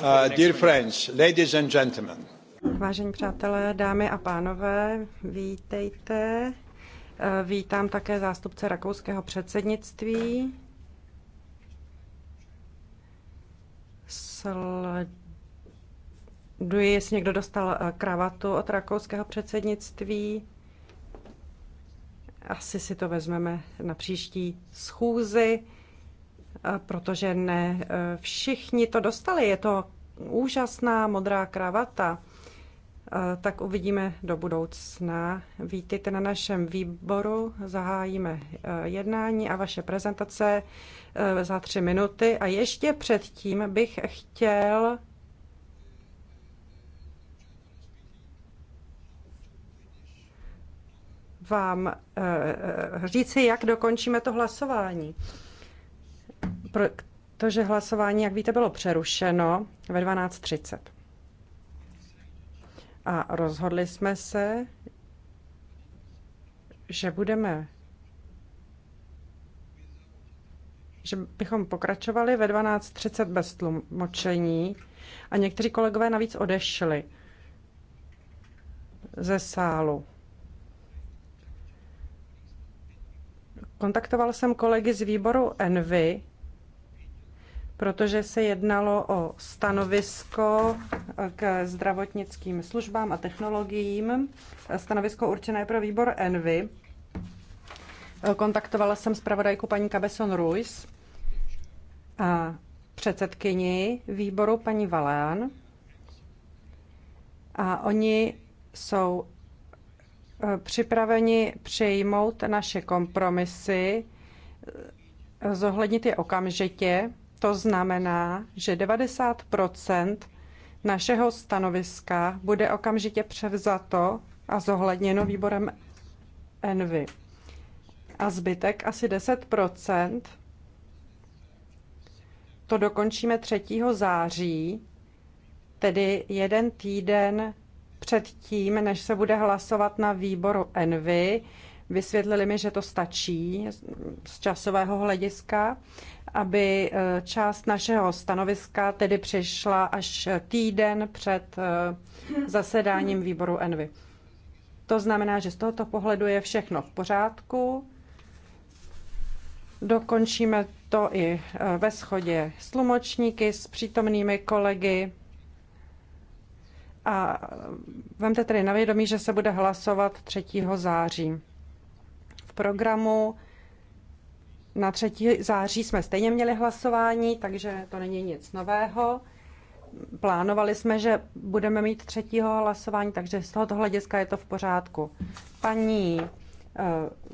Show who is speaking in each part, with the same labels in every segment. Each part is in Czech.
Speaker 1: Uh, Vážení přátelé, dámy a pánové, vítejte. Eh, vítám také zástupce rakouského předsednictví. Sleduji, jestli někdo dostal eh, kravatu od rakouského předsednictví. Asi si to vezmeme na příští schůzi. Eh, protože ne eh, všichni to dostali. Je to úžasná modrá kravata. Eh, tak uvidíme do budoucna. Vítejte na našem výboru, zahájíme jednání a vaše prezentace za tři minuty. A ještě předtím bych chtěl vám říci, jak dokončíme to hlasování protože hlasování, jak víte, bylo přerušeno ve 12.30. A rozhodli jsme se, že budeme že bychom pokračovali ve 12.30 bez tlumočení a někteří kolegové navíc odešli ze sálu. Kontaktoval jsem kolegy z výboru Envy protože se jednalo o stanovisko k zdravotnickým službám a technologiím, stanovisko určené pro výbor Envy. Kontaktovala jsem zpravodajku paní Cabeson Ruiz a předsedkyni výboru paní Valán. A oni jsou eh, připraveni přijmout naše kompromisy, eh, zohlednit je okamžitě to znamená, že 90 našeho stanoviska bude okamžitě převzato a zohledněno výborem Envy. A zbytek asi 10 to dokončíme 3. září, tedy jeden týden před tím, než se bude hlasovat na výboru Envy, Vysvětlili mi, že to stačí z časového hlediska, aby eh, část našeho stanoviska tedy přišla až týden před eh, zasedáním výboru Envy. To znamená, že z tohoto pohledu je všechno v pořádku. Dokončíme to i eh, ve schodě s tlumočníky, s přítomnými kolegy. A vemte tedy na vědomí, že se bude hlasovat 3. září programu. Na 3. září jsme stejně měli hlasování, takže to není nic nového. Plánovali jsme, že budeme mít třetího hlasování, takže z tohoto hlediska je to v pořádku. Paní eh,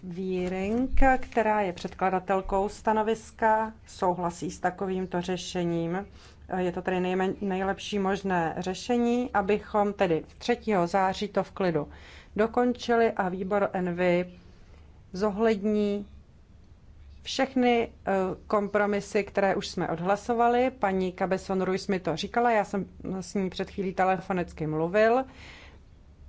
Speaker 1: Víring, která je předkladatelkou stanoviska, souhlasí s takovýmto řešením. Eh, je to tedy nejlepší možné řešení, abychom tedy 3. září to v klidu dokončili a výbor Envy zohlední všechny eh, kompromisy, které už jsme odhlasovali. Paní Cabeson Ruiz mi to říkala, já jsem s ní před chvílí telefonicky mluvil.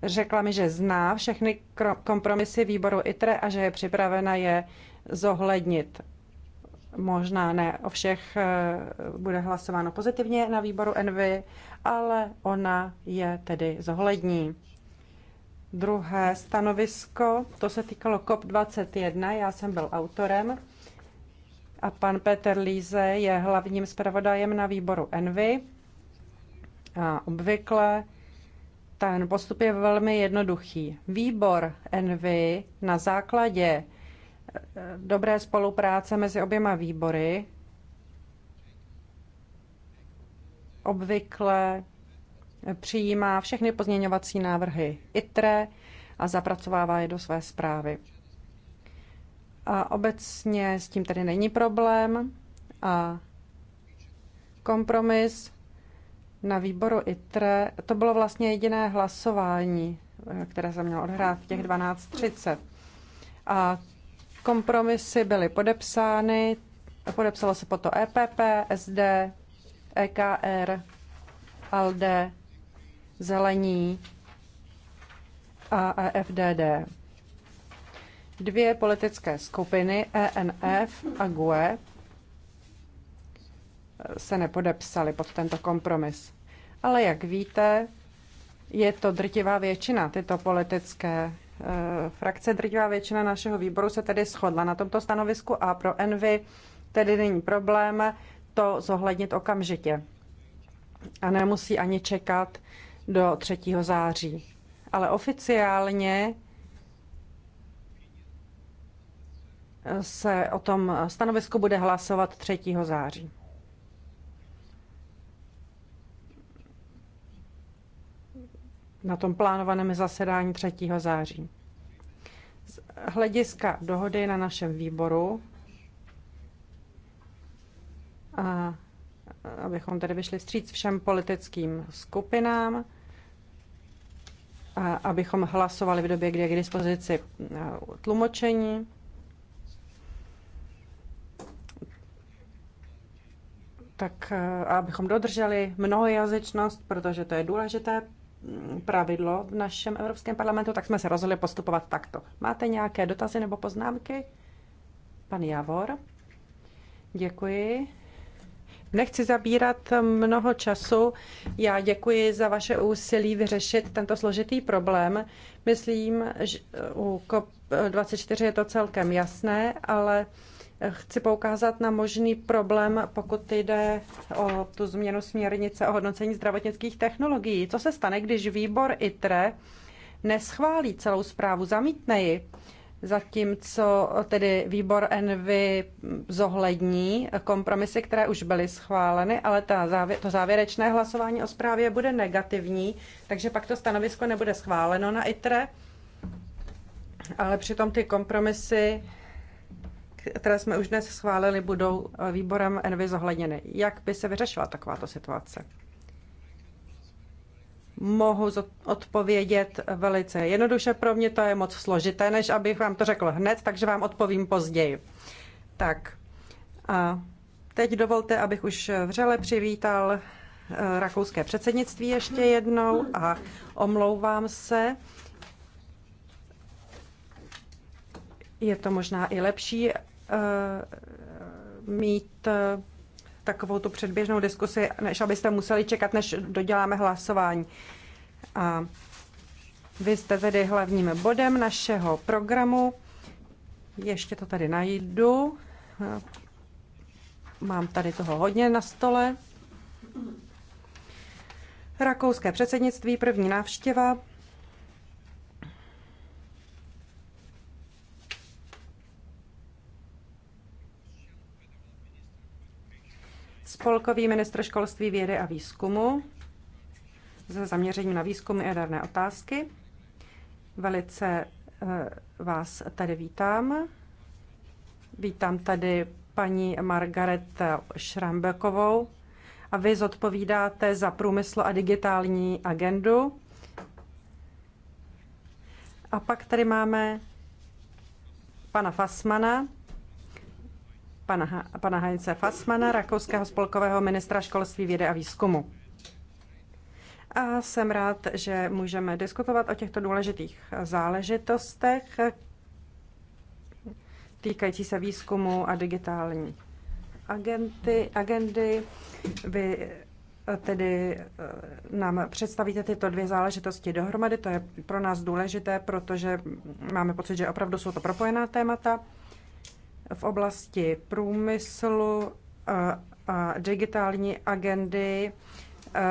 Speaker 1: Řekla mi, že zná všechny kompromisy výboru ITRE a že je připravena je zohlednit. Možná ne o všech eh, bude hlasováno pozitivně na výboru ENVY, ale ona je tedy zohlední. Druhé stanovisko, to se týkalo COP21, já jsem byl autorem a pan Peter Líze je hlavním zpravodajem na výboru Envy. A obvykle ten postup je velmi jednoduchý. Výbor Envy na základě eh, dobré spolupráce mezi oběma výbory obvykle přijímá všechny pozměňovací návrhy ITRE a zapracovává je do své zprávy. A obecně s tím tedy není problém a kompromis na výboru ITRE, to bylo vlastně jediné hlasování, které se mělo odhrát v těch 12.30. A kompromisy byly podepsány, podepsalo se po to EPP, SD, EKR, ALDE zelení a EFDD. Dvě politické skupiny, ENF a GUE, se nepodepsaly pod tento kompromis. Ale jak víte, je to drtivá většina, tyto politické eh, frakce, drtivá většina našeho výboru se tedy shodla na tomto stanovisku a pro Envy tedy není problém to zohlednit okamžitě. A nemusí ani čekat do 3. září. Ale oficiálně se o tom stanovisku bude hlasovat 3. září. Na tom plánovaném zasedání 3. září. Z hlediska dohody na našem výboru, a abychom tedy vyšli vstříc všem politickým skupinám, abychom hlasovali v době, kdy je k dispozici eh, tlumočení. Tak eh, abychom dodrželi mnohojazyčnost, protože to je důležité mm, pravidlo v našem Evropském parlamentu, tak jsme se rozhodli postupovat takto. Máte nějaké dotazy nebo poznámky? Pan Javor. Děkuji. Nechci zabírat mnoho času. Já děkuji za vaše úsilí vyřešit tento složitý problém. Myslím, že u COP24 je to celkem jasné, ale chci poukázat na možný problém, pokud jde o tu změnu směrnice o hodnocení zdravotnických technologií. Co se stane, když výbor ITRE neschválí celou zprávu, zamítne ji? zatímco tedy výbor Envy zohlední kompromisy, které už byly schváleny, ale ta závě- to závěrečné hlasování o zprávě bude negativní, takže pak to stanovisko nebude schváleno na ITRE, ale přitom ty kompromisy, které jsme už dnes schválili, budou výborem Envy zohledněny. Jak by se vyřešila takováto situace? mohu odpovědět velice jednoduše. Pro mě to je moc složité, než abych vám to řekl hned, takže vám odpovím později. Tak a teď dovolte, abych už vřele přivítal eh, rakouské předsednictví ještě jednou a omlouvám se. Je to možná i lepší eh, mít eh, takovou tu předběžnou diskusi, než abyste museli čekat, než doděláme hlasování. A vy jste tedy hlavním bodem našeho programu. Ještě to tady najdu. Mám tady toho hodně na stole. Rakouské předsednictví, první návštěva. spolkový ministr školství, vědy a výzkumu se zaměřením na výzkumy a dárné otázky. Velice eh, vás tady vítám. Vítám tady paní Margaret Šrambekovou a vy zodpovídáte za průmysl a digitální agendu. A pak tady máme pana Fasmana, pana, pana Heinze Fassmana, rakouského spolkového ministra školství, vědy a výzkumu. A jsem rád, že můžeme diskutovat o těchto důležitých záležitostech týkající se výzkumu a digitální agenty, agendy. Vy eh, tedy eh, nám představíte tyto dvě záležitosti dohromady. To je pro nás důležité, protože máme pocit, že opravdu jsou to propojená témata v oblasti průmyslu a digitální agendy e,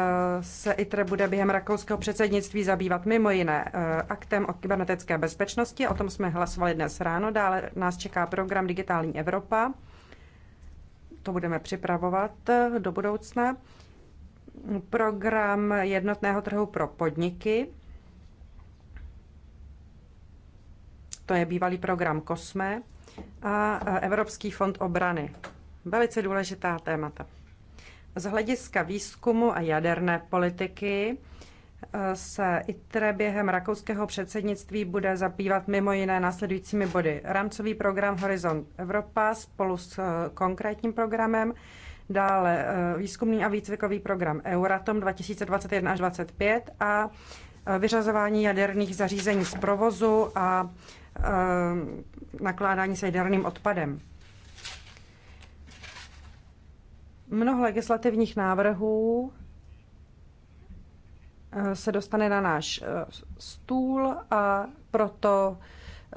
Speaker 1: se ITRE bude během rakouského předsednictví zabývat mimo jiné e, aktem o kybernetické bezpečnosti, o tom jsme hlasovali dnes ráno, dále nás čeká program Digitální Evropa, to budeme připravovat e, do budoucna, program jednotného trhu pro podniky, to je bývalý program COSME, a Evropský fond obrany. Velice důležitá témata. Z hlediska výzkumu a jaderné politiky e, se ITRE během rakouského předsednictví bude zabývat mimo jiné následujícími body. Rámcový program Horizont Evropa spolu s e, konkrétním programem, dále e, výzkumný a výcvikový program Euratom 2021 až 2025 a vyřazování jaderných zařízení z provozu a Eh, nakládání s jaderným odpadem. Mnoho legislativních návrhů eh, se dostane na náš eh, stůl a proto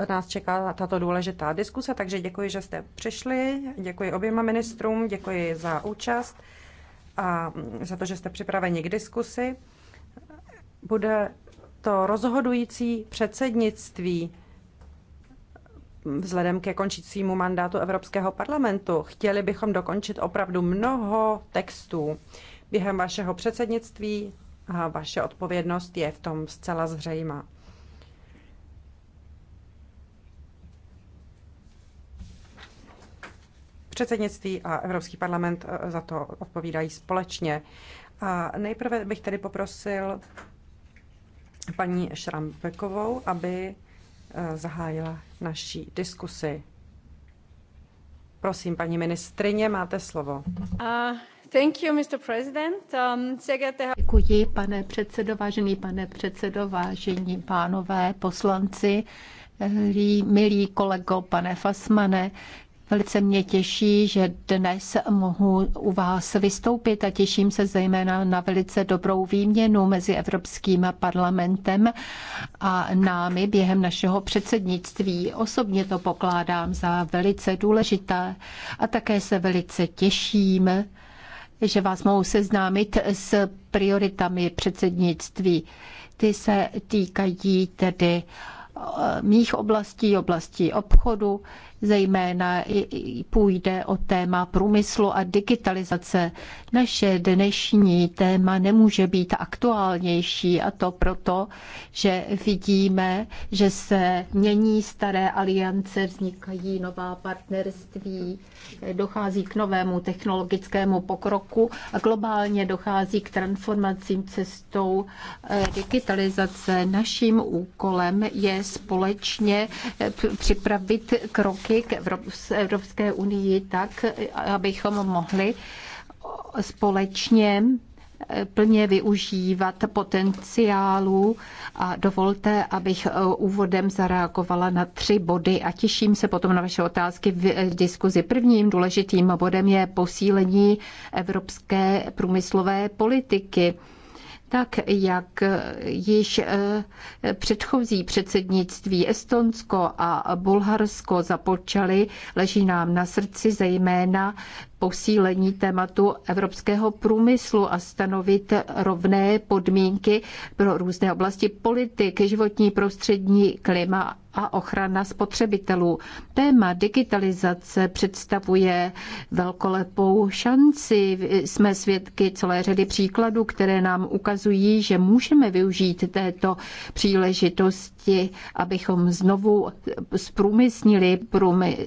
Speaker 1: nás čeká tato důležitá diskuse, takže děkuji, že jste přišli, děkuji oběma ministrům, děkuji za účast a za to, že jste připraveni k diskusi. Bude to rozhodující předsednictví vzhledem ke končícímu mandátu Evropského parlamentu. Chtěli bychom dokončit opravdu mnoho textů. Během vašeho předsednictví a vaše odpovědnost je v tom zcela zřejmá. Předsednictví a Evropský parlament eh, za to odpovídají společně. A nejprve bych tedy poprosil paní Šrambekovou, aby Eh, zahájila naší diskusi. Prosím, paní ministrině, máte slovo. Uh,
Speaker 2: thank you, Mr. President. Um, Děkuji, pane předsedo, vážený pane předsedo, vážení pánové poslanci, eh, milí kolego, pane Fasmane. Velice mě těší, že dnes mohu u vás vystoupit a těším se zejména na velice dobrou výměnu mezi Evropským parlamentem a námi během našeho předsednictví. Osobně to pokládám za velice důležité a také se velice těším, že vás mohu seznámit s prioritami předsednictví. Ty se týkají tedy eh, mých oblastí, oblastí obchodu, Zejména půjde o téma průmyslu a digitalizace. Naše dnešní téma nemůže být aktuálnější a to proto, že vidíme, že se mění staré aliance, vznikají nová partnerství, dochází k novému technologickému pokroku a globálně dochází k transformacím cestou eh, digitalizace. Naším úkolem je společně připravit kroky kroky k Evropské unii tak, abychom mohli společně eh, plně využívat potenciálu a dovolte, abych eh, úvodem zareagovala na tři body a těším se potom na vaše otázky v eh, diskuzi. Prvním důležitým bodem je posílení evropské průmyslové politiky tak jak již eh, předchozí předsednictví Estonsko a Bulharsko započaly, leží nám na srdci zejména posílení tématu evropského průmyslu a stanovit rovné podmínky pro různé oblasti politiky, životní prostřední, klima a ochrana spotřebitelů. Téma digitalizace představuje velkolepou šanci. Jsme svědky celé řady příkladů, které nám ukazují, že můžeme využít této příležitosti, abychom znovu zprůmyslnili průmysl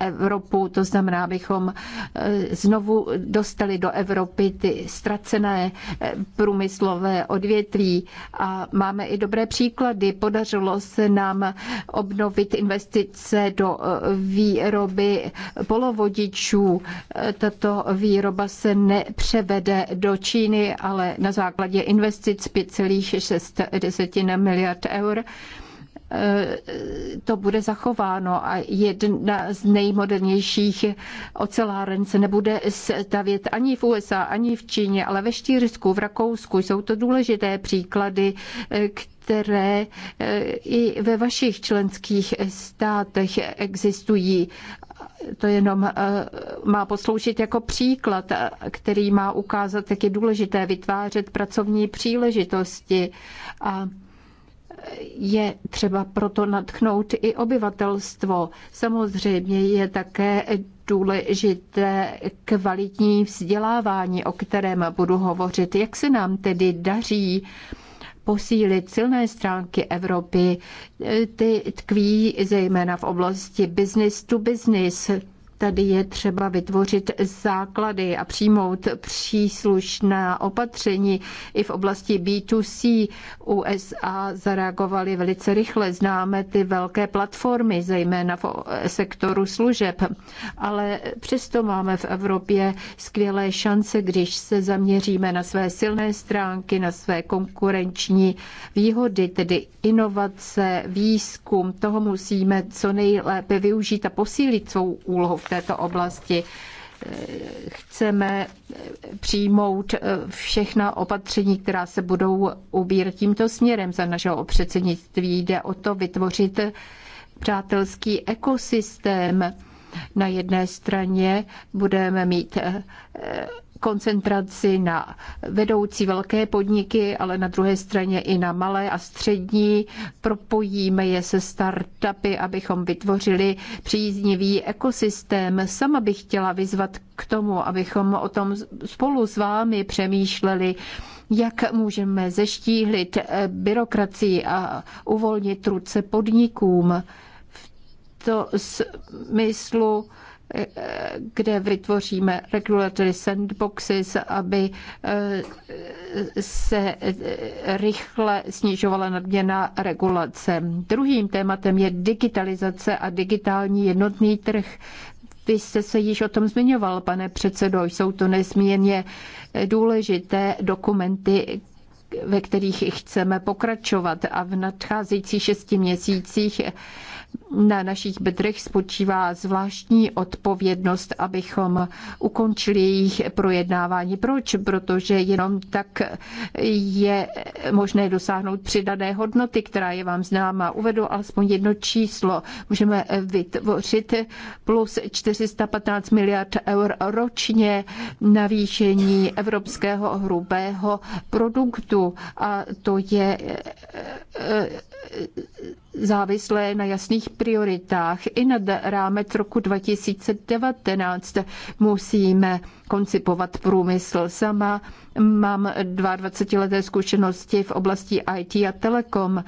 Speaker 2: Evropu, to znamená, abychom e, znovu dostali do Evropy ty ztracené e, průmyslové odvětví. A máme i dobré příklady. Podařilo se nám obnovit investice do e, výroby polovodičů. Tato výroba se nepřevede do Číny, ale na základě investic 5,6 miliard eur Eh, to bude zachováno a jedna z nejmodernějších oceláren se nebude stavět ani v USA, ani v Číně, ale ve Štířsku, v Rakousku. Jsou to důležité příklady, eh, které eh, i ve vašich členských státech existují. To jenom má posloužit jako příklad, který má ukázat, jak je důležité vytvářet pracovní příležitosti. A je třeba proto natchnout i obyvatelstvo. Samozřejmě je také důležité kvalitní vzdělávání, o kterém budu hovořit. Jak se nám tedy daří posílit silné stránky Evropy? Ty tkví zejména v oblasti business to business Tady je třeba vytvořit základy a přijmout příslušná opatření. I v oblasti B2C USA zareagovaly velice rychle. Známe ty velké platformy, zejména v sektoru služeb. Ale přesto máme v Evropě skvělé šance, když se zaměříme na své silné stránky, na své konkurenční výhody, tedy inovace, výzkum. Toho musíme co nejlépe využít a posílit svou úlohu této oblasti. Chceme přijmout všechna opatření, která se budou ubírat tímto směrem za našeho předsednictví. Jde o to vytvořit přátelský ekosystém. Na jedné straně budeme mít koncentraci na vedoucí velké podniky, ale na druhé straně i na malé a střední. Propojíme je se startupy, abychom vytvořili příznivý ekosystém. Sama bych chtěla vyzvat k tomu, abychom o tom spolu s vámi přemýšleli, jak můžeme zeštíhlit byrokracii a uvolnit ruce podnikům. V to smyslu kde vytvoříme regulatory sandboxes, aby eh, se eh, rychle snižovala nadměrná regulace. Druhým tématem je digitalizace a digitální jednotný trh. Vy jste se již o tom zmiňoval, pane předsedo, jsou to nesmírně důležité dokumenty, ve kterých chceme pokračovat a v nadcházejících šesti měsících na našich bedrech spočívá zvláštní odpovědnost, abychom ukončili jejich projednávání. Proč? Protože jenom tak je možné dosáhnout přidané hodnoty, která je vám známa. Uvedu alespoň jedno číslo. Můžeme vytvořit plus 415 miliard eur ročně navýšení evropského hrubého produktu a to je eh, závislé na jasných prioritách. I nad rámec roku 2019 musíme koncipovat průmysl. Sama mám 22-leté zkušenosti v oblasti IT a telekom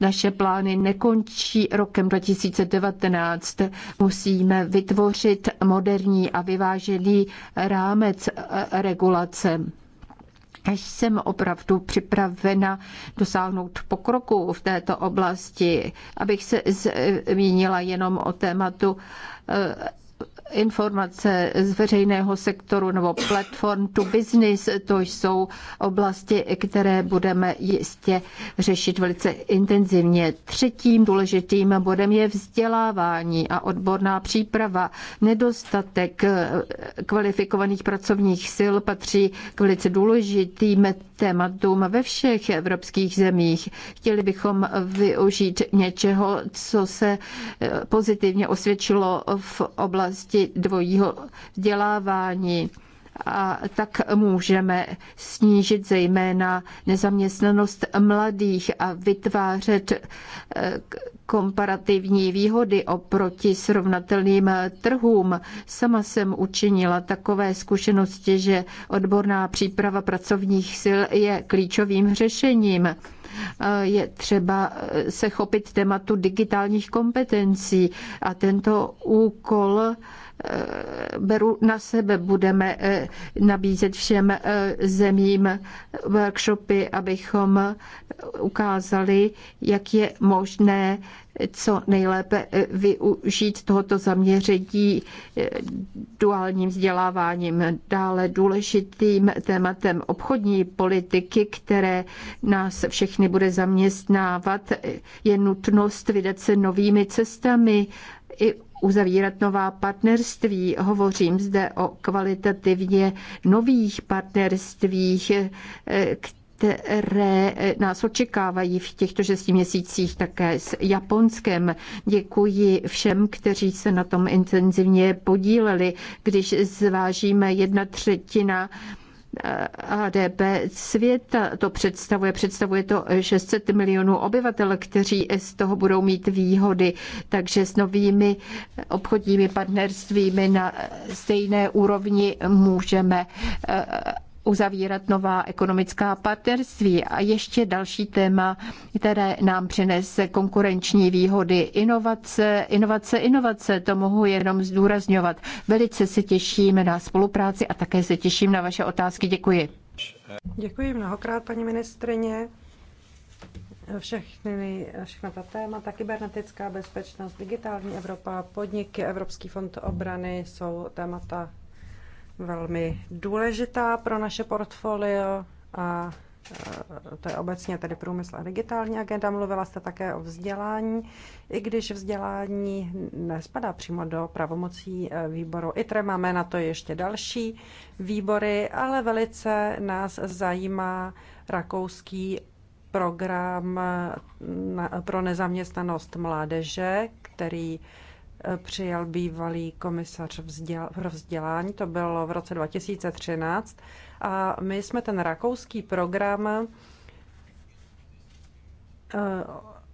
Speaker 2: naše plány nekončí rokem 2019. Musíme vytvořit moderní a vyvážený rámec regulace jsem opravdu připravena dosáhnout pokroku v této oblasti, abych se zmínila jenom o tématu eh, informace z veřejného sektoru nebo platform to business, to jsou oblasti, které budeme jistě řešit velice intenzivně. Třetím důležitým bodem je vzdělávání a odborná příprava. Nedostatek eh, kvalifikovaných pracovních sil patří k velice důležitým tématům ve všech evropských zemích. Chtěli bychom využít něčeho, co se eh, pozitivně osvědčilo v oblasti možnosti dvojího vzdělávání a tak můžeme snížit zejména nezaměstnanost mladých a vytvářet eh, komparativní výhody oproti srovnatelným eh, trhům. Sama jsem učinila takové zkušenosti, že odborná příprava pracovních sil je klíčovým řešením. Eh, je třeba se chopit tématu digitálních kompetencí a tento úkol Eh, beru na sebe, budeme eh, nabízet všem eh, zemím workshopy, abychom ukázali, jak je možné co nejlépe využít tohoto zaměření duálním vzděláváním. Dále důležitým tématem obchodní politiky, které nás všechny bude zaměstnávat, je nutnost vydat se novými cestami i uzavírat nová partnerství. Hovořím zde o kvalitativně nových partnerstvích, eh, které nás očekávají v těchto šesti měsících také s Japonskem. Děkuji všem, kteří se na tom intenzivně podíleli. Když zvážíme jedna třetina HDP světa to představuje. Představuje to 600 milionů obyvatel, kteří z toho budou mít výhody. Takže s novými obchodními partnerstvími na stejné úrovni můžeme eh, uzavírat nová ekonomická partnerství. A ještě další téma, které nám přinese konkurenční výhody, inovace, inovace, inovace, to mohu jenom zdůrazňovat. Velice se těším na spolupráci a také se těším na vaše otázky. Děkuji.
Speaker 1: Děkuji mnohokrát, paní ministrině. Všechny, všechna ta témata, kybernetická bezpečnost, digitální Evropa, podniky, Evropský fond obrany jsou témata, velmi důležitá pro naše portfolio a e, to je obecně tedy průmysl a digitální agenda. Mluvila jste také o vzdělání, i když vzdělání nespadá přímo do pravomocí e, výboru ITRE. Máme na to ještě další výbory, ale velice nás zajímá rakouský program e, pro nezaměstnanost mládeže, který přijal bývalý komisař vzděl, pro vzdělání, to bylo v roce 2013. A my jsme ten rakouský program eh,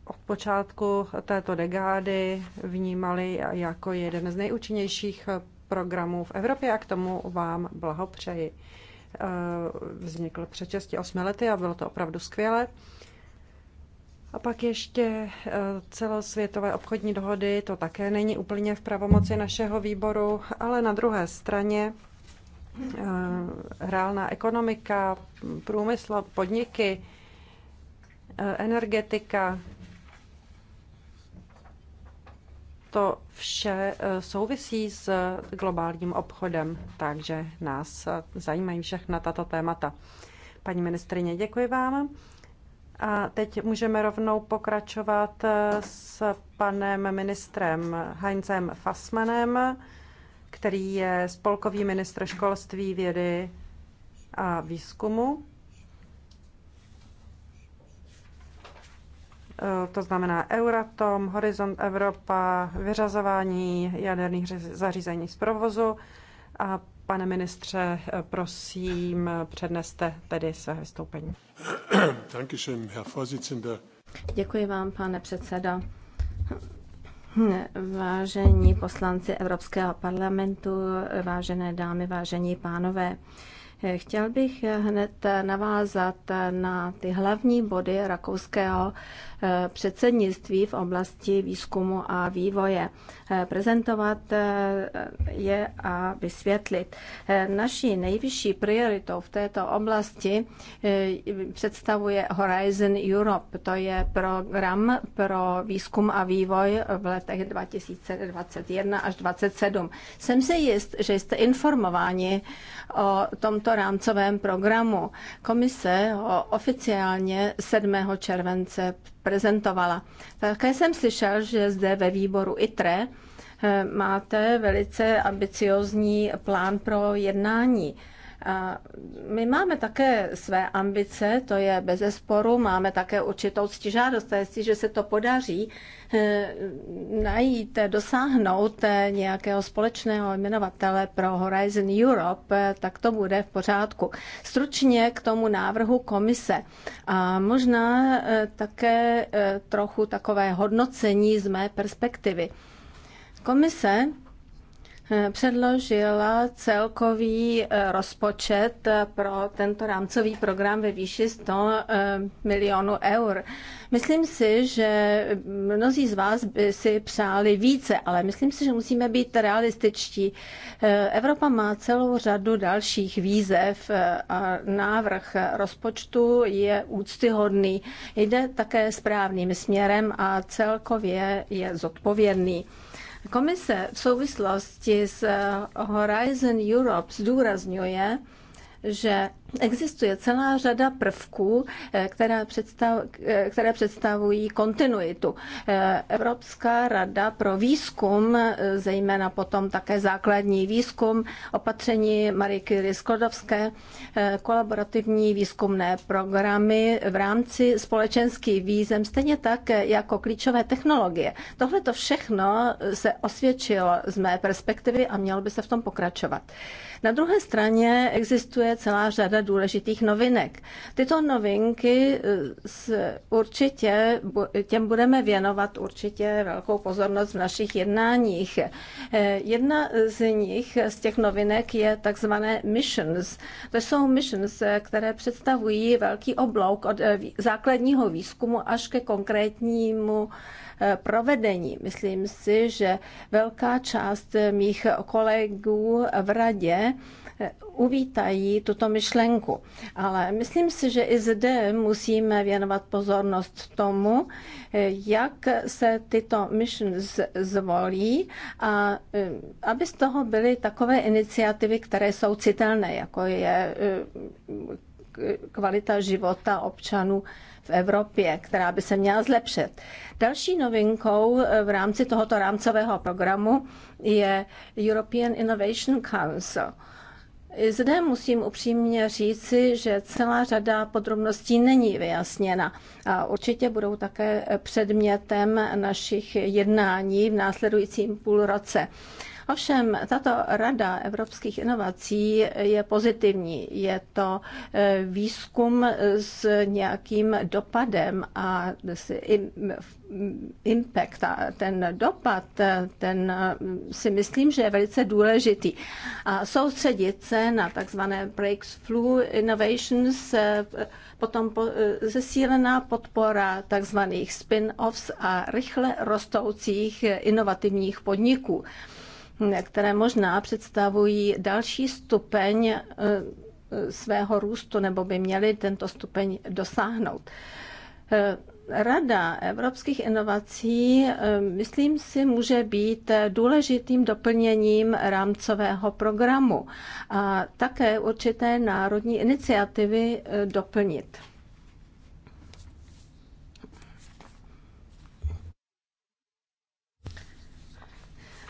Speaker 1: od počátku této dekády vnímali jako jeden z nejúčinnějších programů v Evropě a k tomu vám blahopřeji. Eh, vznikl před 6-8 lety a bylo to opravdu skvělé. A pak ještě eh, celosvětové obchodní dohody, to také není úplně v pravomoci našeho výboru, ale na druhé straně eh, reálná ekonomika, průmysl, podniky, eh, energetika, to vše souvisí s globálním obchodem, takže nás zajímají všechna tato témata. Paní ministrině, děkuji vám. A teď můžeme rovnou pokračovat eh, s panem ministrem Heinzem Fassmanem, který je spolkový ministr školství, vědy a výzkumu. Eh, to znamená Euratom, Horizont Evropa, vyřazování jaderných zařízení z provozu a Pane ministře, prosím, předneste tedy své vystoupení. Děkuji vám, pane předsedo.
Speaker 3: Vážení poslanci Evropského parlamentu, vážené dámy, vážení pánové, Chtěl bych hned navázat na ty hlavní body rakouského eh, předsednictví v oblasti výzkumu a vývoje. Eh, prezentovat eh, je a vysvětlit. Naší nejvyšší prioritou v této oblasti představuje Horizon Europe. To je program pro výzkum a vývoj v letech 2021 až 2027. Jsem si jist, že jste informováni o tomto rámcovém programu. Komise ho oficiálně 7. července prezentovala. Také jsem slyšel, že zde ve výboru ITRE eh, máte velice ambiciozní plán pro jednání my máme také své ambice, to je bez zesporu, máme také určitou ctižádost, jestli, jestliže se to podaří eh, najít, dosáhnout eh, nějakého společného jmenovatele pro Horizon Europe, eh, tak to bude v pořádku. Stručně k tomu návrhu komise a možná také trochu takové hodnocení z mé perspektivy. Komise předložila celkový eh, rozpočet eh, pro tento rámcový program ve výši 100 eh, milionů eur. Myslím si, že mnozí z vás by si přáli více, ale myslím si, že musíme být realističtí. Evropa má celou řadu dalších výzev a návrh rozpočtu je úctyhodný. Jde také správným směrem a celkově je zodpovědný. Komise v souvislosti s eh, Horizon Europe zdůrazňuje, že existuje celá řada prvků, eh, které, představ, eh, které představují kontinuitu. Eh, Evropská rada pro výzkum, zejména potom také základní výzkum, opatření Marie Curie Sklodovské, kolaborativní výzkumné programy v rámci společenských výzem, stejně tak jako klíčové technologie. Tohle to všechno se osvědčilo z mé perspektivy a mělo by se v tom pokračovat. Na druhé straně existuje celá řada důležitých novinek. Tyto novinky eh, určitě, těm budeme věnovat určitě velkou pozornost v našich jednáních. Eh, jedna z nich, z těch novinek, je takzvané missions. To jsou missions, eh, které představují velký oblouk od základního výzkumu až ke konkrétnímu Eh, provedení. Myslím si, že velká část mých kolegů v radě eh, uvítají tuto myšlenku. Ale myslím si, že i zde musíme věnovat pozornost tomu, eh, jak se tyto missions zvolí a aby z toho byly takové iniciativy, které jsou citelné, jako je kvalita života občanů v Evropě, která by se měla zlepšit. Další novinkou eh, v rámci tohoto rámcového programu je European Innovation Council. Zde musím upřímně říci, že celá řada podrobností není vyjasněna a určitě budou také předmětem našich jednání v následujícím půlroce. roce Ovšem, tato Rada evropských inovací je pozitivní. Je to eh, výzkum s nějakým dopadem a impact, a ten dopad, ten eh, si myslím, že je velice důležitý. A soustředit se na takzvané breakthrough innovations, eh, potom zesílená podpora takzvaných spin-offs a rychle rostoucích inovativních podniků které možná představují další stupeň eh, svého růstu nebo by měly tento stupeň dosáhnout. Eh, Rada evropských inovací, eh, myslím si, může být důležitým doplněním rámcového programu a také určité národní iniciativy doplnit.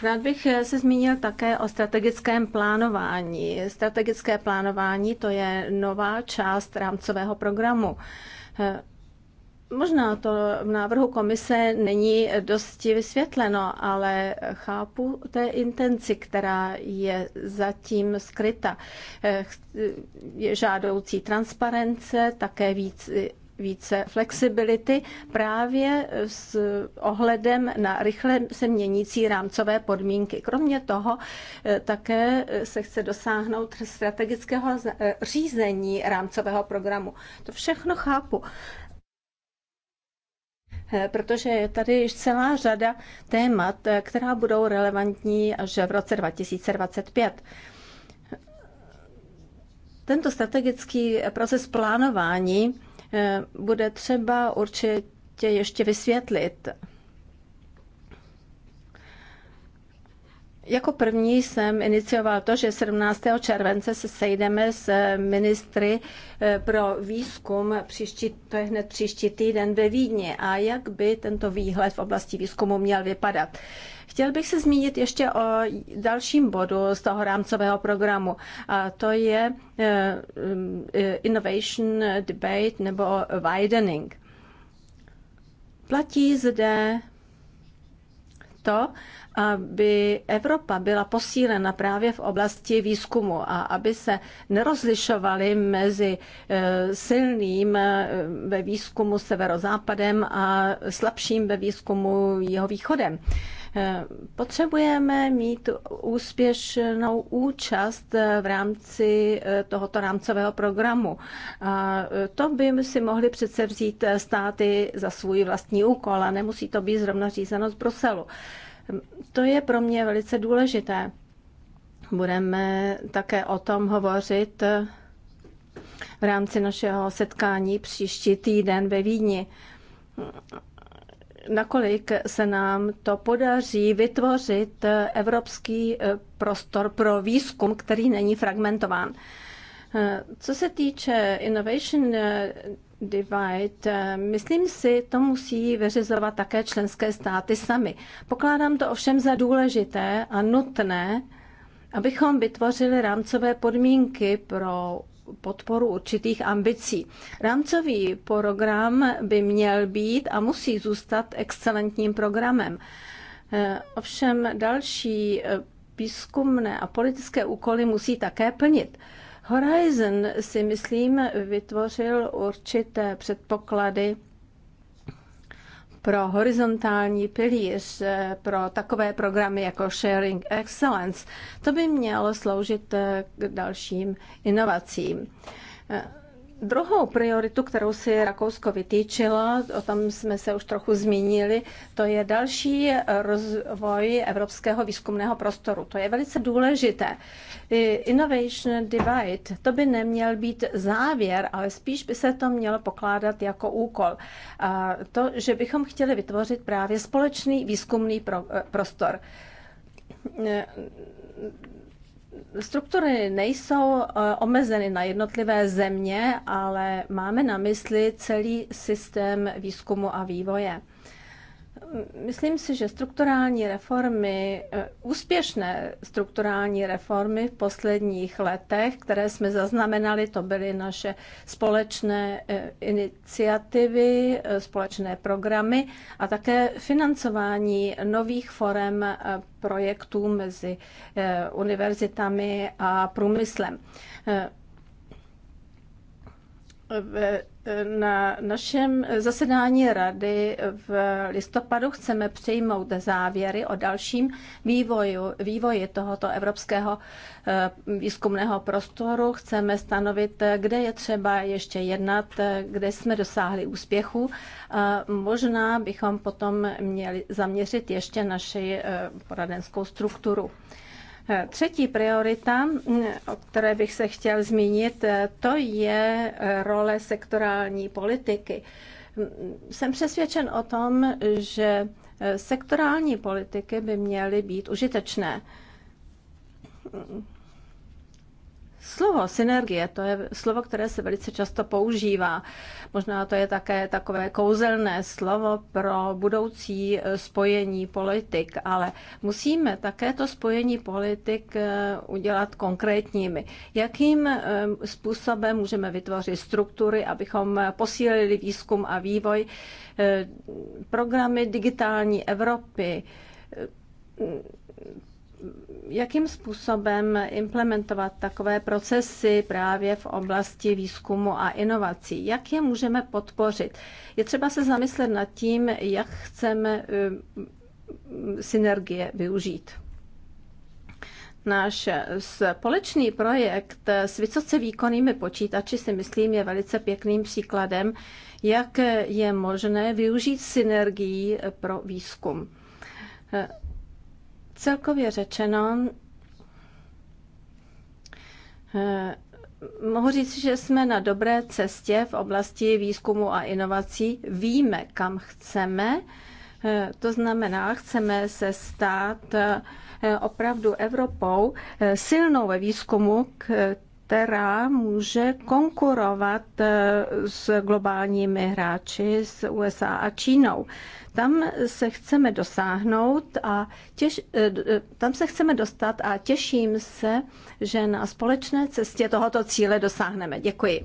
Speaker 3: Rád bych eh, se zmínil také o strategickém plánování. Strategické plánování to je nová část rámcového programu. Eh, možná to v návrhu komise není dosti vysvětleno, ale chápu té intenci, která je zatím skryta. Eh, je žádoucí transparence, také víc více flexibility právě s ohledem na rychle se měnící rámcové podmínky. Kromě toho eh, také se chce dosáhnout strategického eh, řízení rámcového programu. To všechno chápu eh, protože je tady celá řada témat, která budou relevantní až v roce 2025. Tento strategický proces plánování Eh, bude třeba určitě ještě vysvětlit. Jako první jsem inicioval to, že 17. července se sejdeme s ministry eh, pro výzkum, příští, to je hned příští týden ve Vídni, a jak by tento výhled v oblasti výzkumu měl vypadat. Chtěl bych se zmínit ještě o dalším bodu z toho rámcového programu. A to je e, e, innovation debate nebo widening. Platí zde to, aby Evropa byla posílena právě v oblasti výzkumu a aby se nerozlišovaly mezi e, silným ve výzkumu severozápadem a slabším ve výzkumu jeho východem Potřebujeme mít úspěšnou účast v rámci eh, tohoto rámcového programu. Eh, to by si mohli přece vzít eh, státy za svůj vlastní úkol a nemusí to být zrovna řízeno z Bruselu. Hm, to je pro mě velice důležité. Budeme také o tom hovořit v rámci našeho setkání příští týden ve Vídni nakolik se nám to podaří vytvořit eh, evropský eh, prostor pro výzkum, který není fragmentován. Eh, co se týče Innovation Divide, myslím si, to musí vyřizovat také členské státy sami. Pokládám to ovšem za důležité a nutné, abychom vytvořili rámcové podmínky pro podporu určitých ambicí. Rámcový program by měl být a musí zůstat excelentním programem. Eh, ovšem další eh, výzkumné a politické úkoly musí také plnit. Horizon si myslím vytvořil určité předpoklady pro horizontální pilíř, eh, pro takové programy jako Sharing Excellence. To by mělo sloužit eh, k dalším inovacím. Eh, Druhou prioritu, kterou si Rakousko vytýčilo, o tom jsme se už trochu zmínili, to je další rozvoj evropského výzkumného prostoru. To je velice důležité. Innovation divide, to by neměl být závěr, ale spíš by se to mělo pokládat jako úkol. A to, že bychom chtěli vytvořit právě společný výzkumný pro, prostor struktury nejsou eh, omezeny na jednotlivé země, ale máme na mysli celý systém výzkumu a vývoje. Myslím si, že strukturální reformy, eh, úspěšné strukturální reformy v posledních letech, které jsme zaznamenali, to byly naše společné eh, iniciativy, eh, společné programy a také financování nových forem projektů mezi univerzitami a průmyslem na našem zasedání rady v listopadu chceme přijmout závěry o dalším vývoju, vývoji tohoto evropského eh, výzkumného prostoru. Chceme stanovit, eh, kde je třeba ještě jednat, eh, kde jsme dosáhli úspěchu. Možná bychom potom měli zaměřit ještě naši poradenskou strukturu. Třetí priorita, o které bych se chtěl zmínit, to je role sektorální politiky. Jsem přesvědčen o tom, že sektorální politiky by měly být užitečné Slovo synergie, to je slovo, které se velice často používá. Možná to je také takové kouzelné slovo pro budoucí eh, spojení politik, ale musíme také to spojení politik eh, udělat konkrétními. Jakým eh, způsobem můžeme vytvořit struktury, abychom posílili výzkum a vývoj, programy digitální Evropy, jakým způsobem implementovat takové procesy právě v oblasti výzkumu a inovací? Jak je můžeme podpořit? Je třeba se zamyslet nad tím, jak chceme eh, synergie využít. Náš společný projekt s vysoce výkonnými počítači si myslím je velice pěkným příkladem, jak je možné využít synergii pro výzkum. Celkově řečeno, eh, Mohu říct, že jsme na dobré cestě v oblasti výzkumu a inovací. Víme, kam chceme. Eh, to znamená, chceme se stát eh, opravdu Evropou silnou ve výzkumu, která může konkurovat s globálními hráči, s USA a Čínou. Tam se chceme dosáhnout a těž, eh, eh, tam se chceme dostat a těším se, že na společné
Speaker 1: cestě tohoto cíle dosáhneme. Děkuji.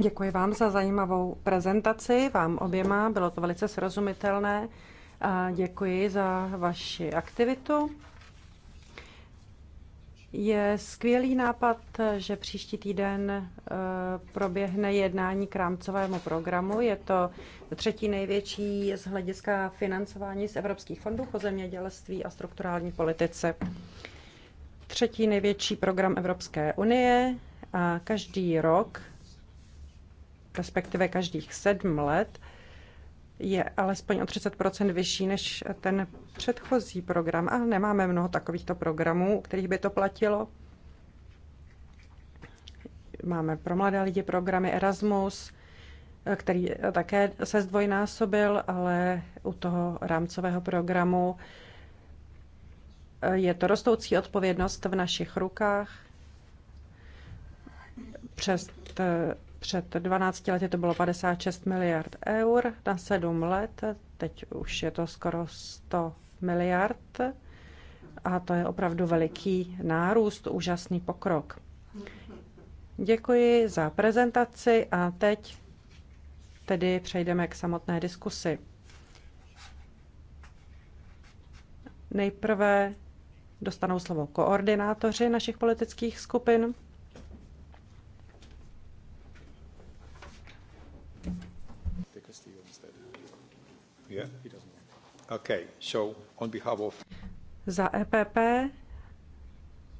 Speaker 1: Děkuji vám za zajímavou prezentaci, vám oběma, bylo to velice srozumitelné. A děkuji za vaši aktivitu. Je skvělý nápad, že příští týden eh, proběhne jednání k rámcovému programu. Je to třetí největší z hlediska financování z evropských fondů o zemědělství a strukturální politice. Třetí největší program Evropské unie a každý rok, respektive každých sedm let, je alespoň o 30 vyšší než ten předchozí program. A nemáme mnoho takovýchto programů, u kterých by to platilo. Máme pro mladé lidi programy Erasmus, který také se zdvojnásobil, ale u toho rámcového programu je to rostoucí odpovědnost v našich rukách. Přes eh, před 12 lety to bylo 56 miliard eur na 7 let, teď už je to skoro 100 miliard a to je opravdu veliký nárůst, úžasný pokrok. Děkuji za prezentaci a teď tedy přejdeme k samotné diskusi. Nejprve dostanou slovo koordinátoři našich politických skupin. Okay, so on behalf of... Za EPP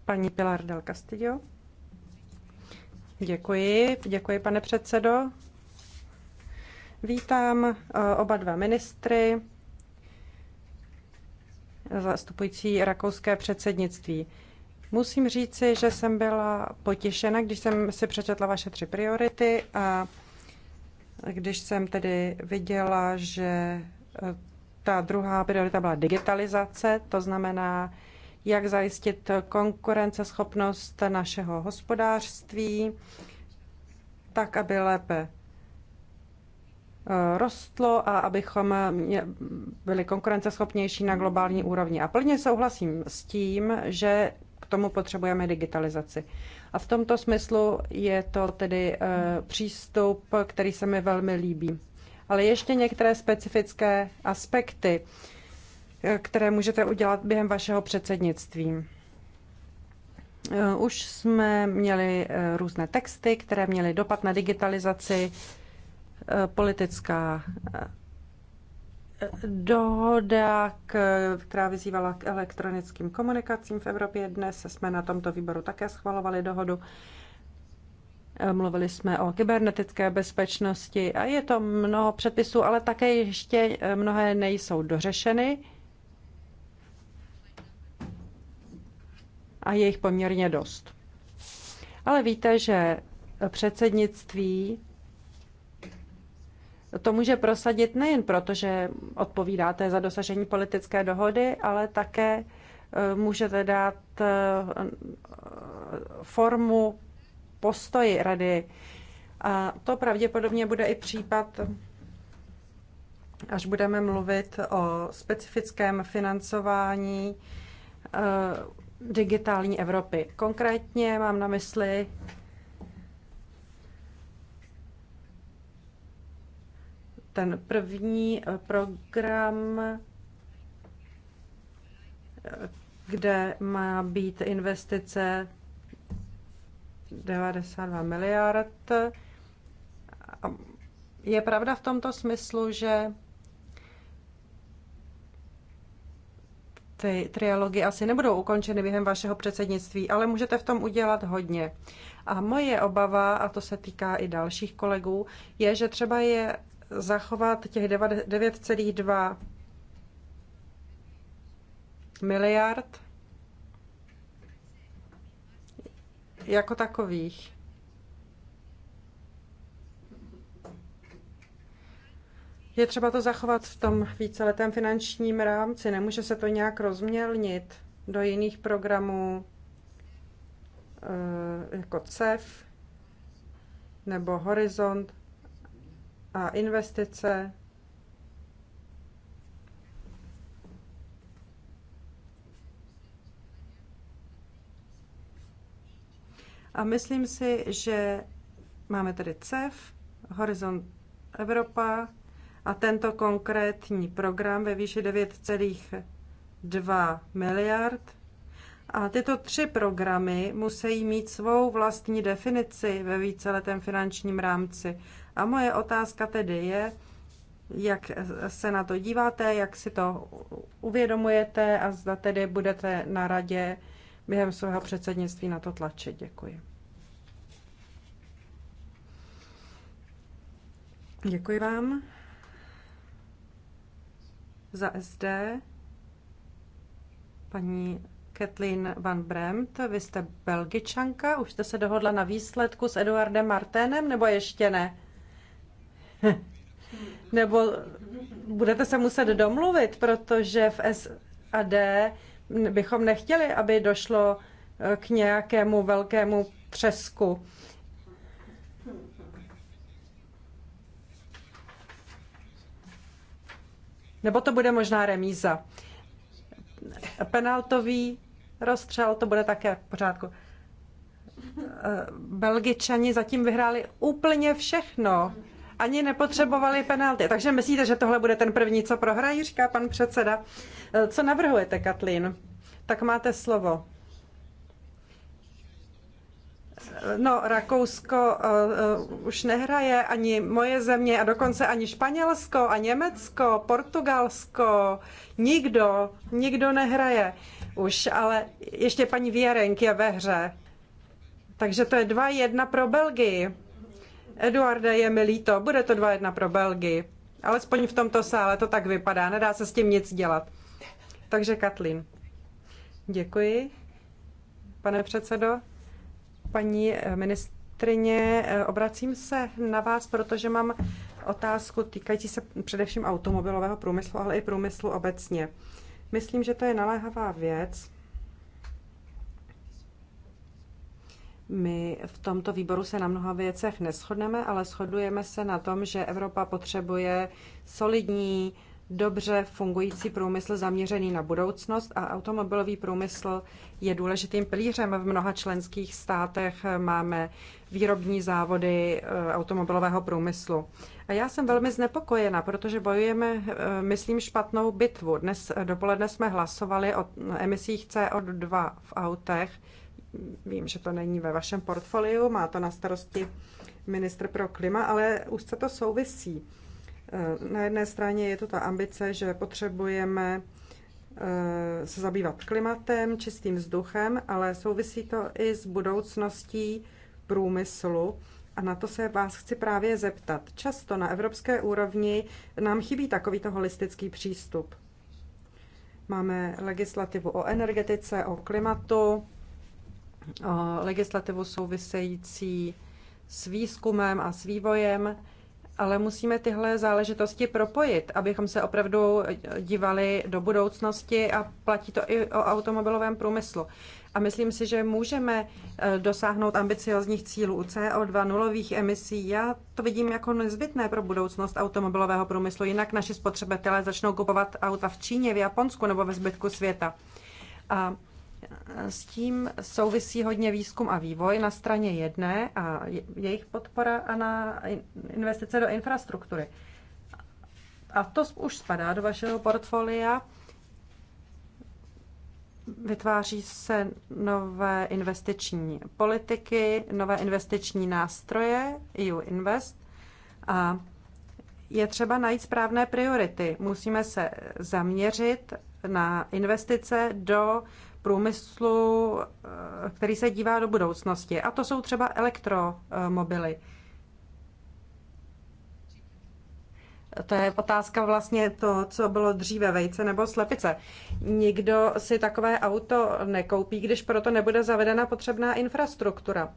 Speaker 1: paní Pilar del Castillo. Děkuji, děkuji pane předsedo. Vítám eh, oba dva ministry zastupující rakouské předsednictví. Musím říci, že jsem byla potěšena, když jsem si přečetla vaše tři priority a když jsem tedy viděla, že eh, ta druhá priorita byla digitalizace, to znamená, jak zajistit konkurenceschopnost našeho hospodářství, tak, aby lépe eh, rostlo a abychom byli konkurenceschopnější na globální úrovni. A plně souhlasím s tím, že k tomu potřebujeme digitalizaci. A v tomto smyslu je to tedy eh, přístup, který se mi velmi líbí ale ještě některé specifické aspekty, které můžete udělat během vašeho předsednictví. Eh, už jsme měli eh, různé texty, které měly dopad na digitalizaci, eh, politická dohoda, která vyzývala k elektronickým komunikacím v Evropě. Dnes jsme na tomto výboru také schvalovali dohodu Eh, mluvili jsme o kybernetické bezpečnosti a je to mnoho předpisů, ale také ještě eh, mnohé nejsou dořešeny. A je jich poměrně dost. Ale víte, že předsednictví to může prosadit nejen proto, že odpovídáte za dosažení politické dohody, ale také eh, můžete dát formu postoji rady. A to pravděpodobně bude i případ, až budeme mluvit o specifickém financování eh, digitální Evropy. Konkrétně mám na mysli ten první eh, program, eh, kde má být investice 92 miliard. Je pravda v tomto smyslu, že ty trialogy asi nebudou ukončeny během vašeho předsednictví, ale můžete v tom udělat hodně. A moje obava, a to se týká i dalších kolegů, je, že třeba je zachovat těch 9,2 miliard jako takových. Je třeba to zachovat v tom víceletém finančním rámci, nemůže se to nějak rozmělnit do jiných programů eh, jako CEF nebo Horizont a investice A myslím si, že máme tady CEF, Horizon Evropa a tento konkrétní program ve výši 9,2 miliard. A tyto tři programy musí mít svou vlastní definici ve víceletém finančním rámci. A moje otázka tedy je, jak se na to díváte, jak si to uvědomujete a zda tedy budete na radě během svého předsednictví na to tlačit. Děkuji. Děkuji vám za SD. Paní Kathleen Van Bremt, vy jste belgičanka, už jste se dohodla na výsledku s Eduardem Marténem, nebo ještě ne? nebo budete se muset domluvit, protože v SAD bychom nechtěli, aby došlo eh, k nějakému velkému třesku. Nebo to bude možná remíza. Penaltový rozstřel, to bude také v pořádku. Eh, Belgičani zatím vyhráli úplně všechno ani nepotřebovali penalty. Takže myslíte, že tohle bude ten první, co prohrají, říká pan předseda. E, co navrhujete, Katlin? Tak máte slovo. E, no, Rakousko uh, už nehraje ani moje země a dokonce ani Španělsko a Německo, Portugalsko, nikdo, nikdo nehraje už, ale ještě paní Věrenk je ve hře. Takže to je 2-1 pro Belgii. Eduarde, je mi líto, bude to 2-1 pro Belgii. Alespoň v tomto sále to tak vypadá, nedá se s tím nic dělat. Takže Katlin. Děkuji, pane předsedo. Paní eh, ministrině, eh, obracím se na vás, protože mám otázku týkající se především automobilového průmyslu, ale i průmyslu obecně. Myslím, že to je naléhavá věc My v tomto výboru se na mnoha věcech neschodneme, ale shodujeme se na tom, že Evropa potřebuje solidní, dobře fungující průmysl zaměřený na budoucnost a automobilový průmysl je důležitým pilířem. V mnoha členských státech máme výrobní závody eh, automobilového průmyslu. A já jsem velmi znepokojena, protože bojujeme, eh, myslím, špatnou bitvu. Dnes eh, dopoledne jsme hlasovali o emisích CO2 v autech Vím, že to není ve vašem portfoliu, má to na starosti ministr pro klima, ale už se to souvisí. Eh, na jedné straně je to ta ambice, že potřebujeme eh, se zabývat klimatem, čistým vzduchem, ale souvisí to i s budoucností průmyslu. A na to se vás chci právě zeptat. Často na evropské úrovni nám chybí takovýto holistický přístup. Máme legislativu o energetice, o klimatu, legislativu související s výzkumem a s vývojem, ale musíme tyhle záležitosti propojit, abychom se opravdu dívali do budoucnosti a platí to i o automobilovém průmyslu. A myslím si, že můžeme eh, dosáhnout ambiciozních cílů CO2 nulových emisí. Já to vidím jako nezbytné pro budoucnost automobilového průmyslu, jinak naši spotřebitelé začnou kupovat auta v Číně, v Japonsku nebo ve zbytku světa. A s tím souvisí hodně výzkum a vývoj na straně jedné a jejich podpora a na investice do infrastruktury. A to už spadá do vašeho portfolia. Vytváří se nové investiční politiky, nové investiční nástroje, EU Invest. A je třeba najít správné priority. Musíme se zaměřit na investice do průmyslu, eh, který se dívá do budoucnosti. A to jsou třeba elektromobily. To je otázka vlastně to, co bylo dříve, vejce nebo slepice. Nikdo si takové auto nekoupí, když proto nebude zavedena potřebná infrastruktura. Uh,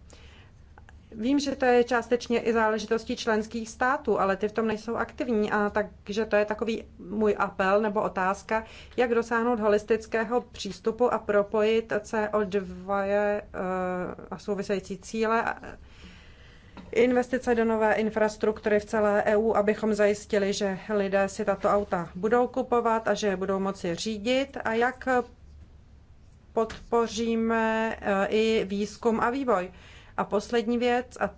Speaker 1: Vím, že to je částečně i záležitostí členských států, ale ty v tom nejsou aktivní, a takže to je takový můj apel nebo otázka, jak dosáhnout holistického přístupu a propojit CO2 eh, a související cíle investice do nové infrastruktury v celé EU, abychom zajistili, že lidé si tato auta budou kupovat a že je budou moci řídit a jak podpoříme eh, i výzkum a vývoj a poslední věc, a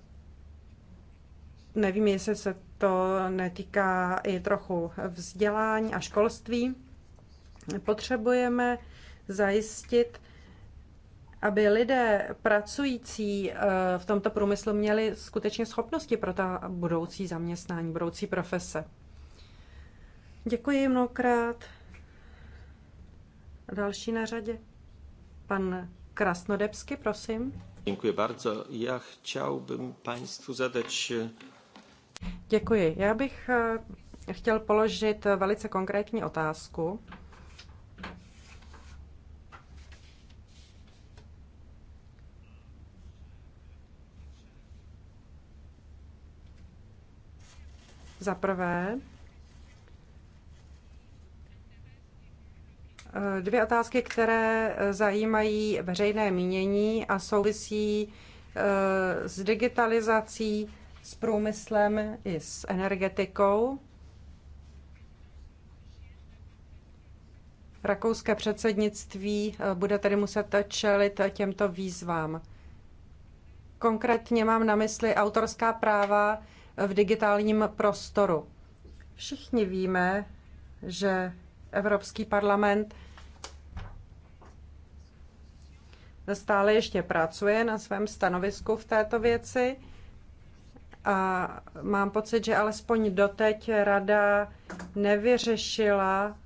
Speaker 1: nevím, jestli se to netýká i trochu vzdělání a školství, potřebujeme zajistit, aby lidé pracující eh, v tomto průmyslu měli skutečně schopnosti pro ta budoucí zaměstnání, budoucí profese. Děkuji mnohokrát. Další na řadě. Pan Krasnodebsky, prosím.
Speaker 2: E,
Speaker 1: Děkuji Já Já bych e, chtěl položit velice konkrétní otázku. Za prvé, Eh, dvě otázky, které eh, zajímají veřejné mínění a souvisí eh, s digitalizací, s průmyslem i s energetikou. Rakouské předsednictví bude tedy muset čelit těmto výzvám. Konkrétně mám na mysli autorská práva v digitálním prostoru. Všichni víme, že Evropský parlament stále ještě pracuje na svém stanovisku v této věci a mám pocit, že alespoň doteď rada nevyřešila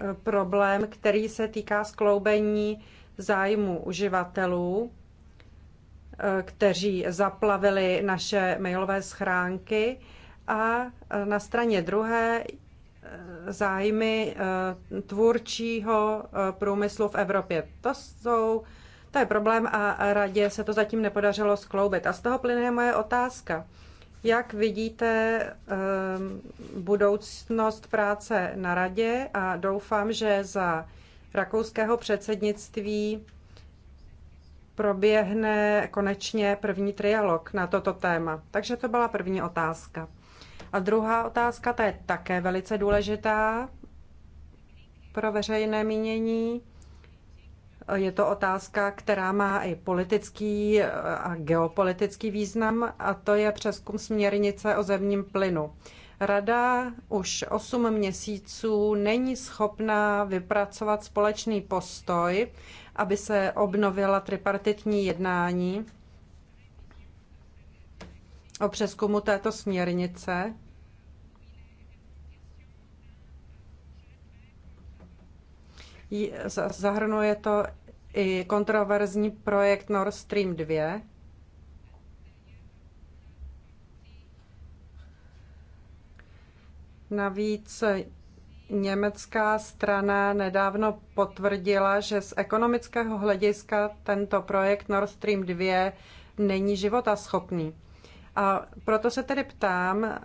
Speaker 1: eh, problém, který se týká skloubení zájmu uživatelů, eh, kteří zaplavili naše mailové schránky. A eh, na straně druhé zájmy eh, tvůrčího eh, průmyslu v Evropě. To jsou to je problém a radě se to zatím nepodařilo skloubit. A z toho plyne moje otázka. Jak vidíte eh, budoucnost práce na radě a doufám, že za rakouského předsednictví proběhne konečně první trialog na toto téma. Takže to byla první otázka. A druhá otázka, ta je také velice důležitá pro veřejné mínění. Je to otázka, která má i politický eh, a geopolitický význam, a to je přeskum směrnice o zemním plynu. Rada už 8 měsíců není schopná vypracovat společný postoj, aby se obnovila tripartitní jednání o přeskumu této směrnice. Zahrnuje to i kontroverzní projekt Nord Stream 2. Navíc německá strana nedávno potvrdila, že z ekonomického hlediska tento projekt Nord Stream 2 není životaschopný. A proto se tedy ptám, eh,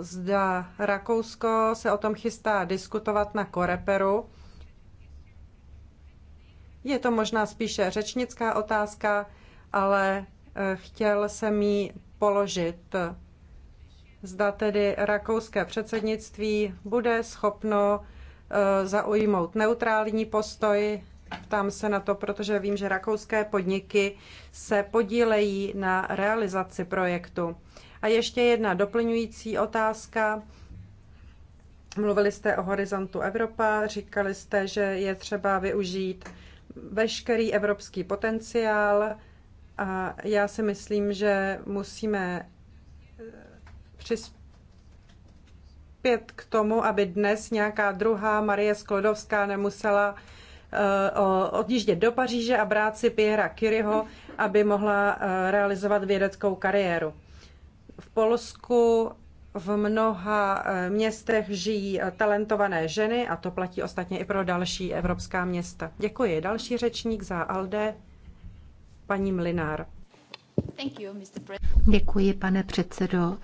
Speaker 1: zda Rakousko se o tom chystá diskutovat na Koreperu. Je to možná spíše řečnická otázka, ale eh, chtěl jsem ji položit. Zda tedy rakouské předsednictví bude schopno eh, zaujmout neutrální postoj Ptám se na to, protože vím, že rakouské podniky se podílejí na realizaci projektu. A ještě jedna doplňující otázka. Mluvili jste o horizontu Evropa, říkali jste, že je třeba využít veškerý evropský potenciál. A já si myslím, že musíme eh, přispět k tomu, aby dnes nějaká druhá Marie Sklodovská nemusela odjíždět do Paříže a brát si Piera Curyho, aby mohla eh, realizovat vědeckou kariéru. V Polsku v mnoha eh, městech žijí eh, talentované ženy a to platí ostatně i pro další evropská města. Děkuji. Další řečník za ALDE, paní Mlinár.
Speaker 2: Děkuji, pane předsedo.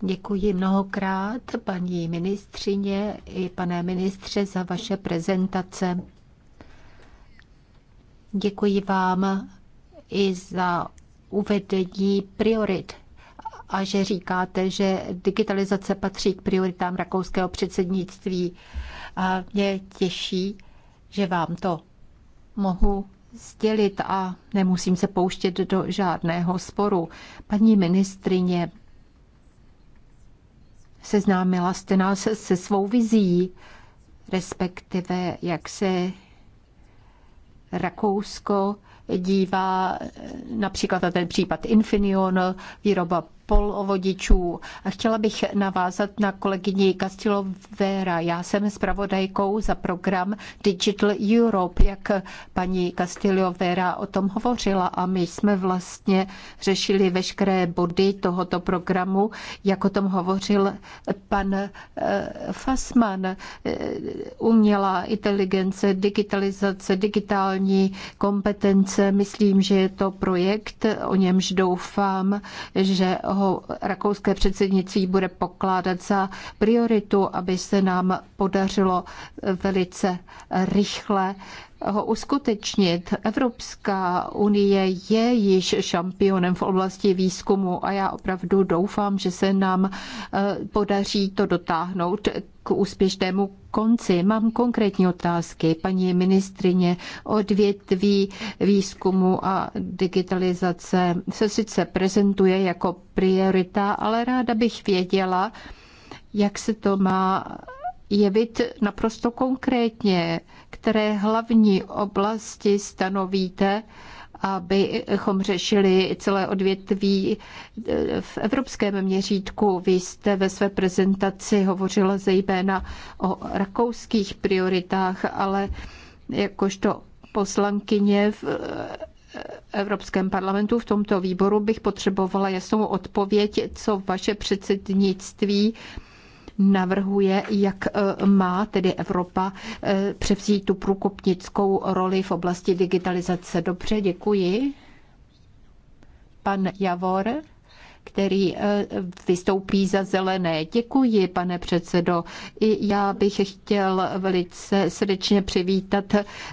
Speaker 2: Děkuji mnohokrát, paní ministřině i pane ministře, za vaše prezentace. Děkuji vám i za uvedení priorit a že říkáte, že digitalizace patří k prioritám rakouského předsednictví. A mě těší, že vám to mohu sdělit a nemusím se pouštět do žádného sporu. Paní ministrině, seznámila jste nás se svou vizí, respektive jak se Rakousko dívá eh, například na ten případ Infineon, výroba polovodičů. A chtěla bych navázat na kolegyni Castillo Vera. Já jsem zpravodajkou za program Digital Europe, jak paní Castillo Vera o tom hovořila a my jsme vlastně řešili veškeré body tohoto programu, jak o tom hovořil pan eh, Fasman. Eh, umělá inteligence, digitalizace, digitální kompetence. Myslím, že je to projekt, o němž doufám, že ho rakouské předsednictví bude pokládat za prioritu, aby se nám podařilo velice rychle ho uskutečnit. Evropská unie je již šampionem v oblasti výzkumu a já opravdu doufám, že se nám eh, podaří to dotáhnout k úspěšnému konci. Mám konkrétní otázky. Paní ministrině odvětví výzkumu a digitalizace se sice prezentuje jako priorita, ale ráda bych věděla, jak se to má jevit naprosto konkrétně, které hlavní oblasti stanovíte, abychom řešili celé odvětví eh, v evropském měřítku. Vy jste ve své prezentaci hovořila zejména o rakouských prioritách, ale jakožto poslankyně v eh, Evropském parlamentu v tomto výboru bych potřebovala jasnou odpověď, co vaše předsednictví navrhuje, jak e, má tedy Evropa e, převzít tu průkopnickou roli v oblasti digitalizace. Dobře, děkuji. Pan Javor který eh, vystoupí za zelené. Děkuji, pane předsedo. I já bych chtěl velice srdečně přivítat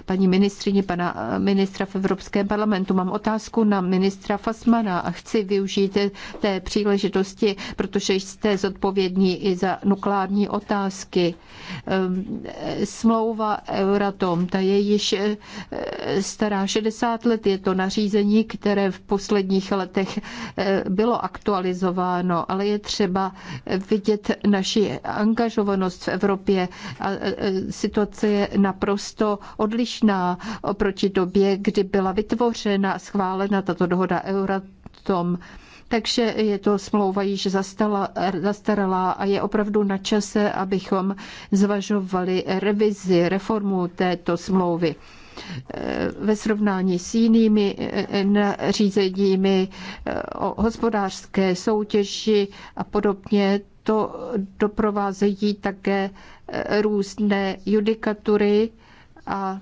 Speaker 2: paní ministrině, pana eh, ministra v Evropském parlamentu. Mám otázku na ministra Fasmana a chci využít té příležitosti, protože jste zodpovědní i za nukleární otázky. Ehm, smlouva Euratom, ta je již eh, stará 60 let, je to nařízení, které v posledních letech bylo aktuální aktualizováno, ale je třeba vidět naši angažovanost v Evropě. A e, e, situace je naprosto odlišná oproti době, kdy byla vytvořena a schválena tato dohoda Euratom. Takže je to smlouva již zastala, zastaralá a je opravdu na čase, abychom zvažovali revizi, reformu této smlouvy ve srovnání s jinými eh, eh, nařízeními eh, o hospodářské soutěži a podobně. To doprovázejí také různé judikatury a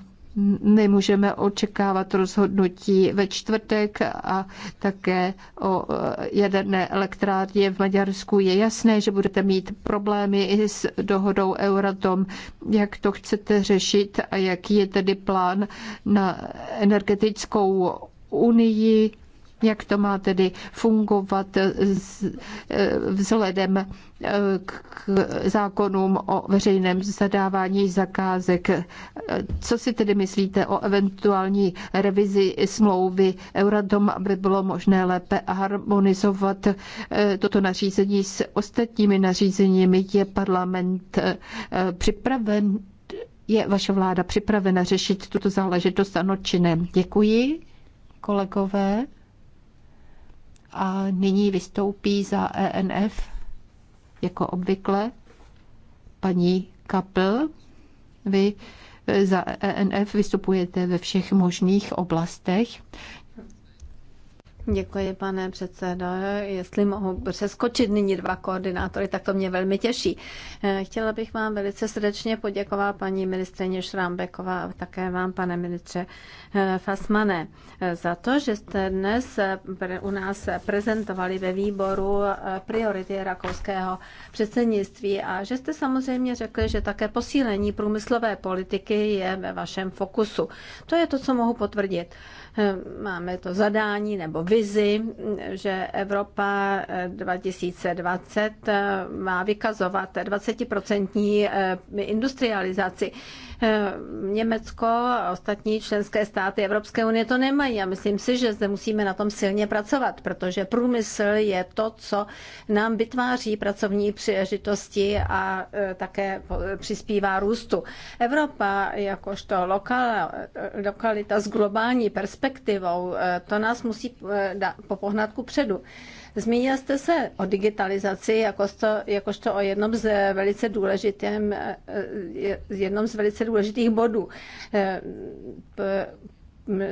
Speaker 2: Nemůžeme očekávat rozhodnutí ve čtvrtek a také o eh, jaderné elektrárně v Maďarsku. Je jasné, že budete mít problémy i s dohodou Euratom. Jak to chcete řešit a jaký je tedy plán na energetickou unii? Jak to má tedy fungovat eh, vzhledem eh, k zákonům o veřejném zadávání zakázek? Co si tedy myslíte o eventuální revizi smlouvy Euratom, aby bylo možné lépe harmonizovat eh, toto nařízení s ostatními nařízeními? Je parlament připraven je vaše vláda připravena řešit tuto záležitost ano či ne? Děkuji, kolegové a nyní vystoupí za ENF jako obvykle paní Kapl. Vy za ENF vystupujete ve všech možných oblastech.
Speaker 3: Děkuji, pane předsedo. Jestli mohu přeskočit nyní dva koordinátory, tak to mě velmi těší. Eh, chtěla bych vám velice srdečně poděkovat paní ministrině Šrambeková a také vám, pane ministře eh, Fasmane, eh, za to, že jste dnes u nás prezentovali ve výboru priority rakouského předsednictví a že jste samozřejmě řekli, že také posílení průmyslové politiky je ve vašem fokusu. To je to, co mohu potvrdit. Eh, máme to zadání nebo vizi, že Evropa 2020 eh, eh, má vykazovat 20% industrializaci. Eh, Německo a ostatní členské státy Evropské unie to nemají a myslím si, že zde musíme na tom silně pracovat, protože průmysl je to, co nám vytváří pracovní příležitosti a eh, také eh, přispívá růstu. Evropa jakožto lokala, lokalita s globální perspektivou, to nás musí popohnat ku předu. Zmínil jste se o digitalizaci jakožto, jakožto o jednom z velice důležitým, eh, eh, jednom z velice důležitých bodů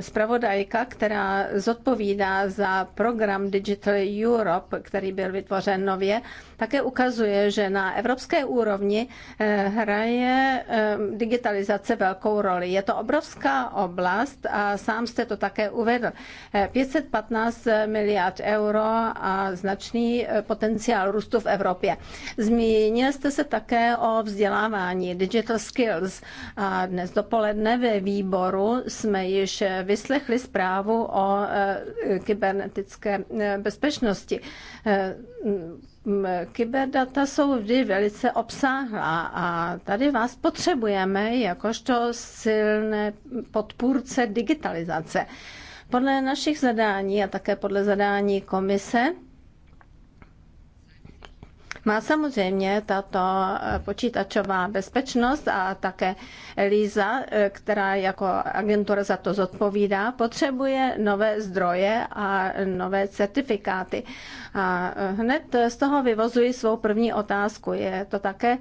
Speaker 3: Spravodajka, eh, která zodpovídá za program Digital Europe, který byl vytvořen nově, také ukazuje, že na evropské úrovni eh, hraje eh, digitalizace velkou roli. Je to obrovská oblast a sám jste to také uvedl. 515 eh, miliard euro a značný potenciál růstu v Evropě. Zmínil jste se také o vzdělávání Digital Skills a dnes dopoledne ve výboru jsme již vyslechli zprávu o kybernetické bezpečnosti. Mm, kyberdata jsou vždy velice obsáhlá a tady vás potřebujeme jakožto silné podpůrce digitalizace. Podle našich zadání a také podle zadání komise má samozřejmě tato eh, počítačová bezpečnost a také Eliza, eh, která jako agentura za to zodpovídá, potřebuje nové zdroje a nové certifikáty. A eh, hned z toho vyvozuji svou první otázku. Je to také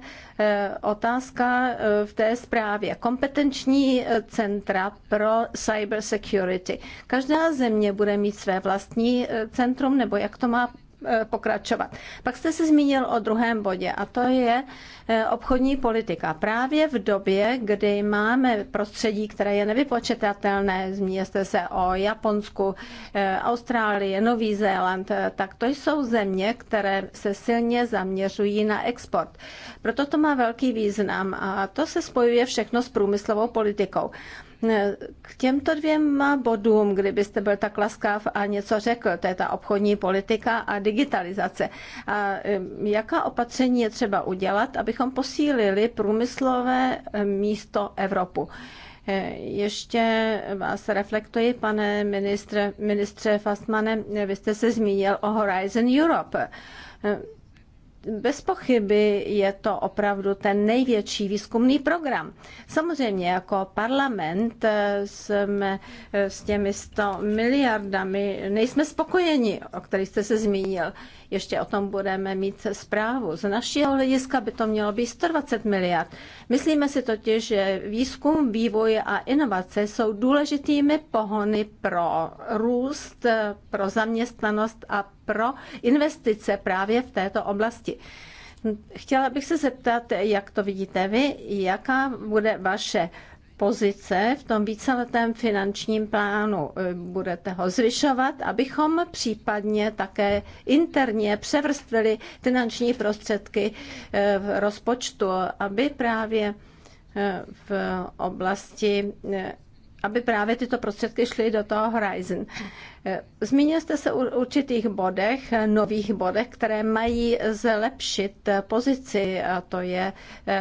Speaker 3: otázka v té zprávě. Kompetenční centra pro cyber security. Každá země bude mít své vlastní centrum, nebo jak to má Eh, pokračovat. Pak jste se zmínil o druhém bodě a to je eh, obchodní politika. Právě v době, kdy máme prostředí, které je nevypočetatelné, zmínil jste se o Japonsku, eh, Austrálii, Nový Zéland, tak to jsou země, které se silně zaměřují na export. Proto to má velký význam a to se spojuje všechno s průmyslovou politikou. K těmto dvěma bodům, kdybyste byl tak laskav a něco řekl, to je ta obchodní politika a digitalizace. A jaká opatření je třeba udělat, abychom posílili průmyslové místo Evropu? E, ještě vás reflektuji, pane ministře, ministře Fastmane, vy jste se zmínil o Horizon Europe. E, bez pochyby je to opravdu ten největší výzkumný program. Samozřejmě jako parlament eh, jsme eh, s těmi 100 miliardami nejsme spokojeni, o kterých jste se zmínil. Ještě o tom budeme mít zprávu. Z našeho hlediska by to mělo být 120 miliard. Myslíme si totiž, že výzkum, vývoj a inovace jsou důležitými pohony pro růst, eh, pro zaměstnanost a pro investice právě v této oblasti. Chtěla bych se zeptat, jak to vidíte vy, jaká bude vaše pozice v tom víceletém finančním plánu. Budete ho zvyšovat, abychom případně také interně převrstvili finanční prostředky eh, v rozpočtu, aby právě eh, v oblasti eh, aby právě tyto prostředky šly do toho Horizon. Eh, Zmínil jste se o určitých bodech, eh, nových bodech, které mají zlepšit eh, pozici, a to je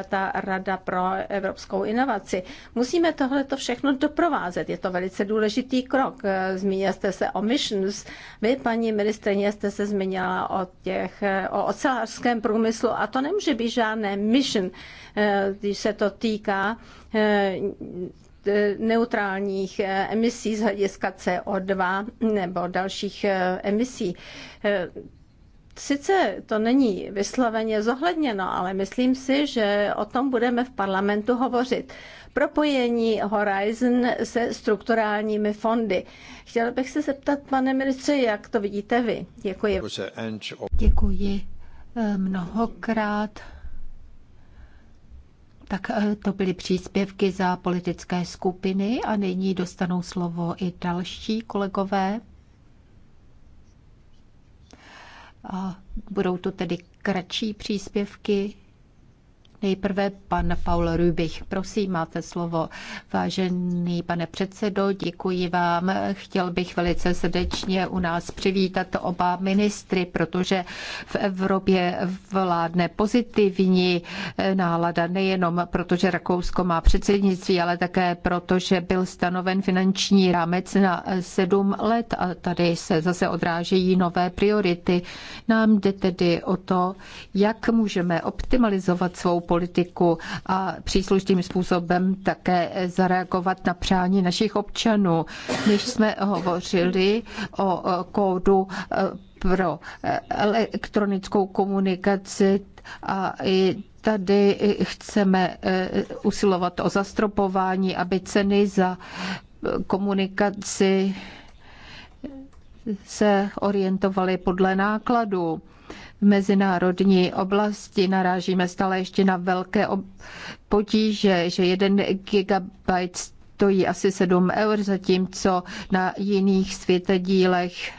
Speaker 3: ta Rada pro evropskou inovaci. Musíme tohle to všechno doprovázet, je to velice důležitý krok. Zmínil jste se o missions, vy, paní ministrině, jste se zmínila o, těch, o ocelářském průmyslu a to nemůže být žádné mission, když se to týká Eh, neutrálních eh, emisí z hlediska CO2 nebo dalších eh, emisí. Sice to není vysloveně zohledněno, ale myslím si, že o tom budeme v parlamentu hovořit. Propojení Horizon se strukturálními fondy. Chtěla bych se zeptat, pane
Speaker 2: ministře, jak to vidíte vy? Děkuji. Jako Děkuji mnohokrát. Tak eh, to byly příspěvky za politické skupiny a nyní dostanou slovo i další kolegové. A budou to tedy kratší příspěvky Nejprve pan Paul Rübich. Prosím, máte slovo. Vážený pane předsedo, děkuji vám. Chtěl bych velice srdečně u nás přivítat oba ministry, protože v Evropě vládne pozitivní nálada, nejenom protože Rakousko má předsednictví, ale také protože byl stanoven finanční rámec na sedm let a tady se zase odrážejí nové priority. Nám jde tedy o to, jak můžeme optimalizovat svou politiku a příslušným způsobem také zareagovat na přání našich občanů. Když jsme hovořili o kódu e, pro e, elektronickou komunikaci a i tady chceme e, usilovat o zastropování, aby ceny za komunikaci se orientovaly podle nákladu. V mezinárodní oblasti narážíme stále ještě na velké potíže, že jeden gigabyte stojí asi 7 eur, zatímco na jiných světadílech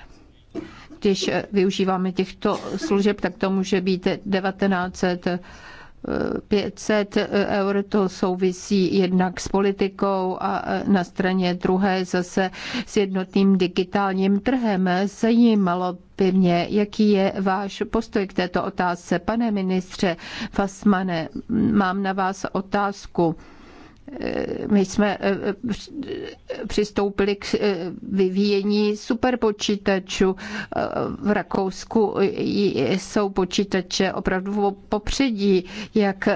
Speaker 2: když využíváme těchto služeb, tak to může být 1900 500 eh, eur to souvisí jednak s politikou a eh, na straně druhé zase s jednotným digitálním trhem. Zajímalo by mě, jaký je váš postoj k této otázce. Pane ministře Fasmane, mám na vás otázku my jsme eh, eh, přistoupili k eh, vyvíjení superpočítačů. V Rakousku jsou počítače opravdu v popředí, jak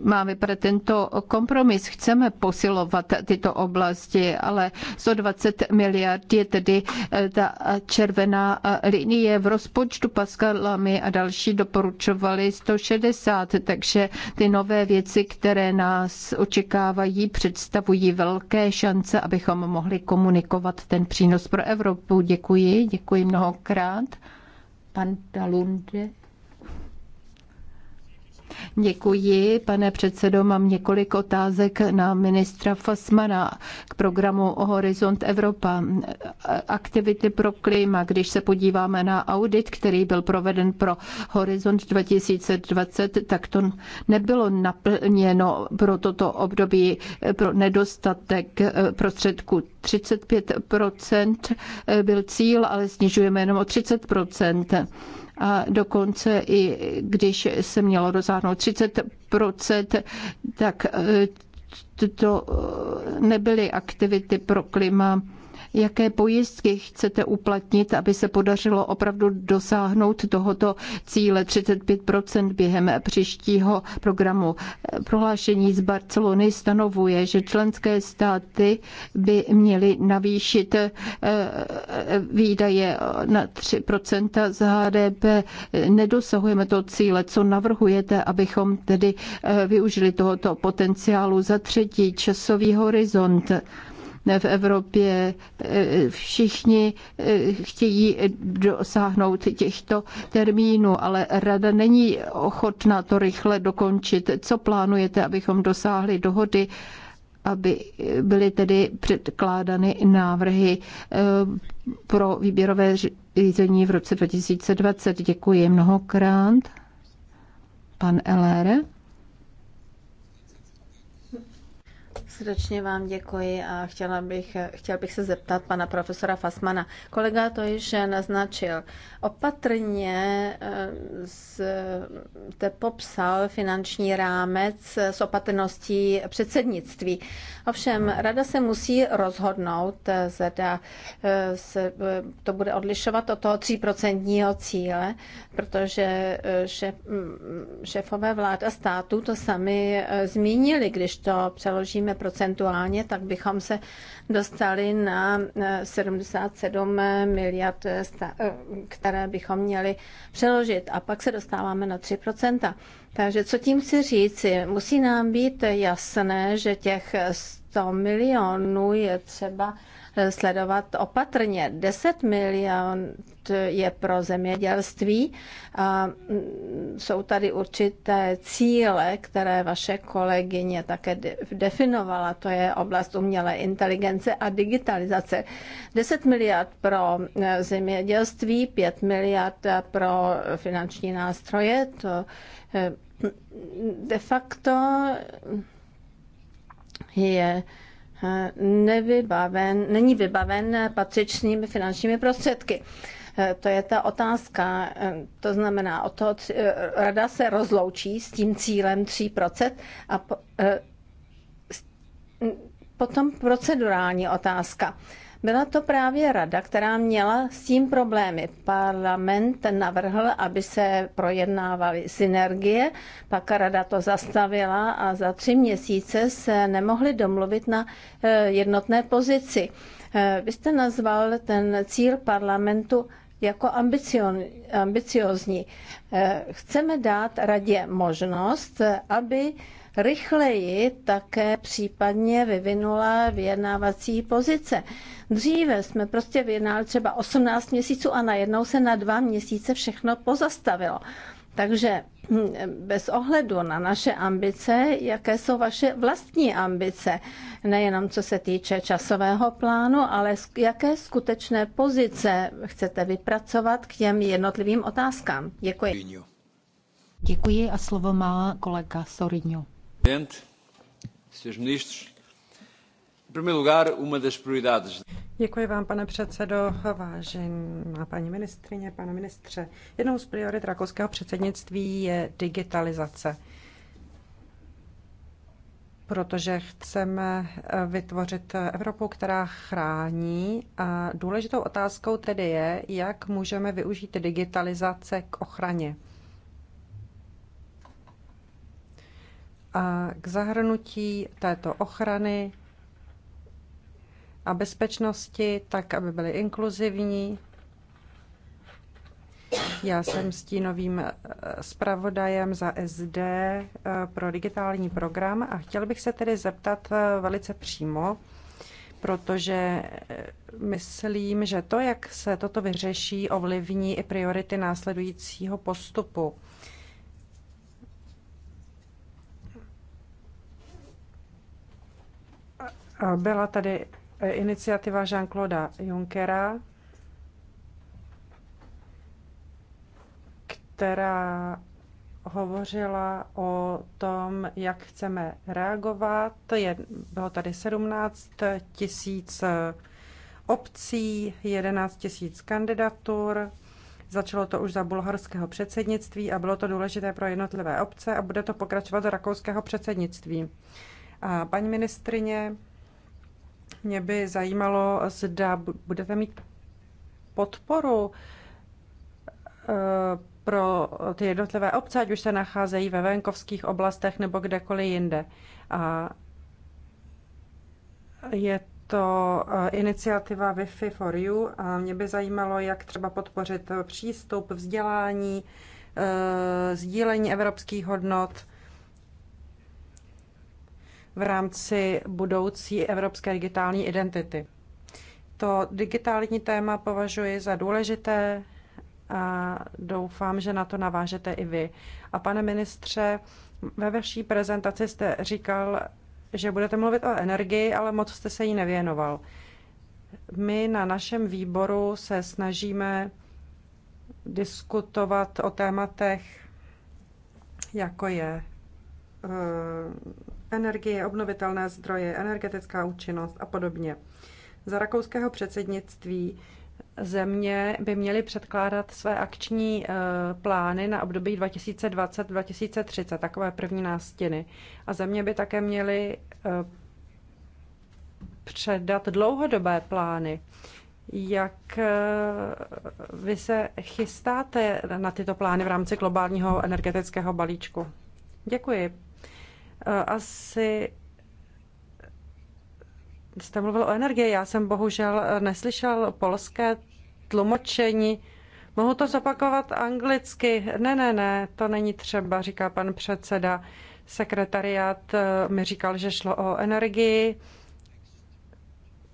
Speaker 2: máme pro tento kompromis. Chceme posilovat tyto oblasti, ale 120 miliard je tedy ta červená linie v rozpočtu Pascalami a další doporučovali 160, takže ty nové věci, které nás očekávají, očekávají, představují velké šance, abychom mohli komunikovat ten přínos pro Evropu. Děkuji, děkuji mnohokrát. Pan Dalunde Děkuji, pane předsedo. Mám několik otázek na ministra Fasmana k programu Horizont Evropa. Aktivity pro klima, když se podíváme na audit, který byl proveden pro Horizont 2020, tak to nebylo naplněno pro toto období pro nedostatek eh, prostředků. 35 byl cíl, ale snižujeme jenom o 30 a dokonce i když se mělo rozáhnout 30%, tak eh, to eh, nebyly aktivity pro klima Jaké pojistky chcete uplatnit, aby se podařilo opravdu dosáhnout tohoto cíle 35 během příštího programu? Prohlášení z Barcelony stanovuje, že členské státy by měly navýšit eh, výdaje na 3 z HDP. Nedosahujeme to cíle. Co navrhujete, abychom tedy eh, využili tohoto potenciálu? Za třetí, časový horizont v Evropě. Eh, všichni eh, chtějí dosáhnout těchto termínů, ale rada není ochotná to rychle dokončit. Co plánujete, abychom dosáhli dohody? aby byly tedy předkládány návrhy eh, pro výběrové řízení v roce 2020. Děkuji mnohokrát. Pan Elére.
Speaker 3: Srdečně vám děkuji a chtěla bych, chtěl bych se zeptat pana profesora Fasmana. Kolega to již naznačil. Opatrně jste eh, popsal finanční rámec s opatrností předsednictví. Ovšem, rada se musí rozhodnout, eh, zda eh, se to bude odlišovat od toho 3% cíle, protože šef, mm, šéfové vlád a států to sami zmínili, když to přeložíme pro procentuálně, tak bychom se dostali na 77 eh, miliard, eh, eh, které bychom měli přeložit. A pak se dostáváme na 3 Takže co tím chci říci? Musí nám být jasné, že těch 100 milionů je třeba Eh, sledovat opatrně. 10 milion je pro zemědělství a mm, jsou tady určité cíle, které vaše kolegyně také definovala. To je oblast umělé inteligence a digitalizace. 10 miliard pro eh, zemědělství, 5 miliard pro finanční nástroje. To eh, de facto je nevybaven, není vybaven patřičnými finančními prostředky. Eh, to je ta otázka. Eh, to znamená, o to, eh, rada se rozloučí s tím cílem 3% a po, potom procedurální otázka. Byla to právě rada, která měla s tím problémy. Parlament navrhl, aby se projednávaly synergie, pak rada to zastavila a za tři měsíce se nemohli domluvit na eh, jednotné pozici. Eh, vy jste nazval ten cíl parlamentu jako ambiciozní. Eh, chceme dát radě možnost, aby rychleji také případně vyvinula vyjednávací pozice. Dříve jsme prostě vyjednali třeba 18 měsíců a najednou se na dva měsíce všechno pozastavilo. Takže hm, bez ohledu na naše ambice, jaké jsou vaše vlastní ambice, nejenom co se týče časového plánu, ale jaké skutečné pozice chcete vypracovat k těm jednotlivým otázkám. Děkuji.
Speaker 2: Děkuji
Speaker 1: a slovo má kolega Sorinho. Děkuji vám, pane předsedo, vážená paní ministrině, pane ministře. Jednou z priorit rakouského předsednictví je digitalizace protože chceme eh, vytvořit Evropu, která chrání. A důležitou otázkou tedy je, jak můžeme využít digitalizace k ochraně. a k zahrnutí této ochrany a bezpečnosti, tak aby byly inkluzivní. Já jsem stínovým eh, zpravodajem za SD eh, pro digitální program a chtěl bych se tedy zeptat eh, velice přímo, protože myslím, že to, jak se toto vyřeší, ovlivní i priority následujícího postupu. Byla tady e, iniciativa Jean-Claude Junckera, která hovořila o tom, jak chceme reagovat. Je, bylo tady 17 tisíc e, obcí, 11 tisíc kandidatur. Začalo to už za bulharského předsednictví a bylo to důležité pro jednotlivé obce a bude to pokračovat za rakouského předsednictví. A paní ministrině mě by zajímalo, zda budete mít podporu eh, pro ty jednotlivé obce, ať už se nacházejí ve venkovských oblastech nebo kdekoliv jinde. A je to eh, iniciativa Wi-Fi for You a mě by zajímalo, jak třeba podpořit přístup, vzdělání, eh, sdílení evropských hodnot v rámci budoucí evropské digitální identity. To digitální téma považuji za důležité a doufám, že na to navážete i vy. A pane ministře, ve vaší prezentaci jste říkal, že budete mluvit o energii, ale moc jste se jí nevěnoval. My na našem výboru se snažíme diskutovat o tématech, jako je eh, energie, obnovitelné zdroje, energetická účinnost a podobně. Za rakouského předsednictví země by měly předkládat své akční eh, plány na období 2020-2030, takové první nástěny. A země by také měly eh, předat dlouhodobé plány. Jak eh, vy se chystáte na tyto plány v rámci globálního energetického balíčku? Děkuji. Eh, asi jste mluvil o energii, já jsem bohužel eh, neslyšel polské tlumočení. Mohu to zopakovat anglicky? Ne, ne, ne, to není třeba, říká pan předseda. Sekretariát eh, mi říkal, že šlo o energii.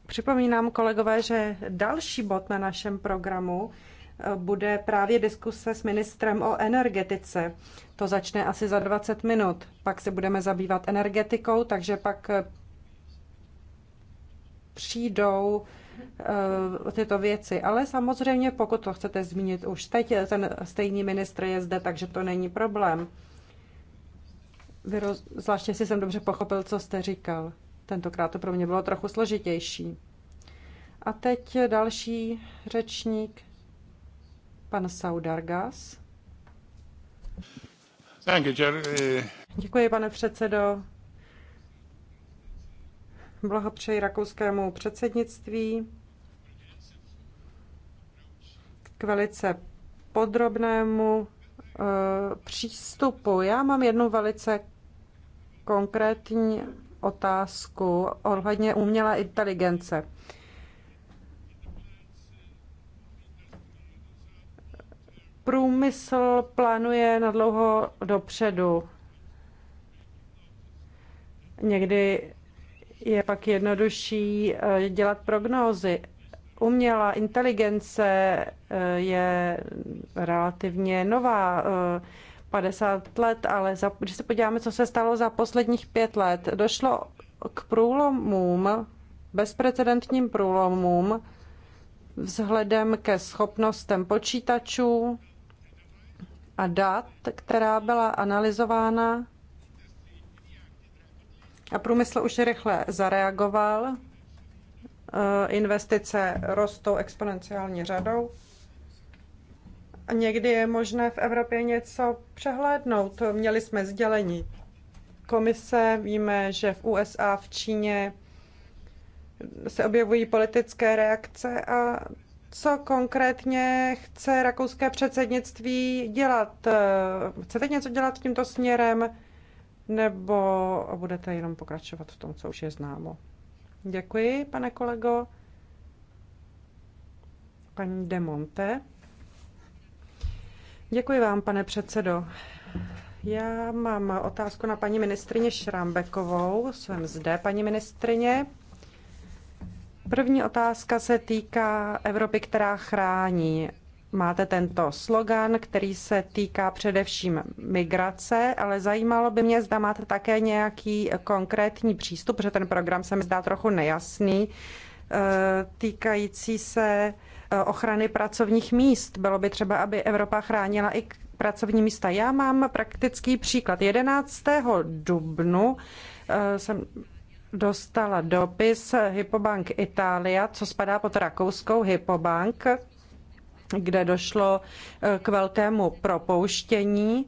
Speaker 1: Připomínám, kolegové, že další bod na našem programu bude právě diskuse s ministrem o energetice. To začne asi za 20 minut. Pak se budeme zabývat energetikou, takže pak eh, přijdou eh, tyto věci. Ale samozřejmě, pokud to chcete zmínit už teď, ten stejný ministr je zde, takže to není problém. Vyroz... Zvláště si jsem dobře pochopil, co jste říkal. Tentokrát to pro mě bylo trochu složitější. A teď další řečník, pan Saudargas. Děkuji, pane předsedo. Blahopřeji rakouskému předsednictví k velice podrobnému eh, přístupu. Já mám jednu velice konkrétní otázku ohledně umělé inteligence. Průmysl plánuje na dlouho dopředu. Někdy je pak jednodušší eh, dělat prognózy. Umělá inteligence eh, je relativně nová, 50 eh, let, ale za, když se podíváme, co se stalo za posledních pět let, došlo k průlomům, bezprecedentním průlomům vzhledem ke schopnostem počítačů, a dat, která byla analyzována a průmysl už rychle zareagoval. Eh, investice rostou exponenciální řadou. někdy je možné v Evropě něco přehlédnout. Měli jsme sdělení komise, víme, že v USA, v Číně se objevují politické reakce a co konkrétně chce rakouské předsednictví dělat? Eh, chcete něco dělat tímto směrem? Nebo budete jenom pokračovat v tom, co už je známo? Děkuji, pane kolego. Paní Demonte. Děkuji vám, pane předsedo. Já mám otázku na paní ministrině Šrambekovou. Jsem zde, paní ministrině. První otázka se týká Evropy, která chrání. Máte tento slogan, který se týká především migrace, ale zajímalo by mě, zda máte také nějaký konkrétní přístup, protože ten program se mi zdá trochu nejasný, eh, týkající se eh, ochrany pracovních míst. Bylo by třeba, aby Evropa chránila i pracovní místa. Já mám praktický příklad. 11. dubnu eh, jsem dostala dopis Hypobank Italia, co spadá pod rakouskou Hypobank, kde došlo eh, k velkému propouštění.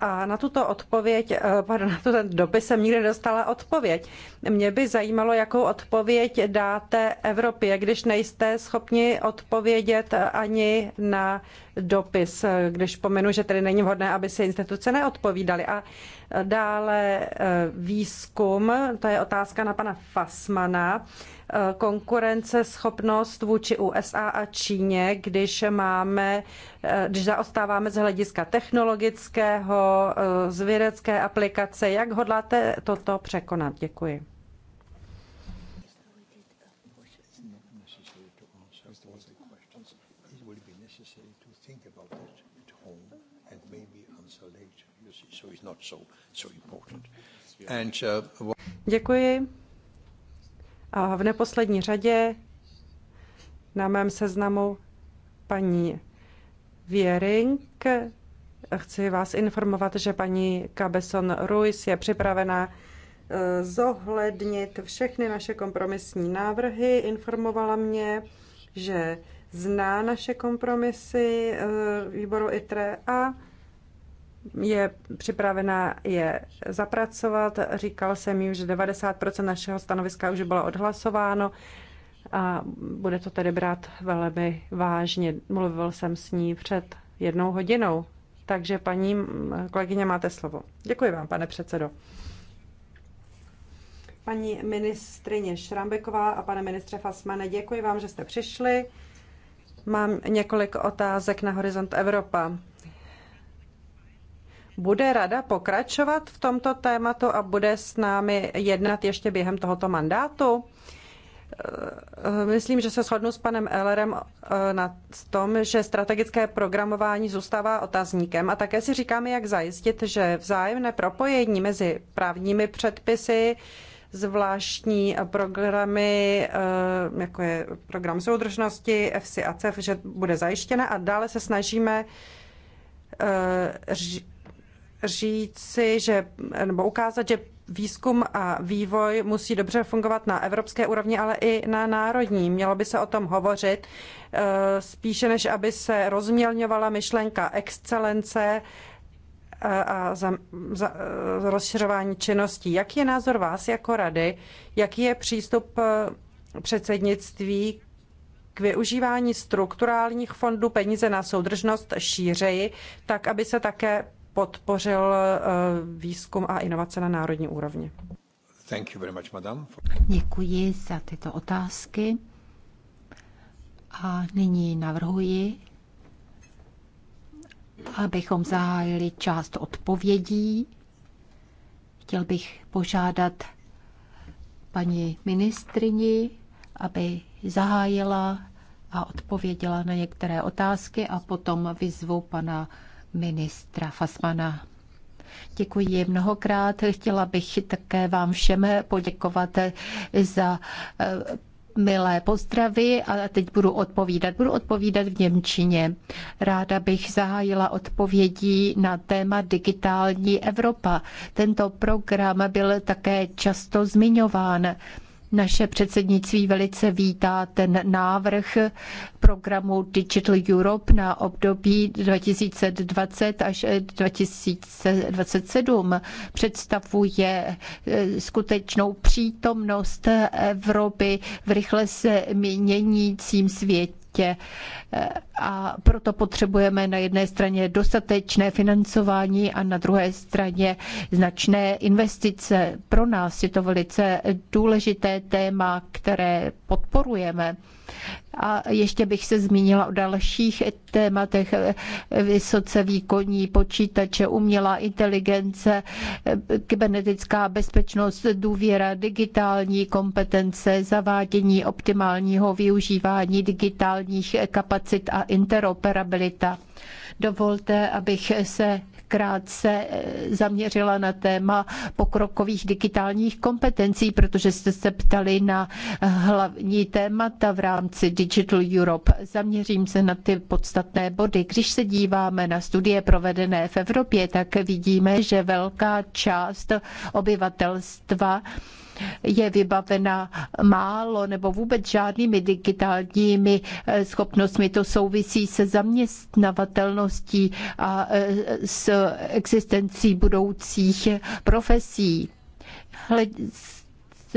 Speaker 1: A na tuto odpověď, eh, pardon, na tuto dopis jsem nikdy dostala odpověď. Mě by zajímalo, jakou odpověď dáte Evropě, když nejste schopni odpovědět ani na dopis, eh, když pomenu, že tedy není vhodné, aby se instituce neodpovídaly. A Dále eh, výzkum, to je otázka na pana Fasmana. Eh, Konkurence, schopnost vůči USA a Číně, když máme, eh, když zaostáváme z hlediska technologického, z vědecké aplikace. Jak hodláte toto překonat? Děkuji. Uh, Děkuji. A v neposlední řadě na mém seznamu paní Věring. Chci vás informovat, že paní Cabeson Ruiz je připravena eh, zohlednit všechny naše kompromisní návrhy. Informovala mě, že zná naše kompromisy eh, výboru ITRE a je připravena je zapracovat. Říkal jsem jim, že 90% našeho stanoviska už bylo odhlasováno a bude to tedy brát velmi vážně. Mluvil jsem s ní před jednou hodinou. Takže paní kolegyně, máte slovo. Děkuji vám, pane předsedo. Paní ministrině Šrambeková a pane ministře Fasmane, děkuji vám, že jste přišli. Mám několik otázek na Horizont Evropa bude rada pokračovat v tomto tématu a bude s námi jednat ještě během tohoto mandátu? Myslím, že se shodnu s panem Ellerem eh, na tom, že strategické programování zůstává otazníkem a také si říkáme, jak zajistit, že vzájemné propojení mezi právními předpisy, zvláštní programy, eh, jako je program soudržnosti, FC a CEF, že bude zajištěna a dále se snažíme eh, říci, že, nebo ukázat, že výzkum a vývoj musí dobře fungovat na evropské úrovni, ale i na národní. Mělo by se o tom hovořit, eh, spíše než aby se rozmělňovala myšlenka excelence eh, a za, za, za eh, rozšiřování činností. Jaký je názor vás jako rady? Jaký je přístup předsednictví k využívání strukturálních fondů peníze na soudržnost šířeji, tak aby se také podpořil eh, výzkum a inovace na národní úrovni.
Speaker 3: Thank you very much,
Speaker 1: Děkuji za tyto otázky.
Speaker 2: A nyní navrhuji, abychom zahájili část odpovědí. Chtěl bych požádat paní ministrini, aby zahájila a odpověděla na některé otázky a potom vyzvu pana ministra Fasmana. Děkuji mnohokrát. Chtěla bych také vám všem poděkovat za eh, milé pozdravy a teď budu odpovídat. Budu odpovídat v Němčině. Ráda bych zahájila odpovědí na téma Digitální Evropa. Tento program byl také často zmiňován. Naše předsednictví velice vítá ten návrh programu Digital Europe na období 2020 až 2027. Představuje eh, skutečnou přítomnost Evropy v rychle se měnícím světě světě. A proto potřebujeme na jedné straně dostatečné financování a na druhé straně značné investice. Pro nás je to velice důležité téma, které podporujeme. A ještě bych se zmínila o dalších tématech vysoce výkonní počítače, umělá inteligence, kybernetická bezpečnost, důvěra, digitální kompetence, zavádění optimálního využívání digitálních kapacit a interoperabilita. Dovolte, abych se tentokrát se eh, zaměřila na téma pokrokových digitálních kompetencí, protože jste se ptali na hlavní témata v rámci Digital Europe. Zaměřím se na ty podstatné body. Když se díváme na studie provedené v Evropě, tak vidíme, že velká část obyvatelstva je vybavena málo nebo vůbec žádnými digitálními eh, schopnostmi. To souvisí se zaměstnavatelností a eh, s existencí budoucích profesí. Hle,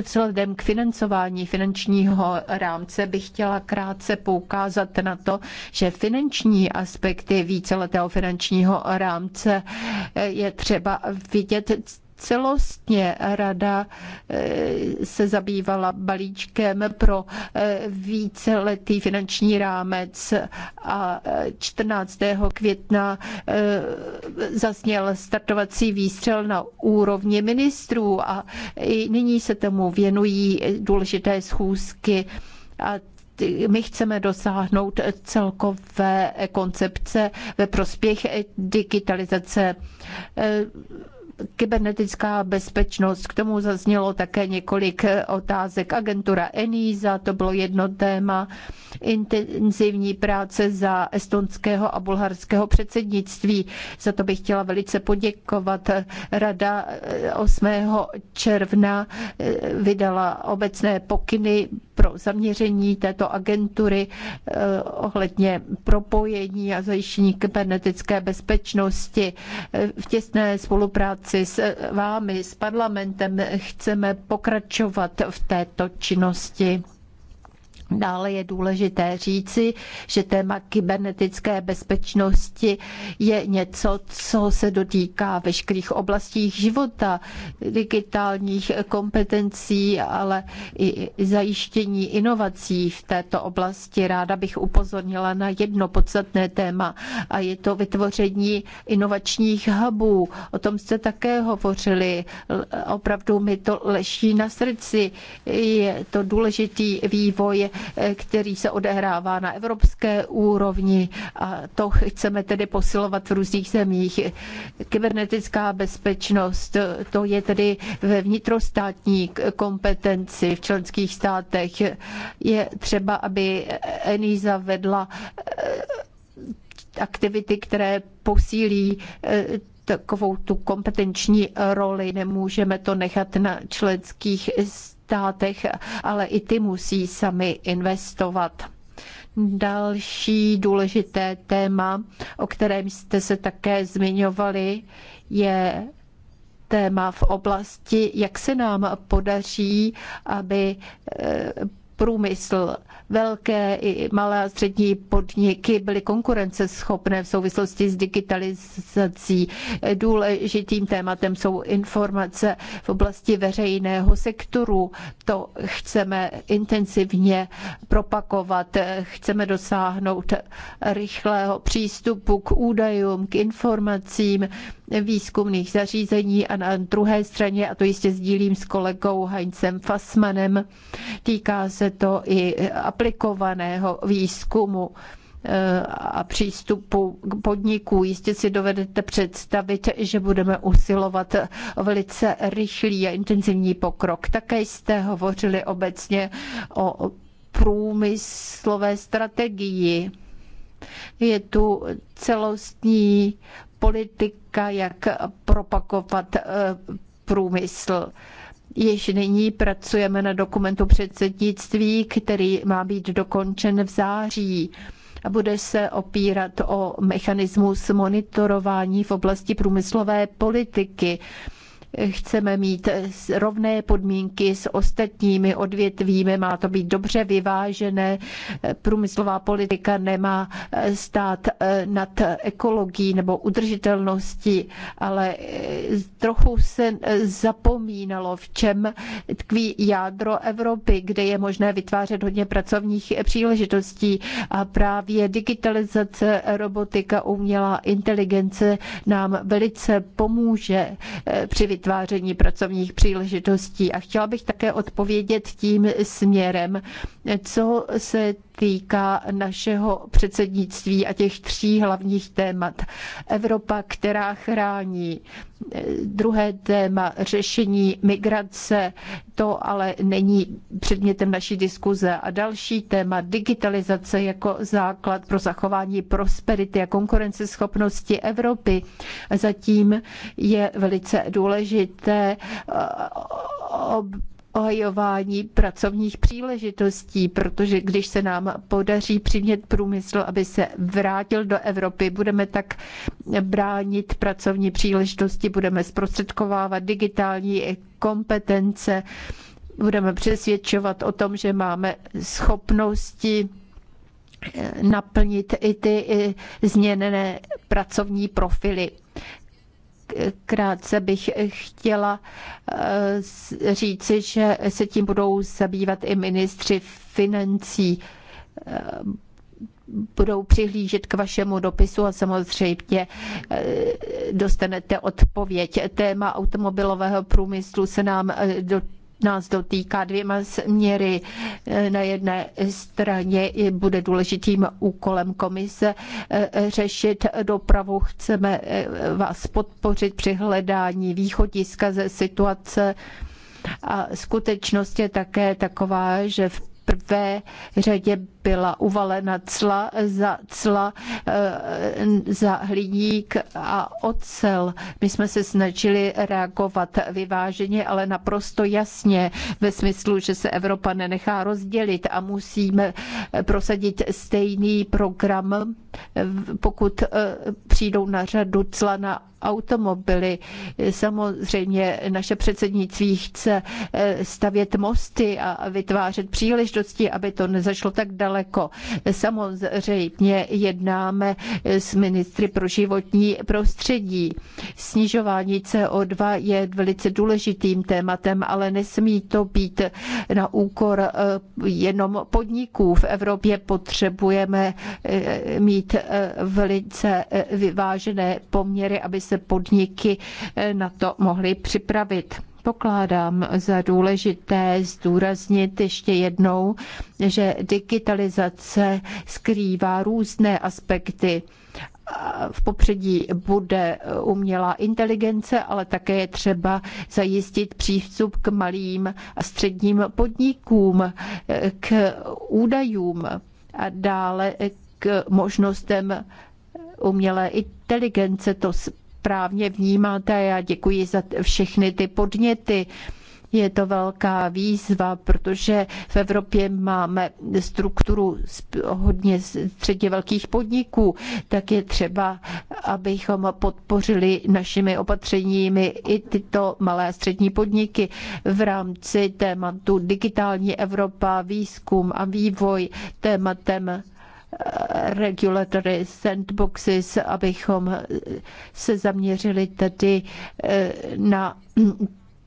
Speaker 2: Vzhledem k financování finančního rámce bych chtěla krátce poukázat na to, že finanční aspekty víceletého finančního rámce eh, je třeba vidět celostně rada eh, se zabývala balíčkem pro eh, víceletý finanční rámec a 14. Eh, května zazněl startovací výstřel na úrovni ministrů a i nyní se tomu věnují důležité schůzky a my chceme dosáhnout celkové koncepce ve prospěch digitalizace kybernetická bezpečnost, k tomu zaznělo také několik eh, otázek. Agentura ENISA, to bylo jedno téma, intenzivní práce za estonského a bulharského předsednictví. Za to bych chtěla velice poděkovat. Rada 8. Eh, června eh, vydala obecné pokyny pro zaměření této agentury eh, ohledně propojení a zajištění kybernetické bezpečnosti. Eh, v těsné spolupráci s vámi, s parlamentem, chceme pokračovat v této činnosti. Dále je důležité říci, že téma kybernetické bezpečnosti je něco, co se dotýká veškerých oblastí života, digitálních kompetencí, ale i zajištění inovací v této oblasti. Ráda bych upozornila na jedno podstatné téma a je to vytvoření inovačních hubů. O tom jste také hovořili. Opravdu mi to leší na srdci. Je to důležitý vývoj který se odehrává na evropské úrovni a to chceme tedy posilovat v různých zemích. Kybernetická bezpečnost, to je tedy ve vnitrostátní kompetenci v členských státech. Je třeba, aby ENISA vedla eh, aktivity, které posílí eh, takovou tu kompetenční roli. Nemůžeme to nechat na členských státech státech, ale i ty musí sami investovat. Další důležité téma, o kterém jste se také zmiňovali, je téma v oblasti, jak se nám podaří, aby eh, průmysl velké i malé a střední podniky byly konkurenceschopné v souvislosti s digitalizací. Důležitým tématem jsou informace v oblasti veřejného sektoru. To chceme intenzivně propakovat. Chceme dosáhnout rychlého přístupu k údajům, k informacím, výzkumných zařízení a na druhé straně, a to jistě sdílím s kolegou Heincem Fassmanem, týká se to i aplikovaného výzkumu eh, a přístupu k podniku. Jistě si dovedete představit, že budeme usilovat o velice rychlý a intenzivní pokrok. Také jste hovořili obecně o průmyslové strategii. Je tu celostní politika, jak propakovat eh, průmysl. Již nyní pracujeme na dokumentu předsednictví, který má být dokončen v září a bude se opírat o mechanismus monitorování v oblasti průmyslové politiky. Chceme mít rovné podmínky s ostatními odvětvími, má to být dobře vyvážené. Průmyslová politika nemá stát eh, nad ekologií nebo udržitelností, ale eh, trochu se eh, zapomínalo, v čem tkví jádro Evropy, kde je možné vytvářet hodně pracovních příležitostí a právě digitalizace, robotika, umělá inteligence nám velice pomůže při vytváření vytváření pracovních příležitostí. A chtěla bych také odpovědět tím směrem, co se týká našeho předsednictví a těch tří hlavních témat. Evropa, která chrání. Eh, druhé téma řešení migrace, to ale není předmětem naší diskuze. A další téma digitalizace jako základ pro zachování prosperity a konkurenceschopnosti Evropy. Zatím je velice důležité eh, ob obhajování pracovních příležitostí, protože když se nám podaří přimět průmysl, aby se vrátil do Evropy, budeme tak bránit pracovní příležitosti, budeme zprostředkovávat digitální kompetence, budeme přesvědčovat o tom, že máme schopnosti eh, naplnit i ty eh, změněné pracovní profily krátce bych chtěla eh, říci, že se tím budou zabývat i ministři financí. Eh, budou přihlížet k vašemu dopisu a samozřejmě eh, dostanete odpověď. Téma automobilového průmyslu se nám do nás dotýká dvěma směry. Na jedné straně bude důležitým úkolem komise eh, řešit dopravu. Chceme eh, vás podpořit při hledání východiska ze situace. A skutečnost je také taková, že v prvé řadě byla uvalena cla za cla eh, za hliník a ocel. My jsme se snažili reagovat vyváženě, ale naprosto jasně ve smyslu, že se Evropa nenechá rozdělit a musíme eh, prosadit stejný program, eh, pokud přijdou na řadu cla na automobily. Samozřejmě naše předsednictví chce eh, stavět mosty a vytvářet příležitosti, aby to nezašlo tak daleko. Samozřejmě jednáme eh, s ministry pro životní prostředí. Snižování CO2 je velice důležitým tématem, ale nesmí to být na úkor eh, jenom podniků. V Evropě potřebujeme mít velice vyvážené poměry, aby se se podniky eh, na to mohly připravit. Pokládám za důležité zdůraznit ještě jednou, že digitalizace skrývá různé aspekty v popředí bude umělá inteligence, ale také je třeba zajistit přístup k malým a středním podnikům, eh, k údajům a dále eh, k možnostem umělé inteligence. To správně vnímáte a já děkuji za všechny ty podněty. Je to velká výzva, protože v Evropě máme strukturu hodně středně velkých podniků, tak je třeba, abychom podpořili našimi opatřeními i tyto malé střední podniky v rámci tématu digitální Evropa, výzkum a vývoj tématem regulatory sandboxes, abychom se zaměřili tedy eh, na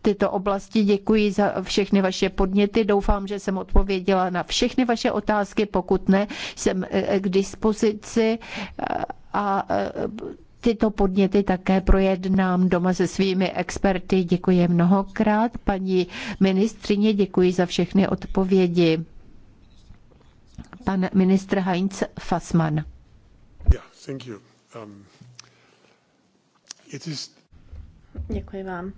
Speaker 2: tyto oblasti. Děkuji za všechny vaše podněty. Doufám, že jsem odpověděla na všechny vaše otázky. Pokud ne, jsem eh, eh, k dispozici a tyto podněty také projednám doma se svými experty. Děkuji mnohokrát. Paní ministrině, děkuji za všechny odpovědi pan ministr Heinz Fassmann.
Speaker 3: Um, Děkuji vám.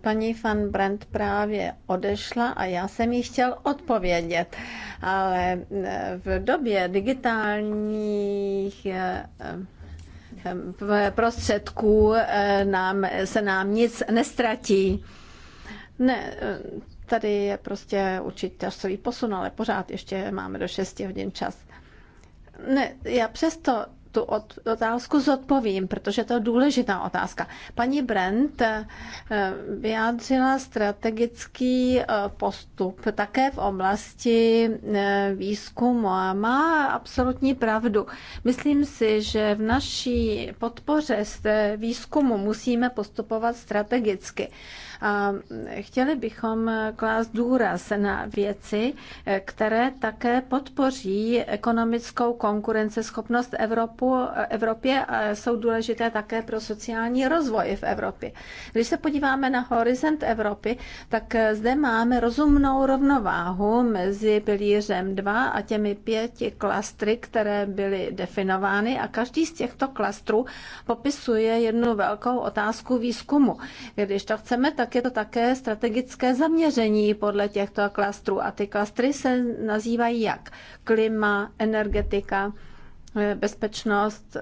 Speaker 3: Paní van Brandt právě odešla a já jsem jí chtěl odpovědět, ale eh, v době digitálních eh, eh, prostředků nám, se nám nic nestratí. Ne, Tady je prostě určitě časový posun, ale pořád ještě máme do 6 hodin čas. Ne, já přesto tu otázku zodpovím, protože to je důležitá otázka. Paní Brent eh, vyjádřila strategický eh, postup také v oblasti eh, výzkumu a má absolutní pravdu. Myslím si, že v naší podpoře z výzkumu musíme postupovat strategicky. Eh, chtěli bychom eh, klást důraz na věci, eh, které také podpoří ekonomickou konkurenceschopnost Evropu, Evropě a jsou důležité také pro sociální rozvoj v Evropě. Když se podíváme na horizont Evropy, tak zde máme rozumnou rovnováhu mezi pilířem 2 a těmi pěti klastry, které byly definovány a každý z těchto klastrů popisuje jednu velkou otázku výzkumu. Když to chceme, tak tak je to také strategické zaměření podle těchto klastrů. A ty klastry se nazývají jak? Klima, energetika, eh, bezpečnost,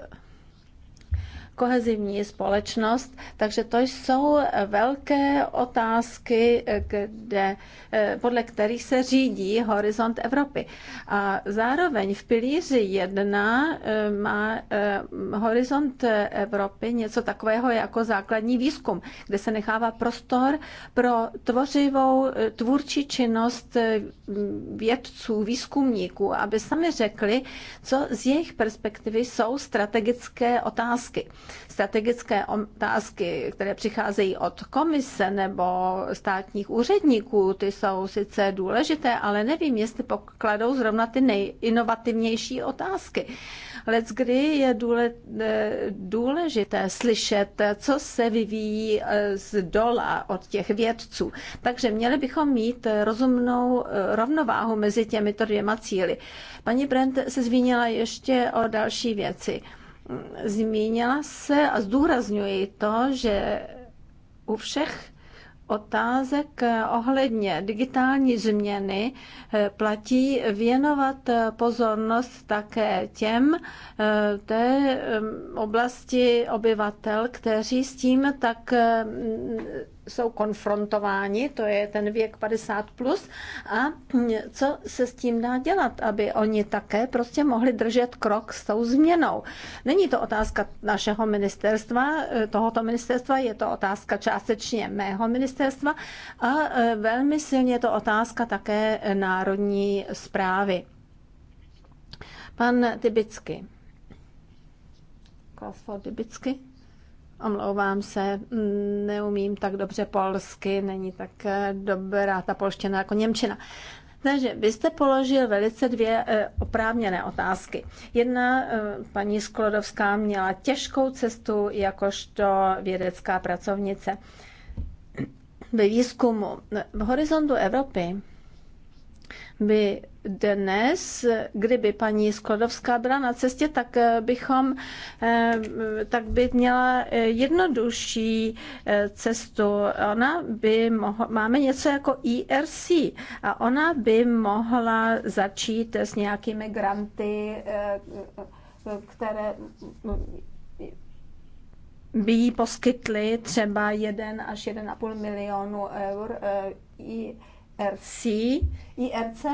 Speaker 3: kohezivní společnost. Takže to jsou velké otázky, kde, eh, podle kterých se řídí horizont Evropy. A zároveň v pilíři 1 eh, má eh, horizont Evropy něco takového jako základní výzkum, kde se nechává prostor pro tvořivou, tvůrčí činnost vědců, výzkumníků, aby sami řekli, co z jejich perspektivy jsou strategické otázky strategické otázky, které přicházejí od komise nebo státních úředníků, ty jsou sice důležité, ale nevím, jestli pokladou zrovna ty nejinovativnější otázky. Let's kdy je eh, důležité slyšet, co se vyvíjí eh, z dola od těch vědců. Takže měli bychom mít rozumnou eh, rovnováhu mezi těmito dvěma cíly. Paní Brent se zvínila ještě o další věci zmínila se a zdůrazňuji to, že u všech otázek ohledně digitální změny eh, platí věnovat pozornost také těm eh, té eh, oblasti obyvatel, kteří s tím tak jsou konfrontováni, to je ten věk 50 plus, a co se s tím dá dělat, aby oni také prostě mohli držet krok s tou změnou. Není to otázka našeho ministerstva, eh, tohoto ministerstva, je to otázka částečně mého ministerstva a eh, velmi silně je to otázka také národní zprávy. Pan Tybicky. Klasford Tybicky. Omlouvám se, neumím tak dobře polsky, není tak eh, dobrá ta polština jako němčina. Takže vy jste položil velice dvě eh, oprávněné otázky. Jedna eh, paní Sklodovská měla těžkou cestu jakožto vědecká pracovnice ve výzkumu. V horizontu Evropy by dnes, kdyby paní Skladovská byla na cestě, tak eh, bychom, eh, tak by měla eh, jednodušší cestu. Ona by mohla, máme něco jako IRC e a ona by mohla začít s nějakými granty, které by jí poskytli třeba 1 až 1,5 milionu eur IRC, IRC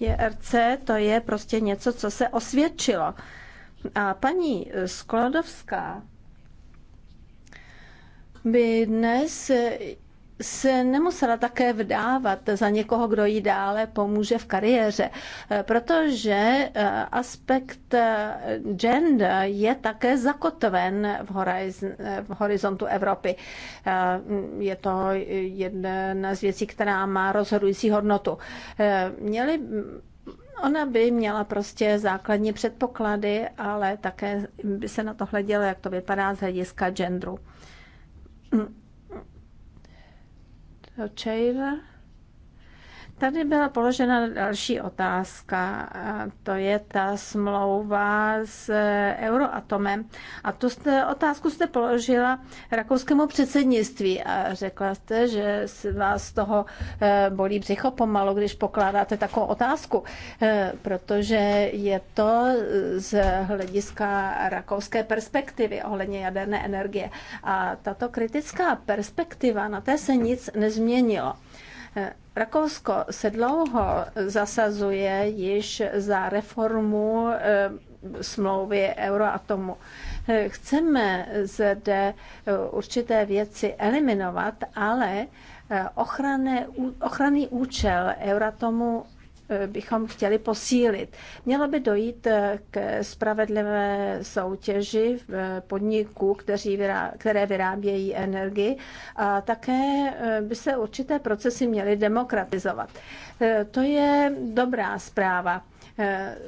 Speaker 3: JRC to je prostě něco, co se osvědčilo. A paní Sklodovská by dnes se nemusela také vdávat za někoho, kdo jí dále pomůže v kariéře, eh, protože eh, aspekt eh, gender je také zakotven v, horiz- v horizontu Evropy. Je to jedna z věcí, která má rozhodující hodnotu. Měli Ona by měla prostě základní předpoklady, ale také by se na to hledělo, jak to vypadá z hlediska genderu. Čejva Tady byla položena další otázka, to je ta smlouva s e, Euroatomem. A tu jste, otázku jste položila rakouskému předsednictví a řekla jste, že vás z toho e, bolí břicho pomalu, když pokládáte takovou otázku, e, protože je to z hlediska rakouské perspektivy ohledně jaderné energie. A tato kritická perspektiva, na té se nic nezměnilo. Rakousko se dlouho zasazuje již za reformu eh, smlouvy Euroatomu. Eh, chceme zde eh, určité věci eliminovat, ale ochrany, ochranný účel Euratomu bychom chtěli posílit. Mělo by dojít eh, k spravedlivé soutěži v eh, podniku, kteří které vyrábějí energii a také eh, by se určité procesy měly demokratizovat. To je dobrá zpráva.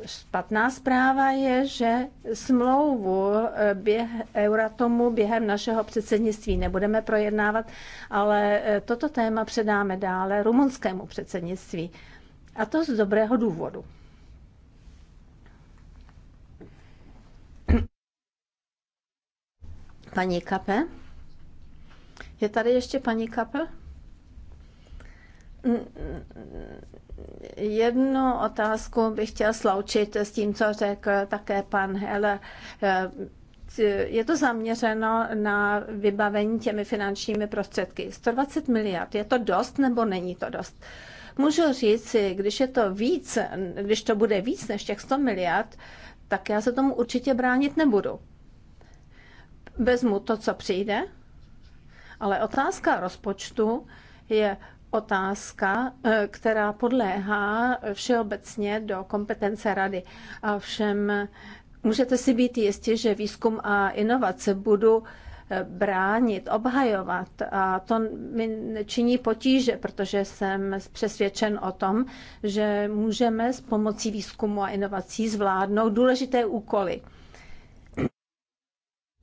Speaker 3: Špatná zpráva je, že smlouvu běh Euratomu během našeho předsednictví nebudeme projednávat, ale toto téma předáme dále rumunskému předsednictví. A to z dobrého důvodu. Paní Kape? Je tady ještě paní Kape? Mm, mm, jednu otázku bych chtěla sloučit s tím, co řekl také pan Hele eh, je to zaměřeno na vybavení těmi finančními prostředky. 120 miliard, je to dost nebo není to dost? Můžu říct když je to víc, když to bude víc než těch 100 miliard, tak já se tomu určitě bránit nebudu. Vezmu to, co přijde, ale otázka rozpočtu je otázka, eh, která podléhá všeobecně do kompetence rady. A všem můžete si být jistí, že výzkum a inovace budu bránit, obhajovat. A to mi činí potíže, protože jsem přesvědčen o tom, že můžeme s pomocí výzkumu a inovací zvládnout důležité úkoly.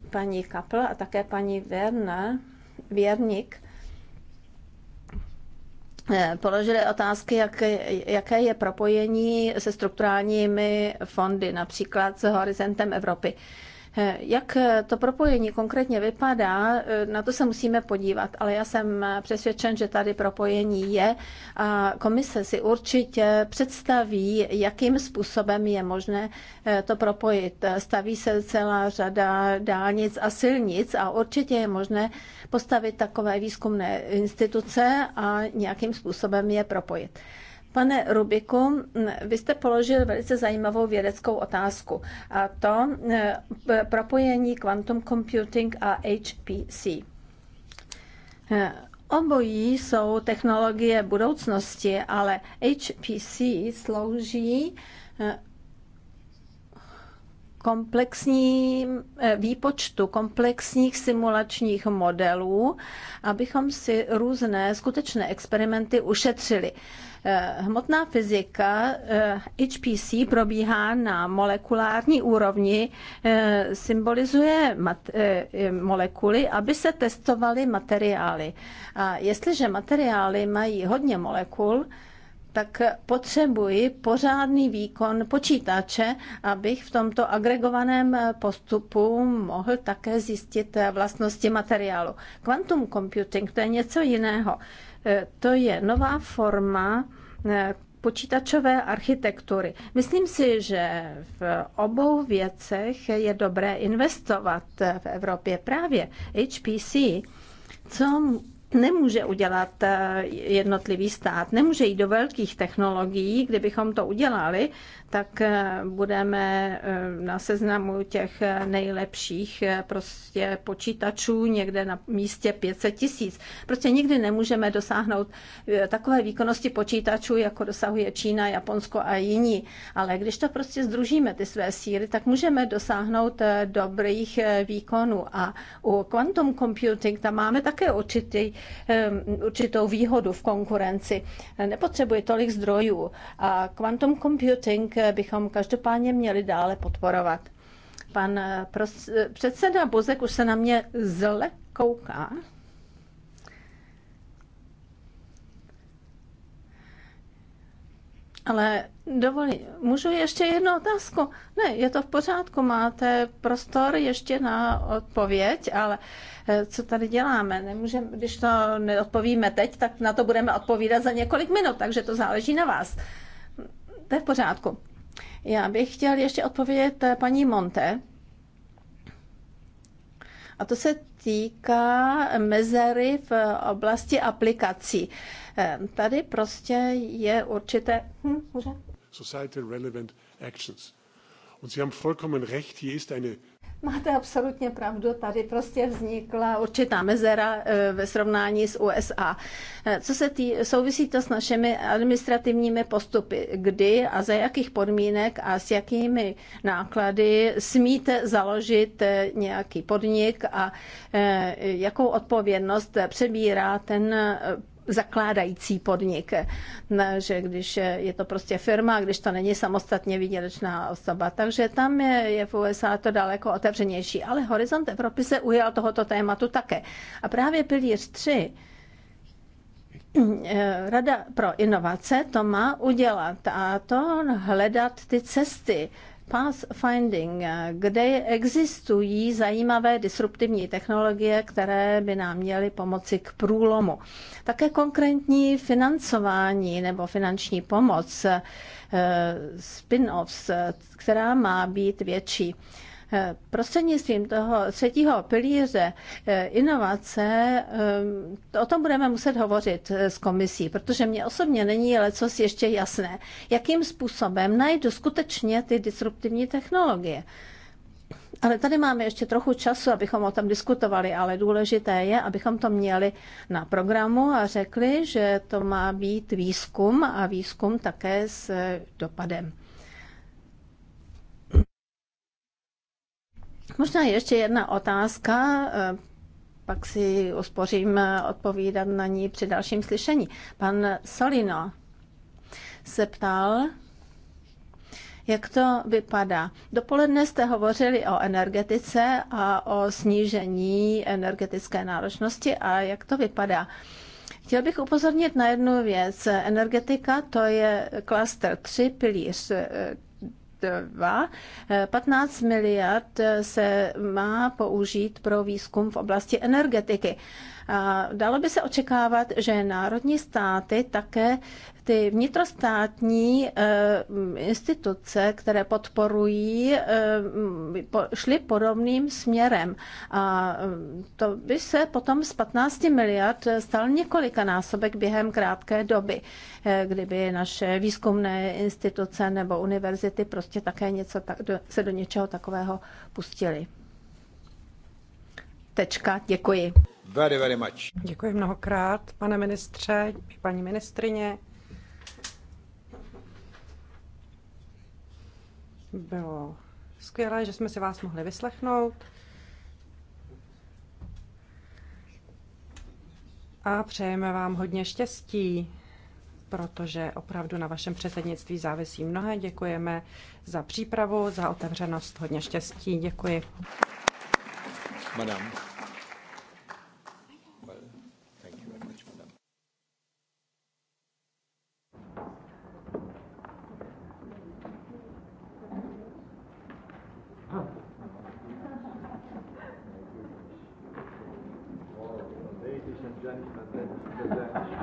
Speaker 3: Paní Kapl a také paní Werner, Věrník, eh, položili otázky, jak, jaké je propojení se strukturálními fondy, například s Horizontem Evropy. Eh, jak eh, to propojení konkrétně vypadá, eh, na to se musíme podívat, ale já jsem přesvědčen, že tady propojení je a komise si určitě představí, jakým způsobem je možné to propojit. Staví se celá řada dálnic a silnic a určitě je možné postavit takové výzkumné instituce a nějakým způsobem je propojit. Pane Rubiku, vy jste položil velice zajímavou vědeckou otázku a to e, propojení quantum computing a HPC. E, obojí jsou technologie budoucnosti, ale HPC slouží e, komplexní výpočtu komplexních simulačních modelů, abychom si různé skutečné experimenty ušetřili. Eh, hmotná fyzika HPC eh, probíhá na molekulární úrovni, eh, symbolizuje molekuly, aby se testovaly materiály. A jestliže materiály mají hodně molekul, tak potřebuji pořádný výkon počítače, abych v tomto agregovaném postupu mohl také zjistit vlastnosti materiálu. Quantum computing to je něco jiného. Eh, to je nová forma eh, počítačové architektury. Myslím si, že v obou věcech je dobré investovat eh, v Evropě právě HPC, co nemůže udělat jednotlivý stát, nemůže jít do velkých technologií. Kdybychom to udělali, tak eh, budeme eh, na seznamu těch eh, nejlepších prostě počítačů někde na místě 500 tisíc. Prostě nikdy nemůžeme dosáhnout takové výkonnosti počítačů, jako dosahuje Čína, Japonsko a jiní. Ale když to prostě združíme, ty své síly, tak můžeme dosáhnout dobrých výkonů. A u quantum computing tam máme také určitý, určitou výhodu v konkurenci. Nepotřebuje tolik zdrojů. A quantum computing Eh, bychom každopádně měli dále podporovat. Pan eh, eh, předseda Bozek už se na mě zle kouká. Ale dovolí, můžu ještě jednu otázku? Ne, je to v pořádku, máte prostor ještě na odpověď, ale co tady děláme? Nemůžeme, když to neodpovíme teď, tak na to budeme odpovídat za několik minut, takže to záleží na vás to je v pořádku. Já bych chtěl ještě odpovědět eh, paní Monte. A to se týká mezery v oblasti aplikací. Eh, tady prostě je určité... Hm, Societal relevant actions. Und Sie haben vollkommen recht, hier ist eine Máte absolutně pravdu, tady prostě vznikla určitá mezera eh, ve srovnání s USA. Eh, co se tý, souvisí to s našimi administrativními postupy, kdy a za jakých podmínek a s jakými náklady smíte založit eh, nějaký podnik a jakou odpovědnost přebírá ten zakládající podnik. Ne, že když je to prostě firma, když to není samostatně výdělečná osoba. Takže tam je, je v USA to daleko otevřenější. Ale Horizont Evropy se ujal tohoto tématu také. A právě pilíř 3 eh, Rada pro inovace to má udělat a to hledat ty cesty pathfinding, kde existují zajímavé disruptivní technologie, které by nám měly pomoci k průlomu. Také konkrétní financování nebo finanční pomoc, eh, spin-offs, která má být větší. Eh, prostřednictvím toho třetího pilíře eh, inovace, eh, o tom budeme muset hovořit s komisí, protože mě osobně není co ještě jasné, jakým způsobem najdu skutečně ty disruptivní technologie. Ale tady máme ještě trochu času, abychom o tom diskutovali, ale důležité je, abychom to měli na programu a řekli, že to má být výzkum a výzkum také s dopadem. Možná ještě jedna otázka, eh, pak si uspořím eh, odpovídat na ní při dalším slyšení. Pan Solino se ptal, jak to vypadá? Dopoledne jste hovořili o energetice a o snížení energetické náročnosti a jak to vypadá? Chtěl bych upozornit na jednu věc. Energetika to je klaster 3, pilíř eh, 2. 15 eh, miliard se má použít pro výzkum v oblasti energetiky. Dalo by se očekávat, že národní státy také ty vnitrostátní eh, instituce, které podporují, eh, šly podobným směrem. A eh, to by se potom z 15 miliard stal několika násobek během krátké doby, kdyby naše výzkumné instituce nebo univerzity prostě také něco tak, se do něčeho takového
Speaker 1: pustily. Tečka, děkuji very, very much. Děkuji mnohokrát, pane ministře, paní ministrině. Bylo skvělé, že jsme si vás mohli vyslechnout. A přejeme vám hodně štěstí, protože opravdu na vašem předsednictví závisí mnohé. Děkujeme za přípravu, za otevřenost. Hodně štěstí. Děkuji. Madame.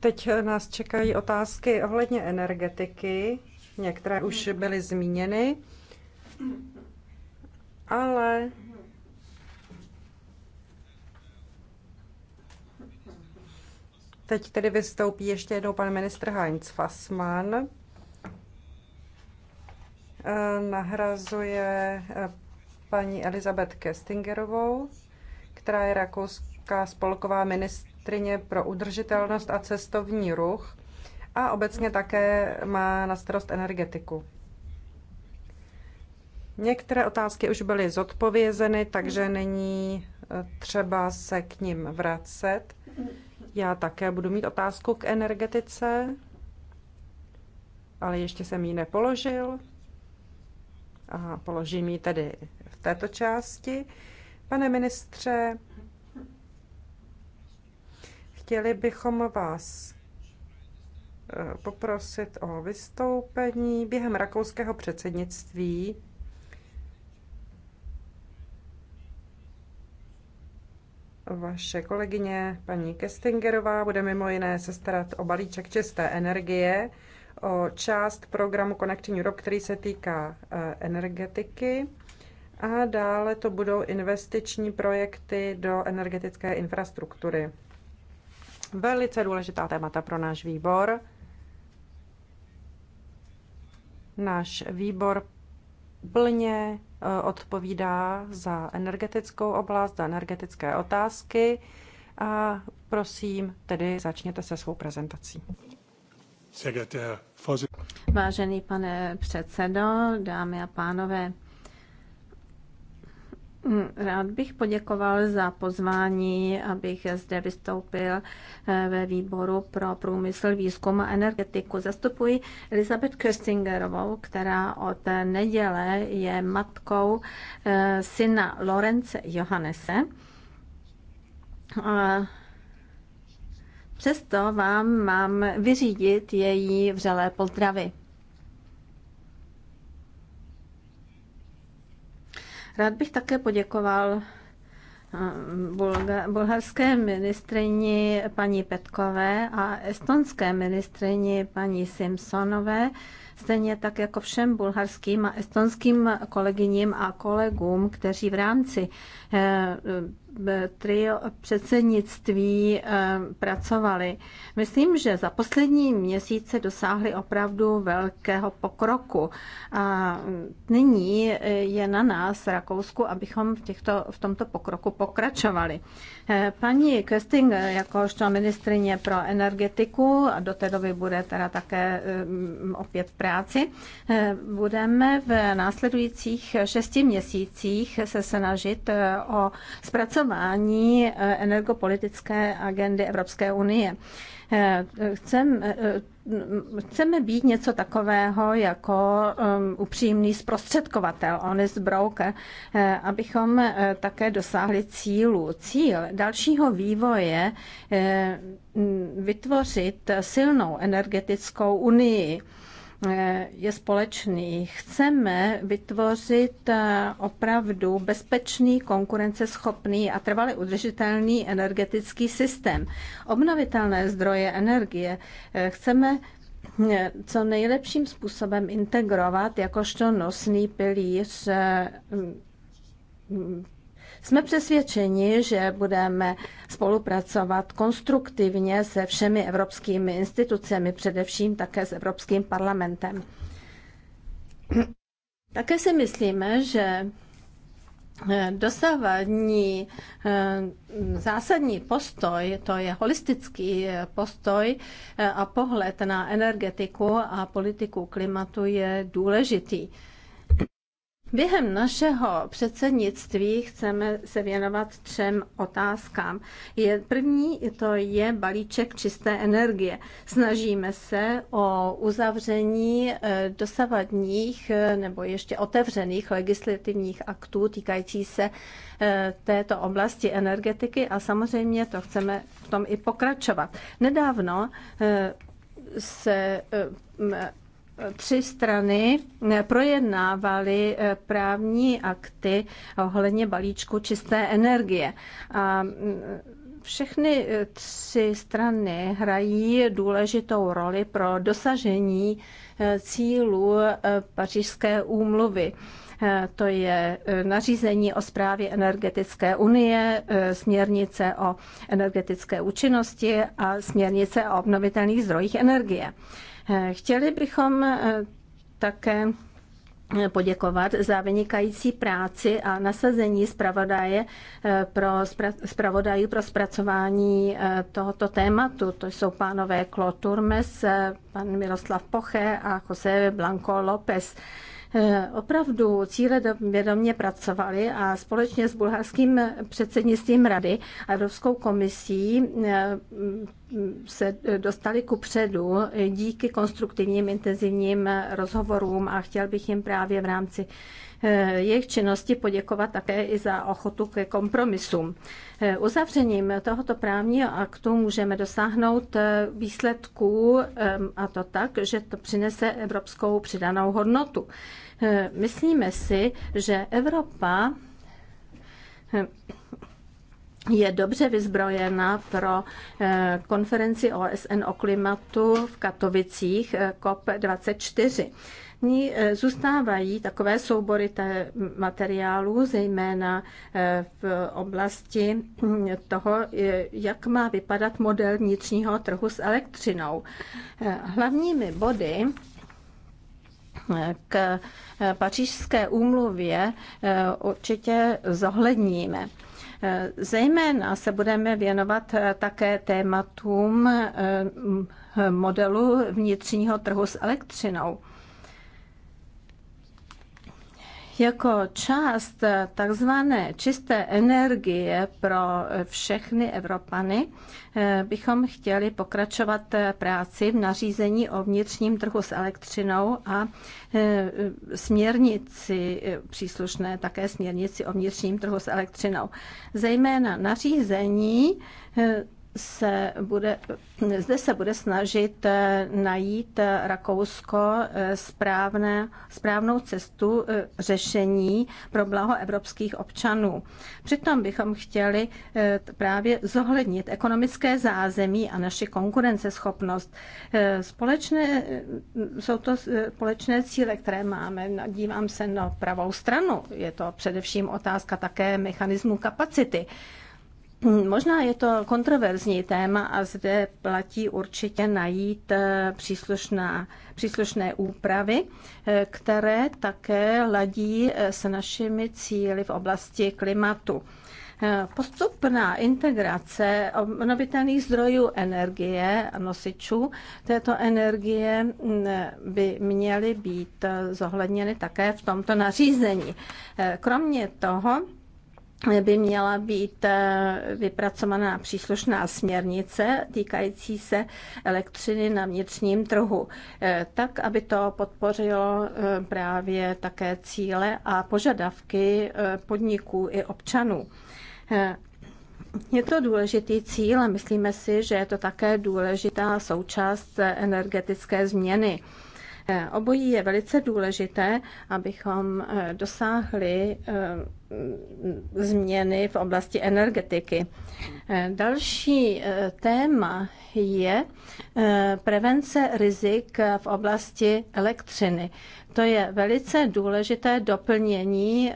Speaker 1: Teď eh, nás čekají otázky ohledně energetiky. Některé už byly zmíněny, ale Teď tedy vystoupí ještě jednou pan ministr Heinz Fassmann. Eh, nahrazuje eh, paní Elizabeth Kestingerovou, která je rakouskou česká spolková ministrině pro udržitelnost a cestovní ruch a obecně také má na starost energetiku. Některé otázky už byly zodpovězeny, takže není eh, třeba se k ním vracet. Já také budu mít otázku k energetice, ale ještě jsem ji nepoložil. A položím ji tedy v této části. Pane ministře, Chtěli bychom vás eh, poprosit o vystoupení během rakouského předsednictví. Vaše kolegyně paní Kestingerová bude mimo jiné se starat o balíček čisté energie, o část programu Connecting Europe, který se týká eh, energetiky. A dále to budou investiční projekty do energetické infrastruktury velice důležitá témata pro náš výbor. Náš výbor plně eh, odpovídá za energetickou oblast, za energetické otázky a prosím, tedy začněte se svou prezentací.
Speaker 3: Vážený pane předsedo, dámy a pánové, Mm, rád bych poděkoval za pozvání, abych zde vystoupil eh, ve výboru pro průmysl, výzkum a energetiku. Zastupuji Elizabeth Köstingerovou, která od neděle je matkou eh, syna Lorence Johannese. Eh, přesto vám mám vyřídit její vřelé pozdravy. Rád bych také poděkoval eh, bulharské ministrině paní Petkové a estonské ministrině paní Simpsonové, stejně tak jako všem bulharským a estonským kolegyním a kolegům, kteří v rámci eh, Eh, trio předsednictví eh, pracovali. Myslím, že za poslední měsíce dosáhli opravdu velkého pokroku. A nyní eh, je na nás, Rakousku, abychom v, těchto, v tomto pokroku pokračovali. Paní Kösting, jakožto ministrině pro energetiku, a do té doby bude teda také opět v práci, budeme v následujících šesti měsících se snažit o zpracování zpracování eh, energopolitické agendy Evropské unie. Eh, chcem, eh, chceme být něco takového jako upřímný zprostředkovatel, honest broker, abychom také dosáhli cílu. Cíl dalšího vývoje vytvořit silnou energetickou unii je společný. Chceme vytvořit eh, opravdu bezpečný, konkurenceschopný a trvale udržitelný energetický systém. Obnovitelné zdroje energie eh, chceme eh, co nejlepším způsobem integrovat jakožto nosný pilíř jsme přesvědčeni, že budeme spolupracovat konstruktivně se všemi evropskými institucemi, především také s Evropským parlamentem. Také si myslíme, že eh, dosavadní eh, zásadní postoj, to je holistický eh, postoj a pohled na energetiku a politiku klimatu je důležitý. Během našeho předsednictví chceme se věnovat třem otázkám. Je, první to je balíček čisté energie. Snažíme se o uzavření eh, dosavadních eh, nebo ještě otevřených legislativních aktů týkající se eh, této oblasti energetiky a samozřejmě to chceme v tom i pokračovat. Nedávno se tři strany eh, projednávaly eh, právní akty ohledně balíčku čisté energie. A mm, všechny eh, tři strany hrají důležitou roli pro dosažení cílů pařížské úmluvy. To je nařízení o zprávě energetické unie, směrnice o energetické účinnosti a směrnice o obnovitelných zdrojích energie. Eh, chtěli bychom eh, také eh, poděkovat za vynikající práci a nasazení zpravodaje pro, zpravodajů pro zpracování tohoto tématu. To jsou pánové Klo Turmes, pan Miroslav Poche a Jose Blanco López. Eh, opravdu cíle vědomě pracovali a společně s bulharským předsednictvím Rady a Evropskou komisí eh, mm, se eh, dostali ku předu díky konstruktivním intenzivním rozhovorům a chtěl bych jim právě v rámci Eh, jejich činnosti poděkovat také i za ochotu ke kompromisům. Eh, uzavřením tohoto právního aktu můžeme dosáhnout eh, výsledků a to tak, že to přinese evropskou přidanou hodnotu. Myslíme si, že Evropa je dobře vyzbrojena pro konferenci OSN o klimatu v Katovicích COP24 ostatní eh, zůstávají takové soubory materiálu, zejména eh, v oblasti hm, toho, jak má vypadat model vnitřního trhu s elektřinou. Eh, hlavními body k pařížské úmluvě určitě zohledníme. Zejména se budeme věnovat také tématům modelu vnitřního trhu s elektřinou. jako část eh, takzvané čisté energie pro eh, všechny Evropany eh, bychom chtěli pokračovat práci v nařízení o vnitřním trhu s elektřinou a směrnici příslušné, také směrnici o vnitřním trhu s elektřinou. Zejména nařízení se bude, zde se bude snažit eh, najít eh, Rakousko eh, správné, správnou cestu řešení pro blaho evropských občanů. Přitom bychom chtěli právě zohlednit ekonomické zázemí a naši konkurenceschopnost. Společné, jsou to společné cíle, které máme. Dívám se na pravou stranu. Je to především otázka také mechanismu kapacity. Hmm, možná je to kontroverzní téma a zde platí určitě najít eh, příslušná, příslušné úpravy, eh, které také ladí eh, s našimi cíly v oblasti klimatu. Postupná integrace obnovitelných zdrojů energie a nosičů této energie mm, by měly být zohledněny také v tomto nařízení. Kromě toho, by měla být eh, vypracovaná příslušná směrnice týkající se elektřiny na vnitřním trhu, eh, tak, aby to podpořilo eh, právě také cíle a požadavky podniků i občanů. Je to důležitý cíl a myslíme si, že je to také důležitá součást energetické změny. Eh, obojí je velice důležité, abychom eh, dosáhli eh, změny v oblasti energetiky. Další téma je prevence rizik v oblasti elektřiny. To je velice důležité doplnění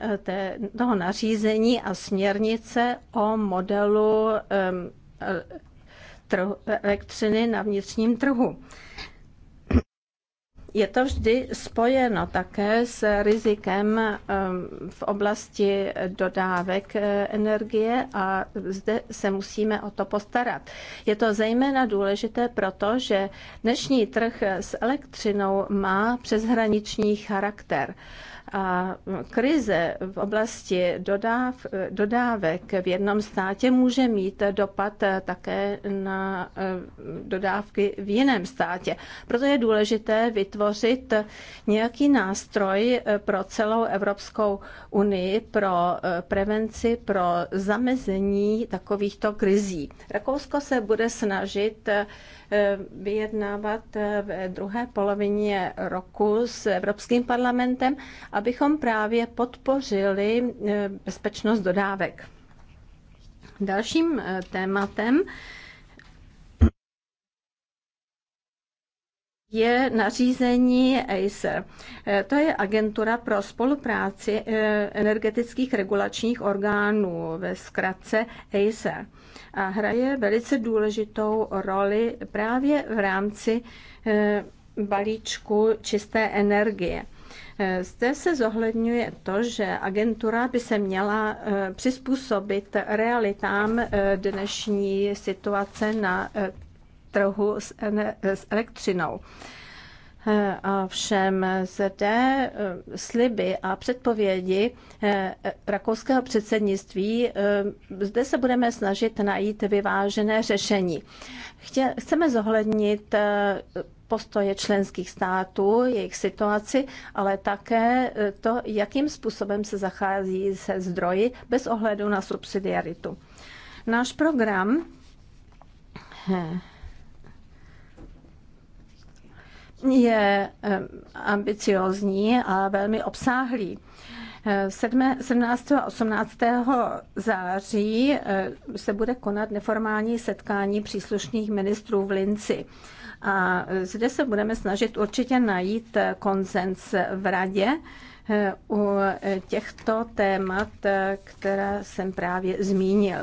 Speaker 3: toho nařízení a směrnice o modelu elektřiny na vnitřním trhu. Je to vždy spojeno také s rizikem ehm, v oblasti dodávek eh, energie a zde se musíme o to postarat. Je to zejména důležité proto, že dnešní trh s elektřinou má přeshraniční charakter. A krize v oblasti dodáv, dodávek v jednom státě může mít dopad také na eh, dodávky v jiném státě. Proto je důležité vytvořit nějaký nástroj eh, pro celou Evropskou unii pro eh, prevenci, pro zamezení takovýchto krizí. Rakousko se bude snažit Eh, vyjednávat eh, ve druhé polovině roku s Evropským parlamentem, abychom právě podpořili eh, bezpečnost dodávek. Dalším tématem je nařízení ACER. To je agentura pro spolupráci energetických regulačních orgánů, ve zkratce ACER a hraje velice důležitou roli právě v rámci eh, balíčku čisté energie. Eh, zde se zohledňuje to, že agentura by se měla eh, přizpůsobit realitám dnešní situace na trhu s elektřinou. A všem zde eh, sliby a předpovědi eh, rakouského předsednictví, eh, zde se budeme snažit najít vyvážené řešení. Chceme zohlednit postoje členských států, jejich situaci, ale také to, jakým způsobem se zachází se zdroji bez ohledu na subsidiaritu. Náš program je eh, ambiciozní a velmi obsáhlý. 17. Eh, a 18. září eh, se bude konat neformální setkání příslušných ministrů v Linci. A zde se budeme snažit určitě najít konsens v radě u těchto témat, která jsem právě zmínil.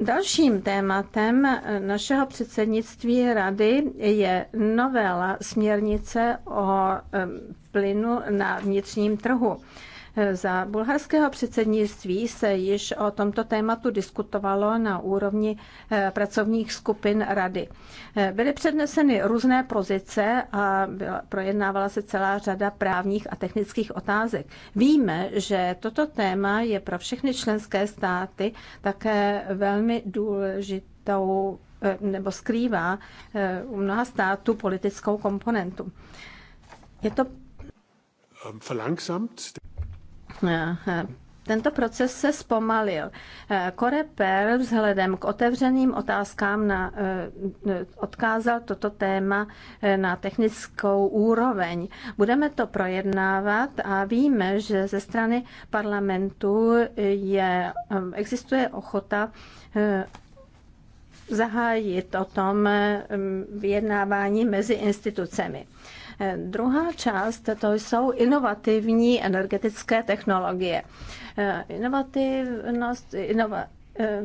Speaker 3: Dalším tématem našeho předsednictví rady je novela směrnice o plynu na vnitřním trhu. Za bulharského předsednictví se již o tomto tématu diskutovalo na úrovni eh, pracovních skupin rady. Eh, byly předneseny různé pozice a projednávala se celá řada právních a technických otázek. Víme, že toto téma je pro všechny členské státy také velmi důležitou eh, nebo skrývá u mnoha států politickou komponentu. Je to tento proces se zpomalil. Eh, Koreper vzhledem k otevřeným otázkám na, eh, eh, odkázal toto téma na technickou úroveň. Budeme to projednávat a víme, že ze strany parlamentu je, existuje ochota zahájit o tom vyjednávání mezi institucemi. Eh, druhá část to jsou inovativní energetické technologie. Eh, inovativnost, inova, eh,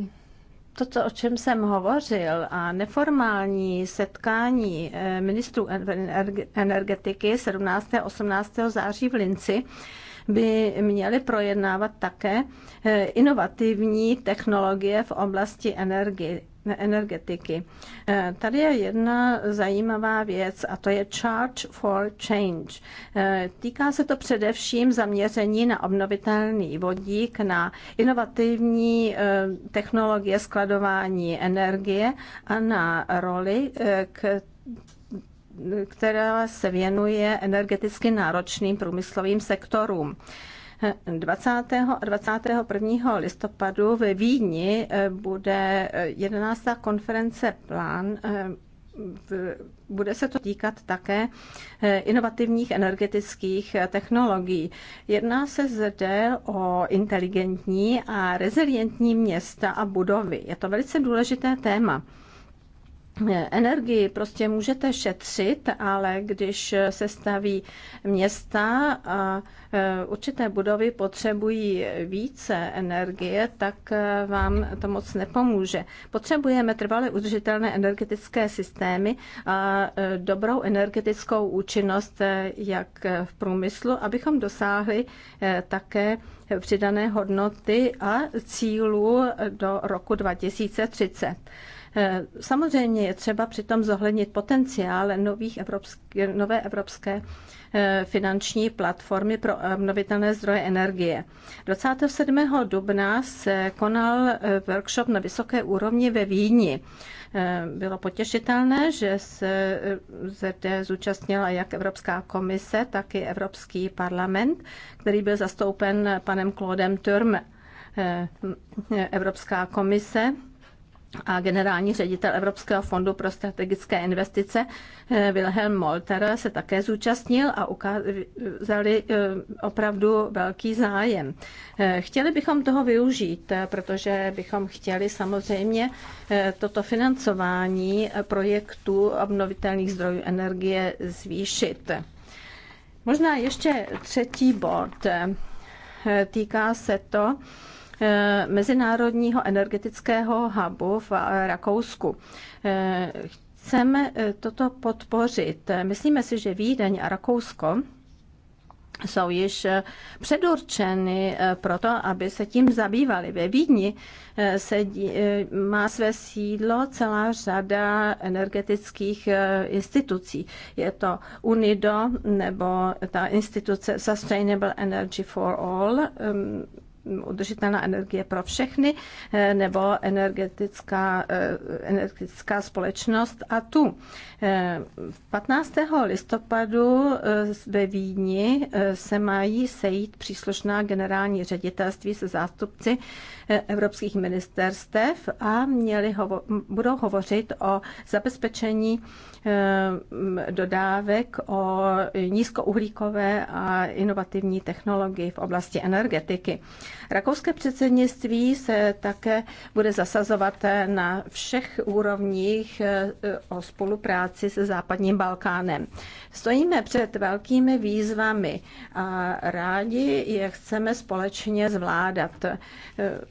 Speaker 3: to, o čem jsem hovořil, a neformální setkání ministrů energetiky 17. a 18. září v Linci, by měly projednávat také inovativní technologie v oblasti energie energetiky. Eh, tady je jedna zajímavá věc a to je Charge for Change. Eh, týká se to především zaměření na obnovitelný vodík, na inovativní eh, technologie skladování energie a na roli, k která se věnuje energeticky náročným průmyslovým sektorům. 20. a 21. listopadu ve Vídni eh, bude 11. Eh, konference Plán eh, bude se to týkat také inovativních energetických technologií. Jedná se zde o inteligentní a rezilientní města a budovy. Je to velice důležité téma. Eh, energii prostě můžete šetřit, ale když se staví města a eh, určité budovy potřebují více energie, tak eh, vám to moc nepomůže. Potřebujeme trvale udržitelné energetické systémy a dobrou energetickou účinnost jak v průmyslu, abychom dosáhli také přidané hodnoty a cílů do roku 2030. Eh, samozřejmě je třeba přitom zohlednit potenciál nových evropské, nové evropské eh, finanční platformy pro obnovitelné zdroje energie. 27. dubna se konal eh, workshop na vysoké úrovni ve Vídni. Bylo potěšitelné, že se zde zúčastnila jak Evropská komise, tak i Evropský parlament, který byl zastoupen panem Claudem Turm. Evropská komise a generální ředitel Evropského fondu pro strategické investice eh, Wilhelm Molter se také zúčastnil a ukázali eh, opravdu velký zájem. Eh, chtěli bychom toho využít, protože bychom chtěli samozřejmě toto financování projektů obnovitelných zdrojů energie zvýšit. Možná ještě třetí bod. Týká se to Eh, mezinárodního energetického hubu v Rakousku eh, chceme eh, toto podpořit. Myslíme si, že Vídeň a Rakousko jsou již předurčeny proto, aby se tím zabývali. Ve Vídni se dí, má své sídlo celá řada energetických institucí. Je to UNIDO nebo ta instituce Sustainable Energy for All, ehm, udržitelná energie pro všechny eh, nebo energetická, eh, energetická společnost. A tu 15. Eh, listopadu ve Vídni se mají sejít příslušná generální ředitelství se zástupci evropských ministerstev a měli hovo- budou hovořit o zabezpečení eh, dodávek, o nízkouhlíkové a inovativní technologii v oblasti energetiky. Rakouské předsednictví se také bude zasazovat na všech úrovních eh, o spolupráci se západním Balkánem. Stojíme před velkými výzvami a rádi je chceme společně zvládat. Eh,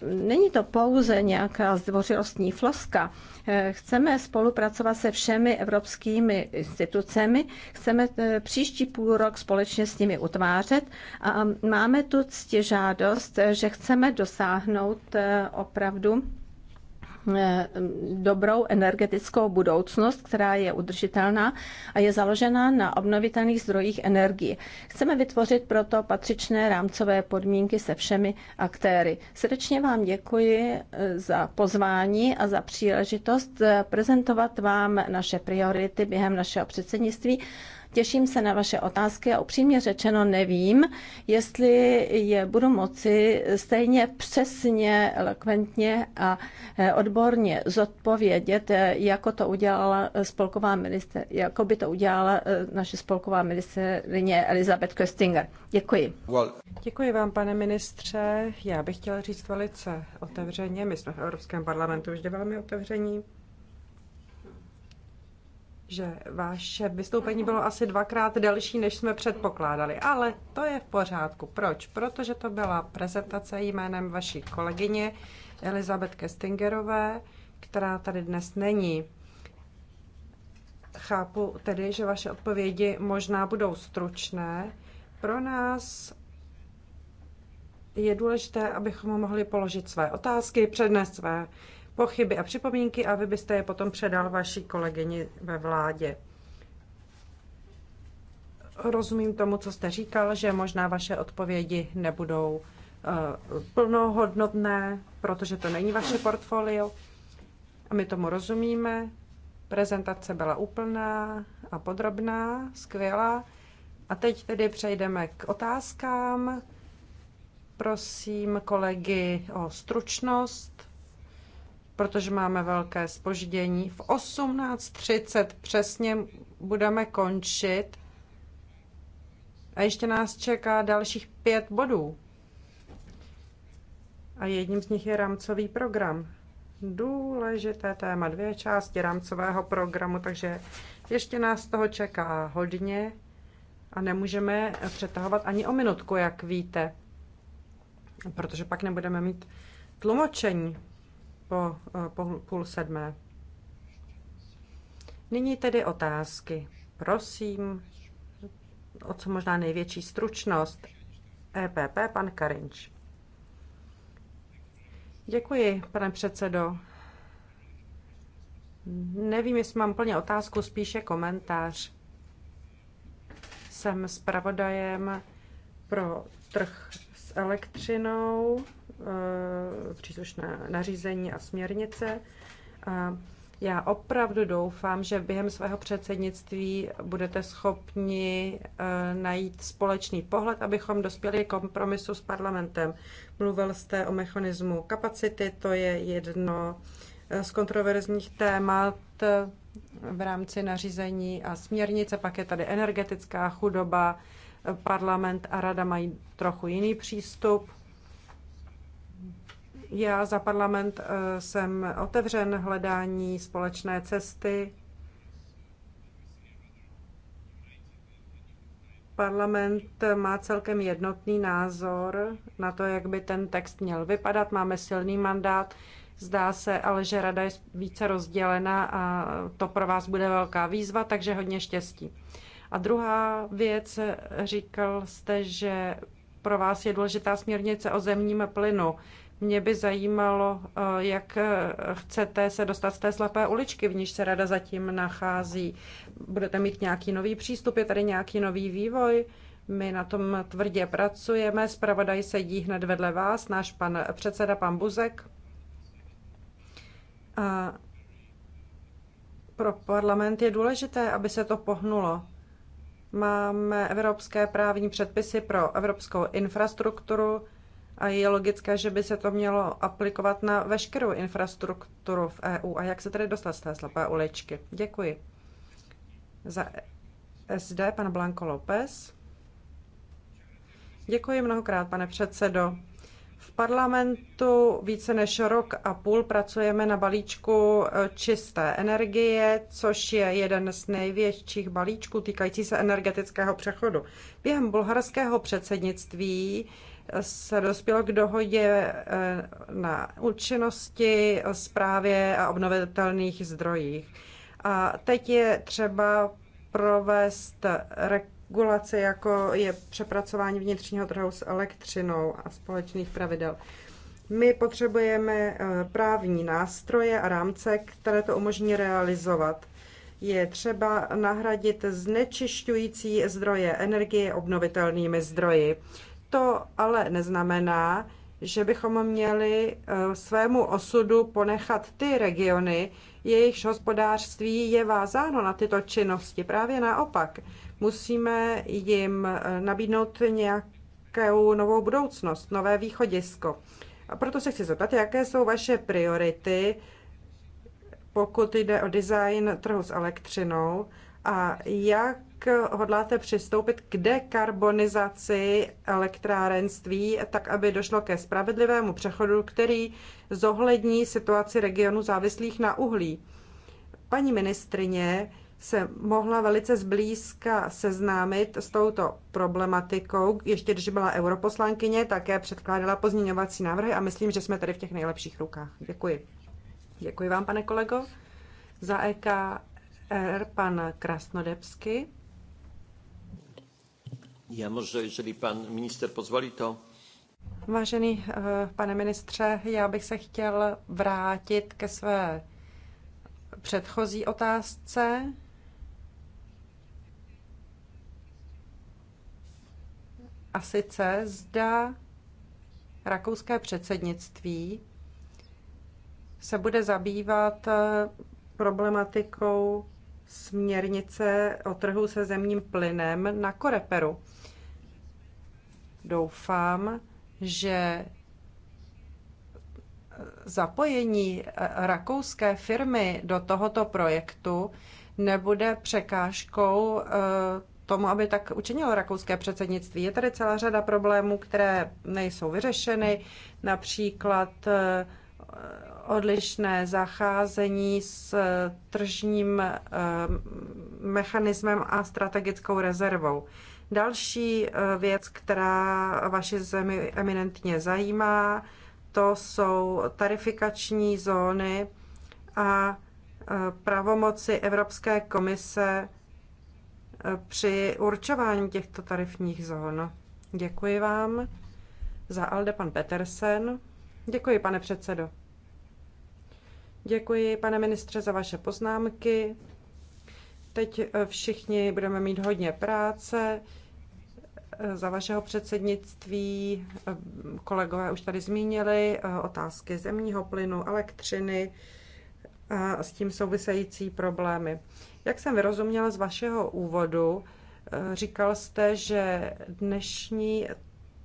Speaker 3: není to pouze nějaká zdvořilostní floska, Eh, chceme spolupracovat se všemi evropskými institucemi, chceme eh, příští půl rok společně s nimi utvářet a máme tu ctižádost, eh, že chceme dosáhnout opravdu Eh, dobrou energetickou budoucnost, která je udržitelná a je založena na obnovitelných zdrojích energie. Chceme vytvořit proto patřičné rámcové podmínky se všemi aktéry. Srdečně vám děkuji eh, za pozvání a za příležitost eh, prezentovat vám naše priority během našeho předsednictví Těším se na vaše otázky a upřímně řečeno nevím, jestli je budu moci stejně přesně, elokventně a eh, odborně zodpovědět, eh, jako to udělala spolková minister, jako by to udělala eh, naše spolková ministerině Elizabeth Köstinger. Děkuji. Děkuji vám, pane
Speaker 1: ministře. Já bych chtěla říct velice otevřeně, my jsme v Evropském parlamentu vždy velmi otevření že vaše vystoupení bylo asi dvakrát delší, než jsme předpokládali, ale to je v pořádku. Proč? Protože to byla prezentace jménem vaší kolegyně Elizabeth Kestingerové, která tady dnes není. Chápu tedy, že vaše odpovědi možná budou stručné. Pro nás je důležité, abychom mohli položit své otázky, přednést své pochyby a připomínky a vy byste je potom předal vaší kolegyni ve vládě. Rozumím tomu, co jste říkal, že možná vaše odpovědi nebudou eh, plnohodnotné, protože to není vaše portfolio. A my tomu rozumíme. Prezentace byla úplná a podrobná, skvělá. A teď tedy přejdeme k otázkám. Prosím kolegy o stručnost protože máme velké spoždění. V 18.30 přesně budeme končit a ještě nás čeká dalších pět bodů. A jedním z nich je rámcový program. Důležité téma, dvě části rámcového programu, takže ještě nás toho čeká hodně a nemůžeme přetahovat ani o minutku, jak víte, protože pak nebudeme mít tlumočení po, eh, po půl sedmé. Nyní tedy otázky. Prosím, o co možná největší stručnost. EPP, pan Karinč. Děkuji, pane předsedo. Nevím, jestli mám plně otázku, spíše komentář. Jsem zpravodajem pro trh s elektřinou Eh, příslušné nařízení a směrnice. já opravdu doufám, že během svého předsednictví budete schopni eh, najít společný pohled, abychom dospěli kompromisu s parlamentem. Mluvil jste o mechanismu kapacity, to je jedno eh, z kontroverzních témat v rámci nařízení a směrnice. Pak je tady energetická chudoba, parlament a rada mají trochu jiný přístup. Já za parlament eh, jsem otevřen hledání společné cesty. Parlament má celkem jednotný názor na to, jak by ten text měl vypadat. Máme silný mandát. Zdá se ale, že rada je více rozdělena a to pro vás bude velká výzva, takže hodně štěstí. A druhá věc, říkal jste, že pro vás je důležitá směrnice o zemním plynu. Mě by zajímalo, eh, jak eh, chcete se dostat z té slepé uličky, v níž se rada zatím nachází. Budete mít nějaký nový přístup, je tady nějaký nový vývoj? My na tom tvrdě pracujeme, zpravodaj sedí hned vedle vás, náš pan předseda, pan Buzek. A pro parlament je důležité, aby se to pohnulo. Máme evropské právní předpisy pro evropskou infrastrukturu, a je logické, že by se to mělo aplikovat na veškerou infrastrukturu v EU. A jak se tedy dostat z té slepé uličky? Děkuji. Za SD pan Blanco López. Děkuji mnohokrát, pane předsedo. V parlamentu více než rok a půl pracujeme na balíčku eh, čisté energie, což je jeden z největších balíčků týkající se energetického přechodu. Během bulharského předsednictví se dospělo k dohodě eh, na účinnosti, zprávě a obnovitelných zdrojích. A teď je třeba provést regulaci jako je přepracování vnitřního trhu s elektřinou a společných pravidel. My potřebujeme eh, právní nástroje a rámce, které to umožní realizovat. Je třeba nahradit znečišťující zdroje energie obnovitelnými zdroji. To ale neznamená, že bychom měli eh, svému osudu ponechat ty regiony, jejichž hospodářství je vázáno na tyto činnosti. Právě naopak, musíme jim eh, nabídnout nějakou novou budoucnost, nové východisko. A proto se chci zeptat, jaké jsou vaše priority, pokud jde o design trhu s elektřinou a jak hodláte přistoupit k dekarbonizaci elektrárenství, tak aby došlo ke spravedlivému přechodu, který zohlední situaci regionu závislých na uhlí. Paní ministrině se mohla velice zblízka seznámit s touto problematikou. Ještě když byla europoslankyně, také předkládala pozměňovací návrhy a myslím, že jsme tady v těch nejlepších rukách. Děkuji. Děkuji vám, pane kolego. Za EKR pan Krasnodebsky.
Speaker 2: Já možná, jeżeli pan minister pozvolí to...
Speaker 1: Vážený eh, pane ministře, já bych se chtěl vrátit ke své předchozí otázce. A sice zda rakouské předsednictví se bude zabývat eh, problematikou směrnice o trhu se zemním plynem na Koreperu doufám, že zapojení rakouské firmy do tohoto projektu nebude překážkou eh, tomu, aby tak učinilo rakouské předsednictví. Je tady celá řada problémů, které nejsou vyřešeny, například eh, odlišné zacházení s tržním eh, mechanismem a strategickou rezervou. Další eh, věc, která vaši zemi eminentně zajímá, to jsou tarifikační zóny a eh, pravomoci Evropské komise eh, při určování těchto tarifních zón. Děkuji vám. Za Alde pan Petersen. Děkuji, pane předsedo. Děkuji, pane ministře, za vaše poznámky. Teď všichni budeme mít hodně práce za vašeho předsednictví. Eh, kolegové už tady zmínili eh, otázky zemního plynu, elektřiny a eh, s tím související problémy. Jak jsem vyrozuměla z vašeho úvodu, říkal jste, že dnešní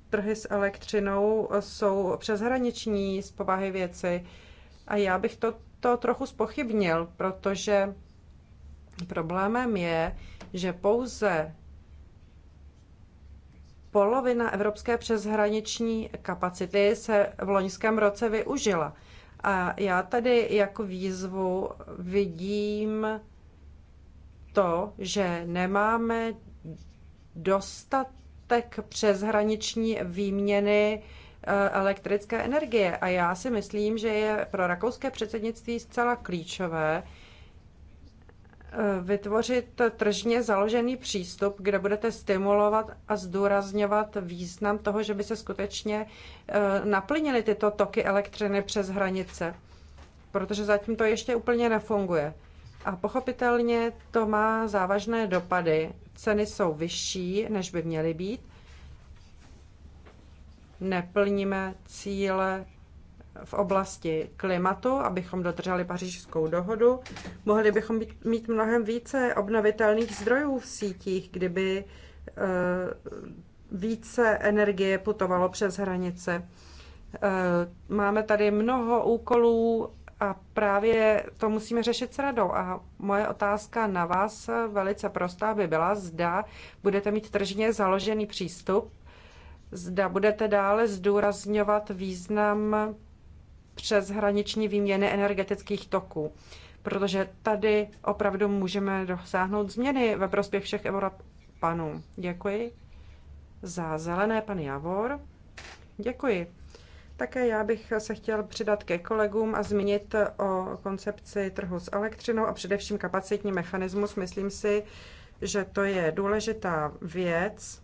Speaker 1: trhy s elektřinou jsou přeshraniční z povahy věci. A já bych to, to trochu spochybnil, protože problémem je, že pouze polovina evropské přeshraniční kapacity se v loňském roce využila. A já tady jako výzvu vidím to, že nemáme dostatek přeshraniční výměny eh, elektrické energie. A já si myslím, že je pro rakouské předsednictví zcela klíčové, Eh, vytvořit tržně založený přístup, kde budete stimulovat a zdůrazňovat význam toho, že by se skutečně eh, naplnily tyto toky elektřiny přes hranice, protože zatím to ještě úplně nefunguje. A pochopitelně to má závažné dopady. Ceny jsou vyšší, než by měly být. Neplníme cíle v oblasti klimatu, abychom dodrželi pařížskou dohodu. Mohli bychom být, mít mnohem více obnovitelných zdrojů v sítích, kdyby eh, více energie putovalo přes hranice. Eh, máme tady mnoho úkolů a právě to musíme řešit s radou. A moje otázka na vás velice prostá by byla, zda budete mít tržně založený přístup, zda budete dále zdůrazňovat význam přes hraniční výměny energetických toků, protože tady opravdu můžeme dosáhnout změny ve prospěch všech Evropanů. Děkuji za zelené, pan Javor. Děkuji. Také já bych se chtěl přidat ke kolegům a zmínit o koncepci trhu s elektřinou a především kapacitní mechanismus. Myslím si, že to je důležitá věc.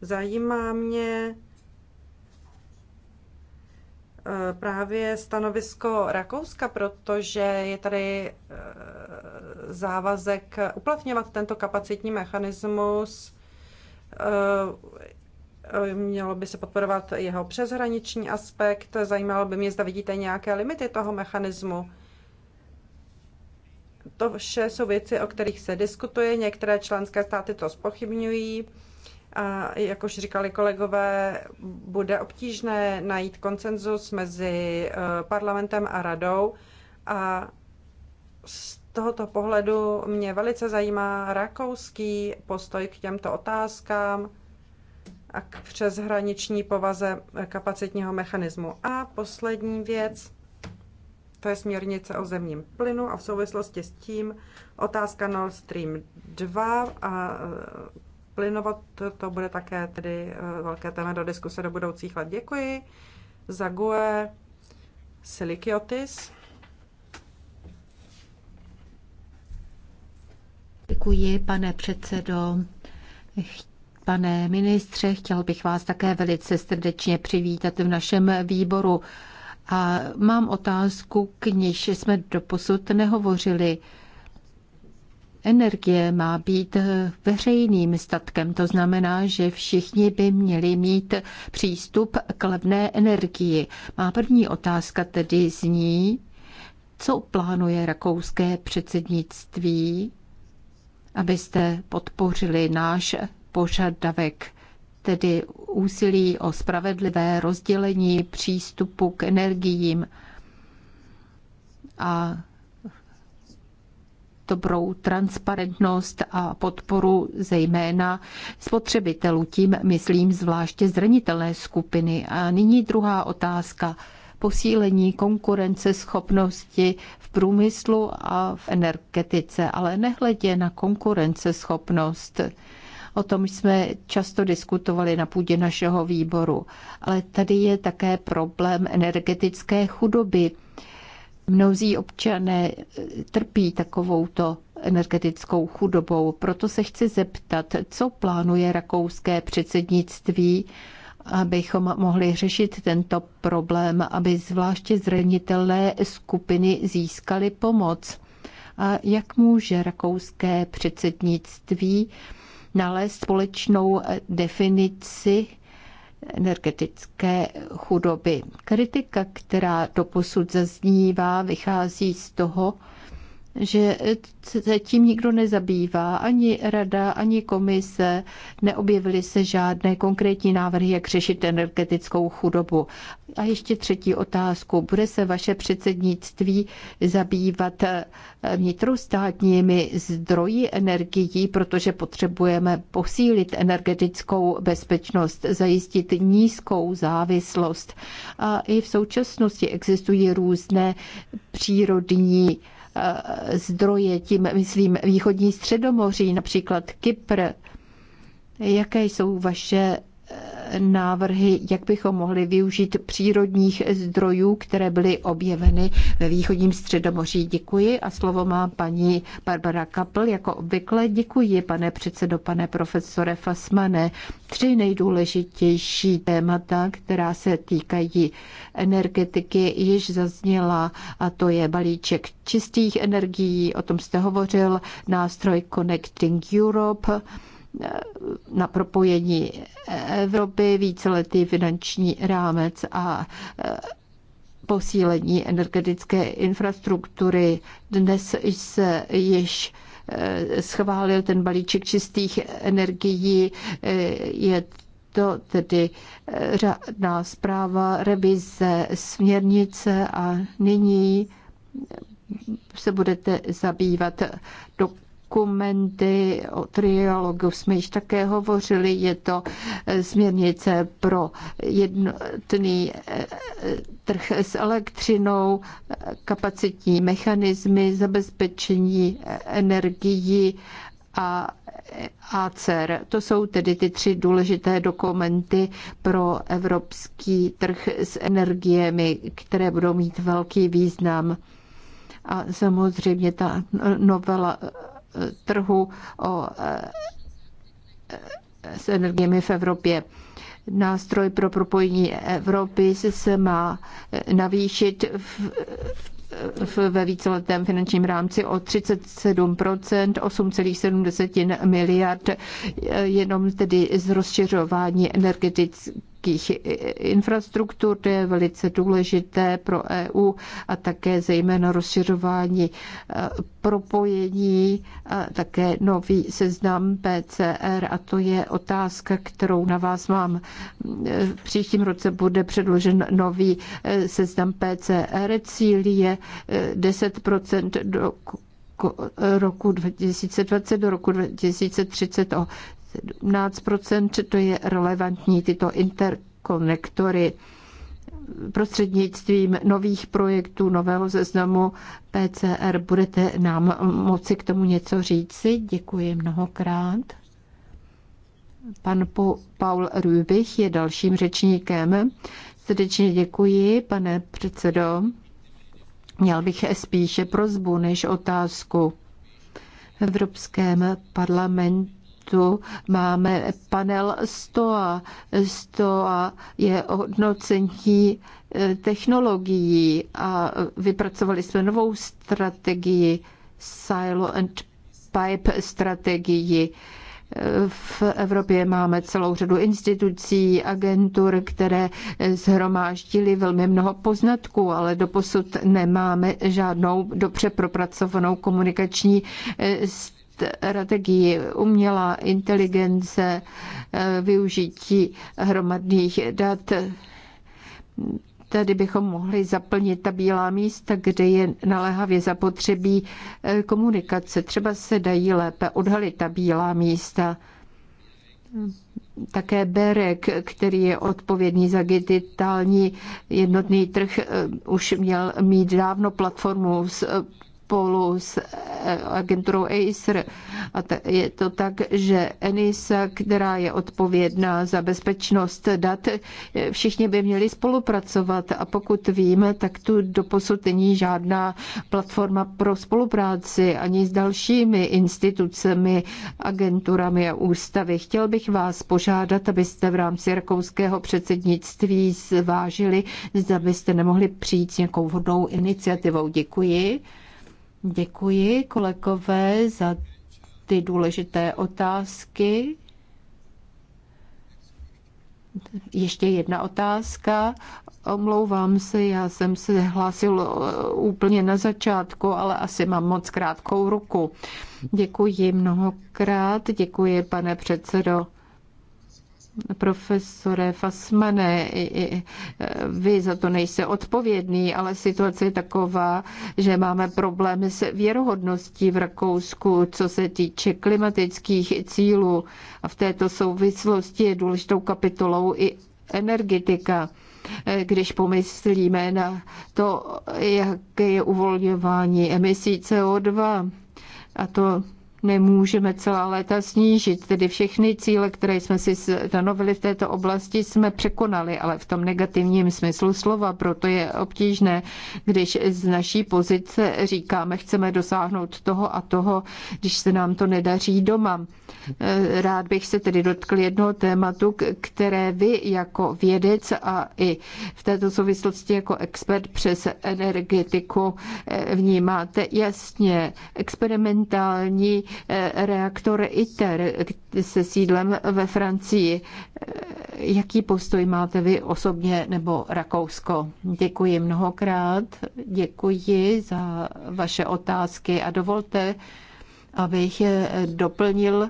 Speaker 1: Zajímá mě, Eh, právě stanovisko Rakouska, protože je tady eh, závazek uplatňovat tento kapacitní mechanismus. Eh, mělo by se podporovat jeho přeshraniční aspekt. Zajímalo by mě, zda vidíte nějaké limity toho mechanismu. To vše jsou věci, o kterých se diskutuje. Některé členské státy to spochybňují. A jak už říkali kolegové, bude obtížné najít konsenzus mezi eh, parlamentem a radou. A z tohoto pohledu mě velice zajímá rakouský postoj k těmto otázkám a k přeshraniční povaze eh, kapacitního mechanismu. A poslední věc, to je směrnice o zemním plynu a v souvislosti s tím otázka Nord Stream 2 a eh, plynovod, to bude také tedy eh, velké téma do diskuse do budoucích let. Děkuji. Zague Silikiotis.
Speaker 2: Děkuji, pane předsedo. Pane ministře, chtěl bych vás také velice srdečně přivítat v našem výboru. A mám otázku, k níž jsme doposud nehovořili. Energie má být veřejným statkem, to znamená, že všichni by měli mít přístup k levné energii. Má první otázka tedy zní, co plánuje rakouské předsednictví, abyste podpořili náš požadavek, tedy úsilí o spravedlivé rozdělení přístupu k energiím a dobrou transparentnost a podporu zejména spotřebitelů. Tím myslím zvláště zranitelné skupiny. A nyní druhá otázka posílení konkurenceschopnosti v průmyslu a v energetice, ale nehledě na konkurenceschopnost. O tom jsme často diskutovali na půdě našeho výboru, ale tady je také problém energetické chudoby Mnozí občané eh, trpí takovouto energetickou chudobou. Proto se chci zeptat, co plánuje rakouské předsednictví, abychom mohli řešit tento problém, aby zvláště zranitelné skupiny získaly pomoc. A jak může rakouské předsednictví nalézt společnou eh, definici energetické chudoby. Kritika, která doposud zaznívá, vychází z toho, že se tím nikdo nezabývá, ani rada, ani komise, neobjevily se žádné konkrétní návrhy, jak řešit energetickou chudobu. A ještě třetí otázku. Bude se vaše předsednictví zabývat eh, vnitrostátními zdroji energií, protože potřebujeme posílit energetickou bezpečnost, zajistit nízkou závislost. A i v současnosti existují různé přírodní zdroje, tím myslím východní středomoří, například Kypr. Jaké jsou vaše návrhy, jak bychom mohli využít přírodních zdrojů, které byly objeveny ve východním středomoří. Děkuji a slovo má paní Barbara Kapl. Jako obvykle děkuji, pane předsedo, pane profesore Fasmane. Tři nejdůležitější témata, která se týkají energetiky, již zazněla a to je balíček čistých energií, o tom jste hovořil, nástroj Connecting Europe, na propojení Evropy, víceletý finanční rámec a e, posílení energetické infrastruktury. Dnes se již e, schválil ten balíček čistých energií. E, je to tedy řádná zpráva, revize, směrnice a nyní se budete zabývat do dokumenty, o trialogu jsme již také hovořili, je to eh, směrnice pro jednotný eh, trh s elektřinou, eh, kapacitní mechanismy, zabezpečení energií a ACER. To jsou tedy ty tři důležité dokumenty pro evropský trh s energiemi, které budou mít velký význam. A samozřejmě ta novela trhu o, e, s energiemi v Evropě. Nástroj pro propojení Evropy se má e, navýšit v, ve víceletém finančním rámci o 37 8,7 miliard e, jenom tedy z rozšiřování energetické energetických infrastruktur, to je velice důležité pro EU a také zejména rozšiřování e, propojení a také nový seznam PCR a to je otázka, kterou na vás mám. V příštím roce bude předložen nový e, seznam PCR. Cíl je 10% e, do roku 2020 do roku 2030 o 17%, to je relevantní tyto interkonektory prostřednictvím nových projektů, nového seznamu PCR. Budete nám moci k tomu něco říci? Děkuji mnohokrát. Pan Paul Rübich je dalším řečníkem. Srdečně děkuji, pane předsedo. Měl bych spíše prozbu než otázku. V Evropském parlamentu tu máme panel STOA. STOA je hodnocení eh, technologií a vypracovali jsme novou strategii Silo and Pipe strategii. Eh, v Evropě máme celou řadu institucí, agentur, které eh, zhromáždili velmi mnoho poznatků, ale doposud nemáme žádnou dobře propracovanou komunikační strategii strategii umělá inteligence, eh, využití hromadných dat. Tady bychom mohli zaplnit ta bílá místa, kde je naléhavě zapotřebí eh, komunikace. Třeba se dají lépe odhalit ta bílá místa také Berek, který je odpovědný za digitální jednotný trh, eh, už měl mít dávno platformu s spolu s eh, agenturou ACER. A je to tak, že ENISA, která je odpovědná za bezpečnost dat, eh, všichni by měli spolupracovat a pokud víme, tak tu doposud není žádná platforma pro spolupráci ani s dalšími institucemi, agenturami a ústavy. Chtěl bych vás požádat, abyste v rámci rakouského předsednictví zvážili, zda byste nemohli přijít s nějakou vhodnou iniciativou. Děkuji. Děkuji kolegové za ty důležité otázky. Ještě jedna otázka. Omlouvám se, já jsem se hlásil eh, úplně na začátku, ale asi mám moc krátkou ruku. Děkuji mnohokrát, děkuji pane předsedo. Profesore Fasmane, vy za to nejste odpovědný, ale situace je taková, že máme problémy s věrohodností v Rakousku, co se týče klimatických cílů. A v této souvislosti je důležitou kapitolou i energetika když pomyslíme na to, jaké je uvolňování emisí CO2. A to Nemůžeme celá léta snížit, tedy všechny cíle, které jsme si stanovili v této oblasti, jsme překonali, ale v tom negativním smyslu slova, proto je obtížné, když z naší pozice říkáme, chceme dosáhnout toho a toho, když se nám to nedaří doma. Eh, rád bych se tedy dotkl jednoho tématu, které vy jako vědec a i v této souvislosti jako expert přes energetiku eh, vnímáte jasně. Experimentální Eh, reaktor ITER se sídlem ve Francii. Eh, jaký postoj máte vy osobně nebo Rakousko? Děkuji mnohokrát, děkuji za vaše otázky a dovolte, abych eh, doplnil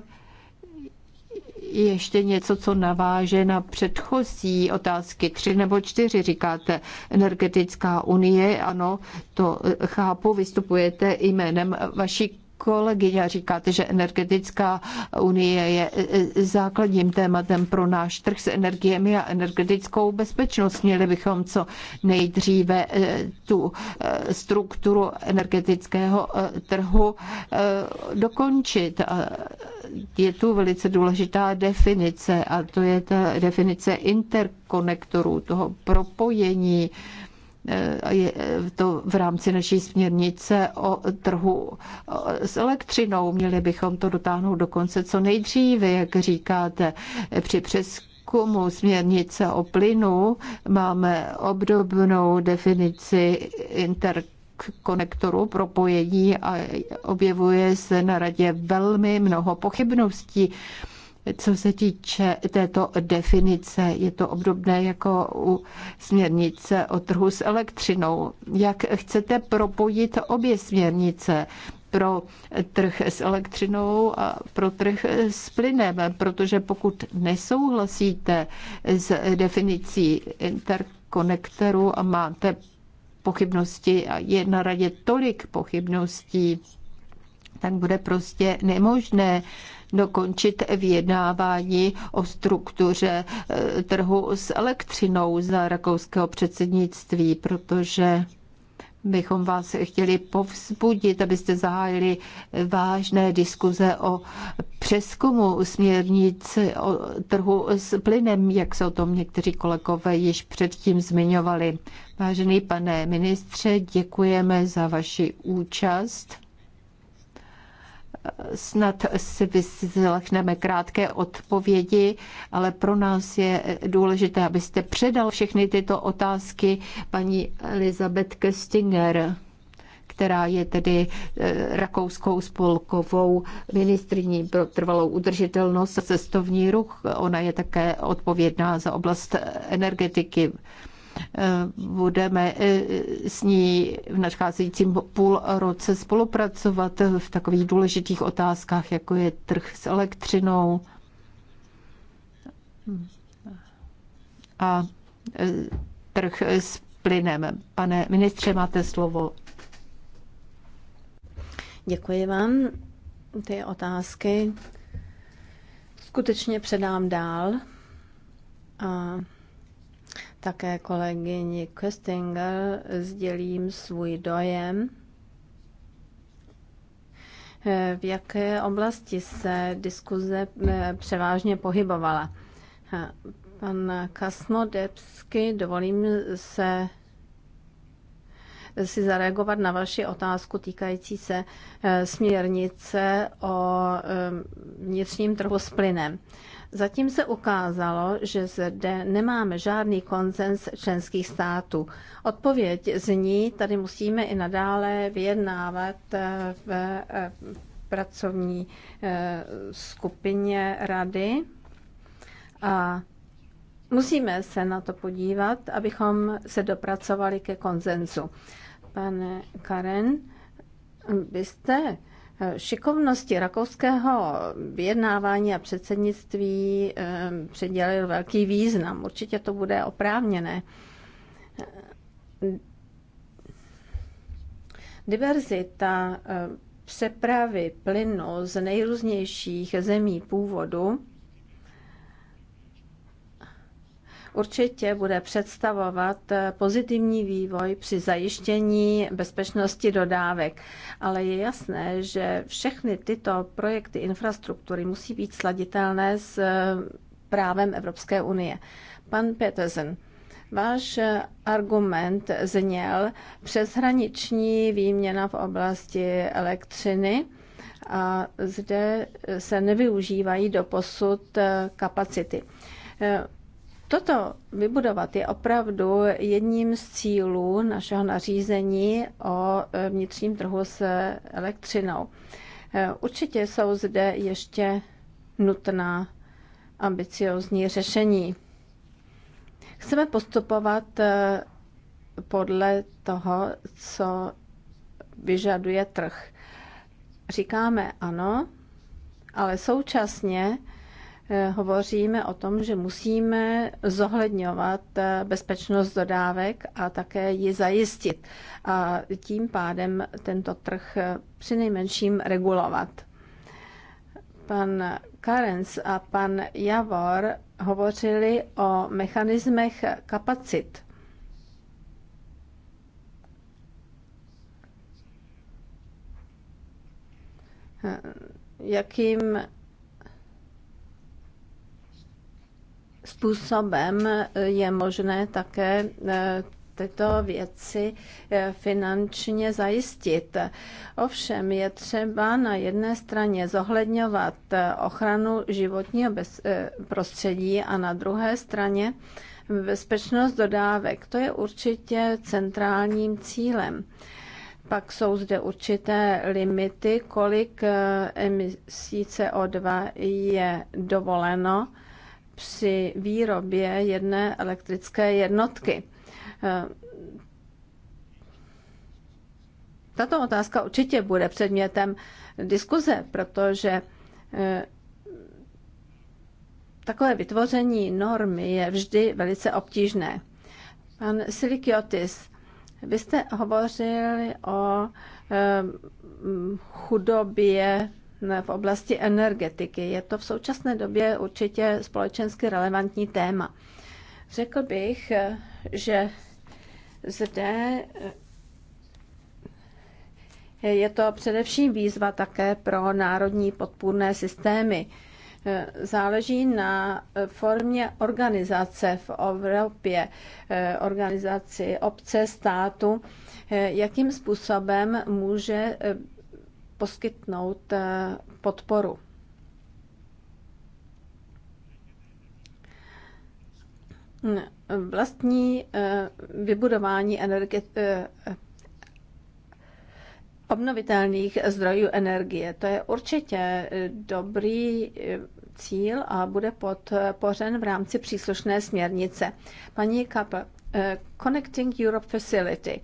Speaker 2: ještě něco, co naváže na předchozí otázky. Tři nebo čtyři říkáte energetická unie. Ano, to chápu, vystupujete jménem vaší kolegyně a říkáte, že energetická unie je e, základním tématem pro náš trh s energiemi a energetickou bezpečnost. Měli bychom co nejdříve e, tu e, strukturu energetického trhu dokončit. Je tu velice důležitá definice a to je ta definice interkonektorů, toho propojení Eh, je eh, to v rámci naší směrnice o trhu eh, s elektřinou. Měli bychom to dotáhnout do konce co nejdříve, jak říkáte, při přeskumu výzkumu směrnice o plynu máme obdobnou definici inter konektoru propojení a objevuje se na radě velmi mnoho pochybností. Co se týče této definice, je to obdobné jako u směrnice o trhu s elektřinou. Jak chcete propojit obě směrnice? pro trh s elektřinou a pro trh s plynem, protože pokud nesouhlasíte s definicí interkonektoru a máte pochybnosti a je na radě tolik pochybností, tak bude prostě nemožné dokončit vyjednávání o struktuře eh, trhu s elektřinou za rakouského předsednictví, protože bychom vás chtěli povzbudit, abyste zahájili vážné diskuze o přeskumu směrnic o trhu s plynem, jak se o tom někteří kolegové již předtím zmiňovali. Vážený pane ministře, děkujeme za vaši účast Snad si vyslechneme krátké odpovědi, ale pro nás je důležité, abyste předal všechny tyto otázky paní Elizabeth Köstinger která je tedy eh, rakouskou spolkovou ministriní pro trvalou udržitelnost a cestovní ruch. Ona je také odpovědná za oblast energetiky. Eh, budeme eh, s ní v nadcházejícím půl roce spolupracovat v takových důležitých otázkách, jako je trh s elektřinou a eh, trh s plynem. Pane ministře, máte slovo. Děkuji vám. Ty otázky
Speaker 3: skutečně předám dál. A také Köstinger sdělím svůj dojem, v jaké oblasti se diskuze eh, převážně pohybovala. Pan Kasnodebsky, dovolím se si zareagovat na vaši otázku týkající se eh, směrnice o eh, vnitřním trhu s plynem. Zatím se ukázalo, že zde nemáme žádný konsens členských států. Odpověď zní, tady musíme i nadále vyjednávat eh, v eh, pracovní eh, skupině rady a musíme se na to podívat, abychom se dopracovali ke konsenzu. Pane Karen, byste Šikovnosti rakouského vyjednávání a předsednictví předělil velký význam. Určitě to bude oprávněné. Diverzita přepravy plynu z nejrůznějších zemí původu určitě bude představovat eh, pozitivní vývoj při zajištění bezpečnosti dodávek. Ale je jasné, že všechny tyto projekty infrastruktury musí být sladitelné s eh, právem Evropské unie. Pan Petersen, Váš eh, argument zněl přeshraniční výměna v oblasti elektřiny a zde se nevyužívají do posud kapacity. Toto vybudovat je opravdu jedním z cílů našeho nařízení o e, vnitřním trhu s elektřinou. E, určitě jsou zde ještě nutná ambiciozní řešení. Chceme postupovat e, podle toho, co vyžaduje trh. Říkáme ano, ale současně Eh, hovoříme o tom, že musíme zohledňovat eh, bezpečnost dodávek a také ji zajistit. A tím pádem tento trh eh, přinejmenším regulovat. Pan Karens a pan Javor hovořili o mechanismech kapacit. Jakým způsobem je možné také eh, tyto věci eh, finančně zajistit. Ovšem je třeba na jedné straně zohledňovat eh, ochranu životního prostředí a na druhé straně bezpečnost dodávek. To je určitě centrálním cílem. Pak jsou zde určité limity, kolik emisí CO2 je dovoleno při výrobě jedné elektrické jednotky. Tato otázka určitě bude předmětem diskuze, protože eh, takové vytvoření normy je vždy velice obtížné. Pan Silikiotis, vy jste hovořil o eh, chudobě v oblasti energetiky. Je to v současné době určitě společensky relevantní téma. Řekl bych, že zde eh, je to především výzva také pro národní podpůrné systémy. Eh, záleží na formě organizace v Evropě, eh, organizaci obce, státu, jakým způsobem může poskytnout eh, podporu. Vlastní eh, vybudování energie, eh, obnovitelných zdrojů energie. To je určitě dobrý cíl a bude podpořen v rámci příslušné směrnice. Paní Kapl, Connecting Europe Facility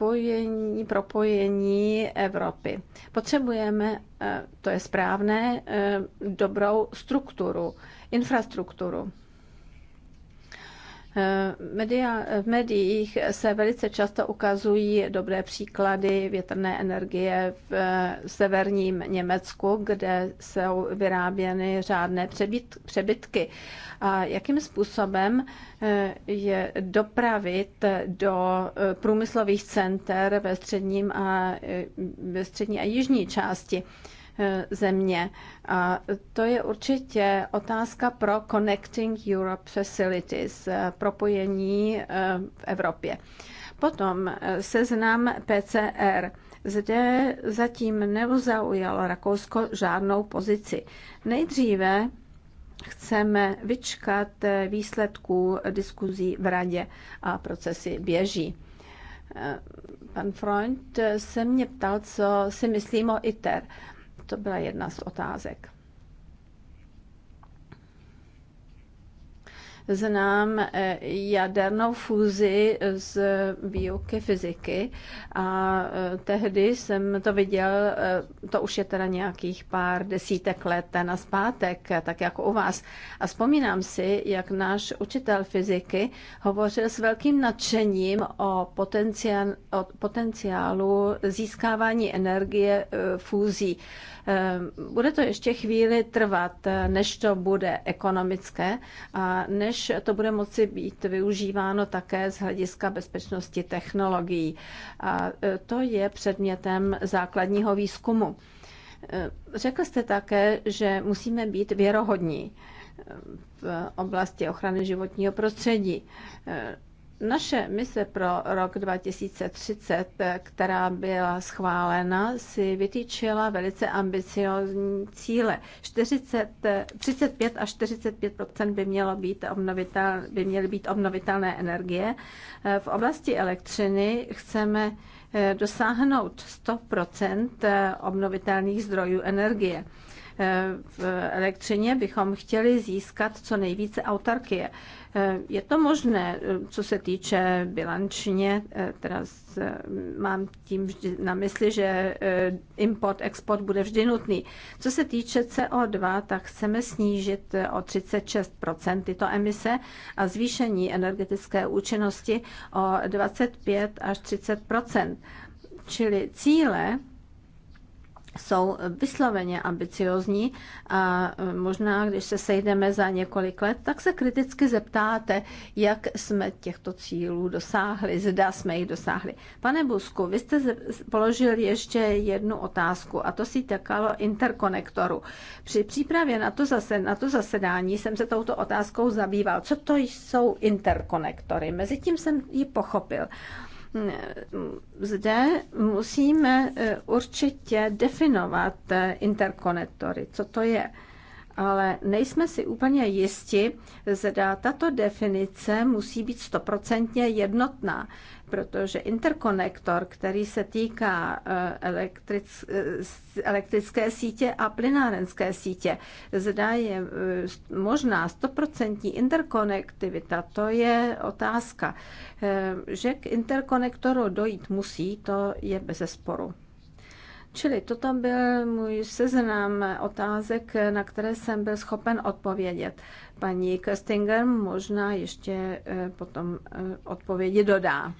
Speaker 3: propojení, propojení Evropy. Potřebujeme, eh, to je správné, eh, dobrou strukturu, infrastrukturu. Eh, media, v médiích se velice často ukazují dobré příklady větrné energie v eh, severním Německu, kde jsou vyráběny řádné přebytky. A jakým způsobem eh, je dopravit do průmyslových center ve, středním a, ve střední a jižní části? E, země. A to je určitě otázka pro Connecting Europe Facilities, e, propojení e, v Evropě. Potom seznam PCR. Zde zatím neuzaujalo Rakousko žádnou pozici. Nejdříve chceme vyčkat výsledků diskuzí v radě a procesy běží. Pan Freund se mě ptal, co si myslím o ITER. To byla jedna z otázek. znám eh, jadernou fúzi z výuky fyziky a eh, tehdy jsem to viděl, eh, to už je teda nějakých pár desítek let na zpátek, tak jako u vás. A vzpomínám si, jak náš učitel fyziky hovořil s velkým nadšením o, potenciál, o potenciálu získávání energie fúzí Eh, bude to ještě chvíli trvat, eh, než to bude ekonomické a než to bude moci být využíváno také z hlediska bezpečnosti technologií. A eh, to je předmětem základního výzkumu. Řekl jste také, že musíme být věrohodní v oblasti ochrany životního prostředí. Naše mise pro rok 2030, která byla schválena, si vytýčila velice ambiciozní cíle. 40, 35 až 45 by, mělo být obnovitel, by měly být obnovitelné energie. V oblasti elektřiny chceme eh, dosáhnout 100 eh, obnovitelných zdrojů energie eh, v elektřině bychom chtěli získat co nejvíce autarkie. Eh, je to možné, eh, co se týče bilančně, eh, teraz mám tím vždy na mysli, že import, export bude vždy nutný. Co se týče CO2, tak chceme snížit o 36 tyto emise a zvýšení energetické účinnosti o 25 až 30 Čili cíle jsou vysloveně ambiciozní a e, možná, když se sejdeme za několik let, tak se kriticky zeptáte, jak jsme těchto cílů dosáhli, zda jsme jich dosáhli. Pane Busku, vy jste položil ještě jednu otázku a to si takalo interkonektoru. Při přípravě na to, zase, na to zasedání jsem se touto otázkou zabýval. Co to jsou interkonektory? Mezitím jsem ji pochopil zde musíme e, určitě definovat e, interkonektory, co to je. Ale nejsme si úplně jisti, zda tato definice musí být stoprocentně jednotná protože interkonektor, který se týká eh, eh, elektrické sítě a plynárenské sítě, zda je eh, možná stoprocentní interkonektivita, to je otázka. Že k interkonektoru dojít musí, to je bez sporu. Čili toto byl můj seznam otázek, na které jsem byl schopen odpovědět. Paní Köstinger možná ještě eh,
Speaker 2: potom eh, odpovědi dodá.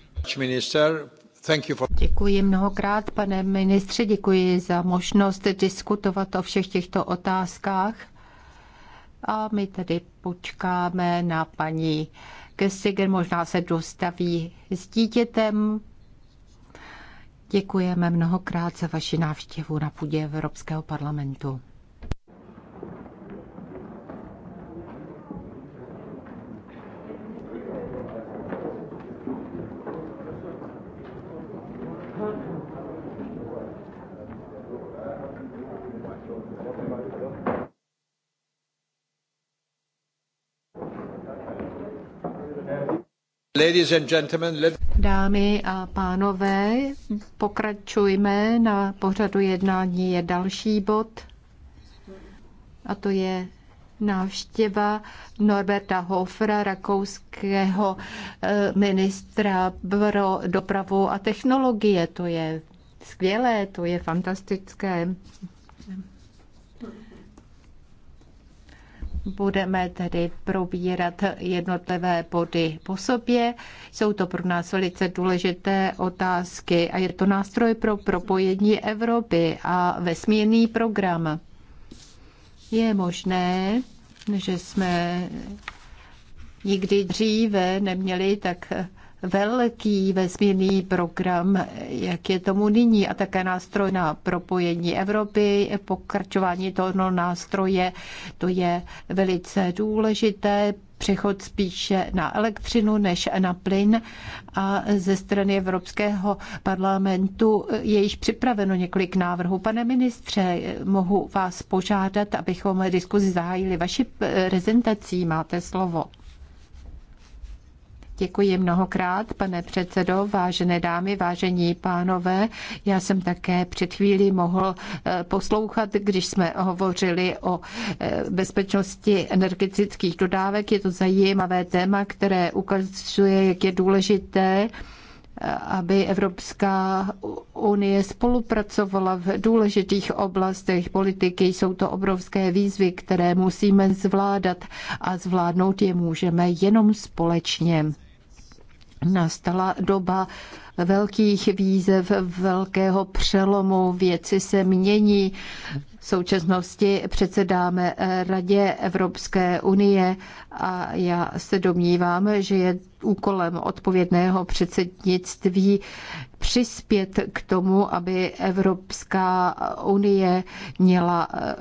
Speaker 2: Děkuji mnohokrát, pane ministře, děkuji za možnost diskutovat o všech těchto otázkách. A my tedy počkáme na paní Kessiger, možná se dostaví s dítětem, Děkujeme mnohokrát za vaši návštěvu na půdě Evropského parlamentu.
Speaker 1: Ladies and gentlemen, let's...
Speaker 2: Dámy a pánové, pokračujme na pořadu jednání je další bod a to je návštěva Norberta Hofra, rakouského eh, ministra pro dopravu a technologie. To je skvělé, to je fantastické. Budeme tedy probírat jednotlivé body po sobě. Jsou to pro nás velice důležité otázky a je to nástroj pro propojení Evropy a vesmírný program. Je možné, že jsme nikdy dříve neměli tak velký vesmírný program, jak je tomu nyní, a také nástroj na propojení Evropy, pokračování toho nástroje, to je velice důležité, přechod spíše na elektřinu než na plyn a ze strany Evropského parlamentu je již připraveno několik návrhů. Pane ministře, mohu vás požádat, abychom diskuzi zahájili vaši prezentací. Máte slovo. Děkuji mnohokrát, pane předsedo, vážené dámy, vážení pánové. Já jsem také před chvílí mohl eh, poslouchat, když jsme hovořili o eh, bezpečnosti energetických dodávek. Je to zajímavé téma, které ukazuje, jak je důležité eh, aby Evropská unie spolupracovala v důležitých oblastech politiky. Jsou to obrovské výzvy, které musíme zvládat a zvládnout je můžeme jenom společně. Nastala doba velkých výzev, velkého přelomu, věci se mění. V současnosti předsedáme Radě Evropské unie a já se domnívám, že je úkolem odpovědného předsednictví přispět k tomu, aby Evropská unie měla eh,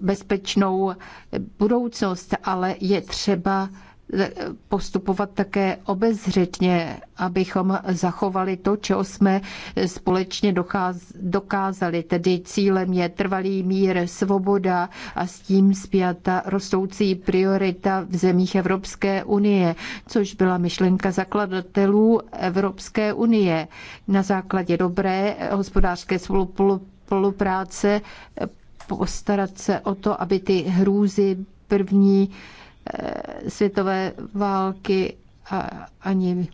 Speaker 2: bezpečnou budoucnost, ale je třeba postupovat také obezřetně, abychom zachovali to, čeho jsme společně dokázali. Tedy cílem je trvalý mír, svoboda a s tím zpěta rostoucí priorita v zemích Evropské unie, což byla myšlenka zakladatelů Evropské unie. Na základě dobré hospodářské spolupráce postarat se o to, aby ty hrůzy první Eh, světové války a ani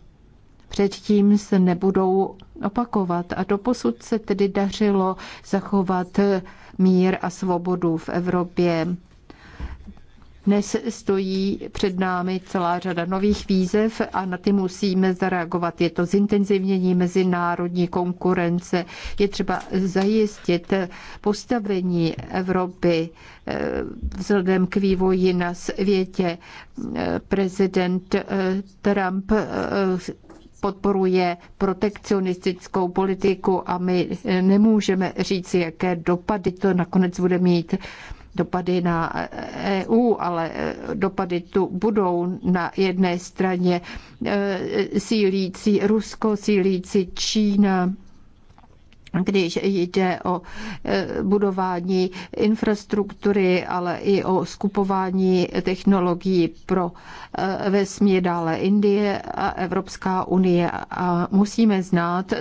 Speaker 2: předtím se nebudou opakovat. A doposud se tedy dařilo zachovat mír a svobodu v Evropě. Dnes stojí před námi celá řada nových výzev a na ty musíme zareagovat. Je to zintenzivnění mezinárodní konkurence, je třeba zajistit postavení Evropy eh, vzhledem k vývoji na světě. Eh, prezident eh, Trump podporuje protekcionistickou politiku a my nemůžeme říci, jaké dopady to nakonec bude mít dopady na EU, ale e, dopady tu budou na jedné straně e, sílící Rusko, sílící Čína, když jde o e, budování infrastruktury, ale i o skupování technologií pro vesmír dále Indie a Evropská unie. A musíme znát,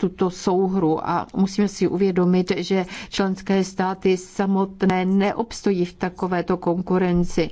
Speaker 2: tuto souhru a musíme si uvědomit, že členské státy samotné neobstojí v takovéto konkurenci.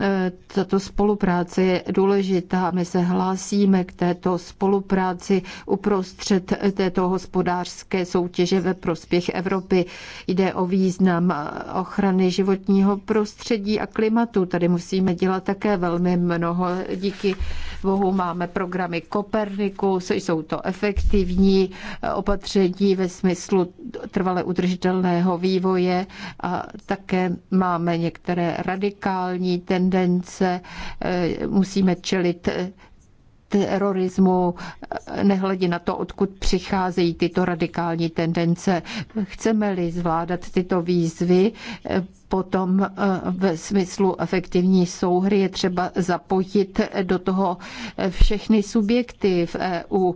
Speaker 2: E, tato spolupráce je důležitá. My se hlásíme k této spolupráci uprostřed této hospodářské soutěže ve prospěch Evropy. Jde o význam ochrany životního prostředí a klimatu. Tady musíme dělat také velmi mnoho. Díky bohu máme programy Kopernikus, jsou to efektivní opatření ve smyslu trvale udržitelného vývoje a také máme některé radikální tendence. Eh, musíme čelit eh, terorismu, eh, nehledě na to, odkud přicházejí tyto radikální tendence. Chceme-li zvládat tyto výzvy, potom eh, ve smyslu efektivní souhry je třeba zapojit do toho eh, všechny subjekty v EU.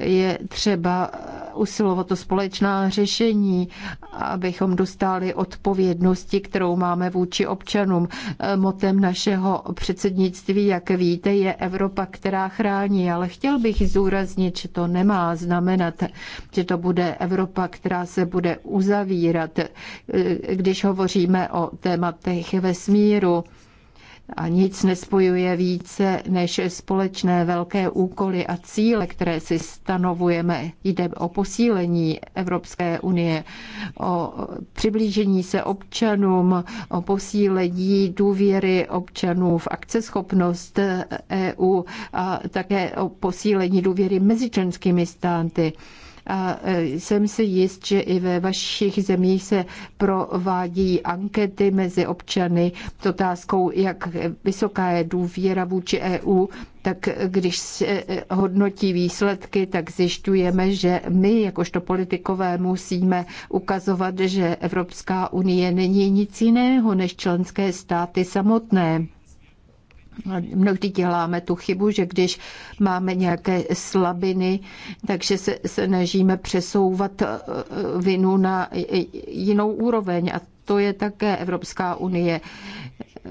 Speaker 2: Je třeba eh, usilovat o společná řešení, abychom dostali odpovědnosti, kterou máme vůči občanům. Motem našeho předsednictví, jak víte, je Evropa, která chrání, ale chtěl bych zúraznit, že to nemá znamenat, že to bude Evropa, která se bude uzavírat. Když hovoříme o tématech vesmíru a nic nespojuje více než společné velké úkoly a cíle, které si stanovujeme. Jde o posílení Evropské unie, o přiblížení se občanům, o posílení důvěry občanů v akceschopnost EU a také o posílení důvěry mezi členskými státy. A e, jsem si jist, že i ve vašich zemích se provádí ankety mezi občany s otázkou, jak vysoká je důvěra vůči EU tak když se e, hodnotí výsledky, tak zjišťujeme, že my, jakožto politikové, musíme ukazovat, že Evropská unie není nic jiného než členské státy samotné. Mnohdy děláme tu chybu, že když máme nějaké slabiny, takže se snažíme přesouvat eh, vinu na jinou úroveň. A to je také Evropská unie.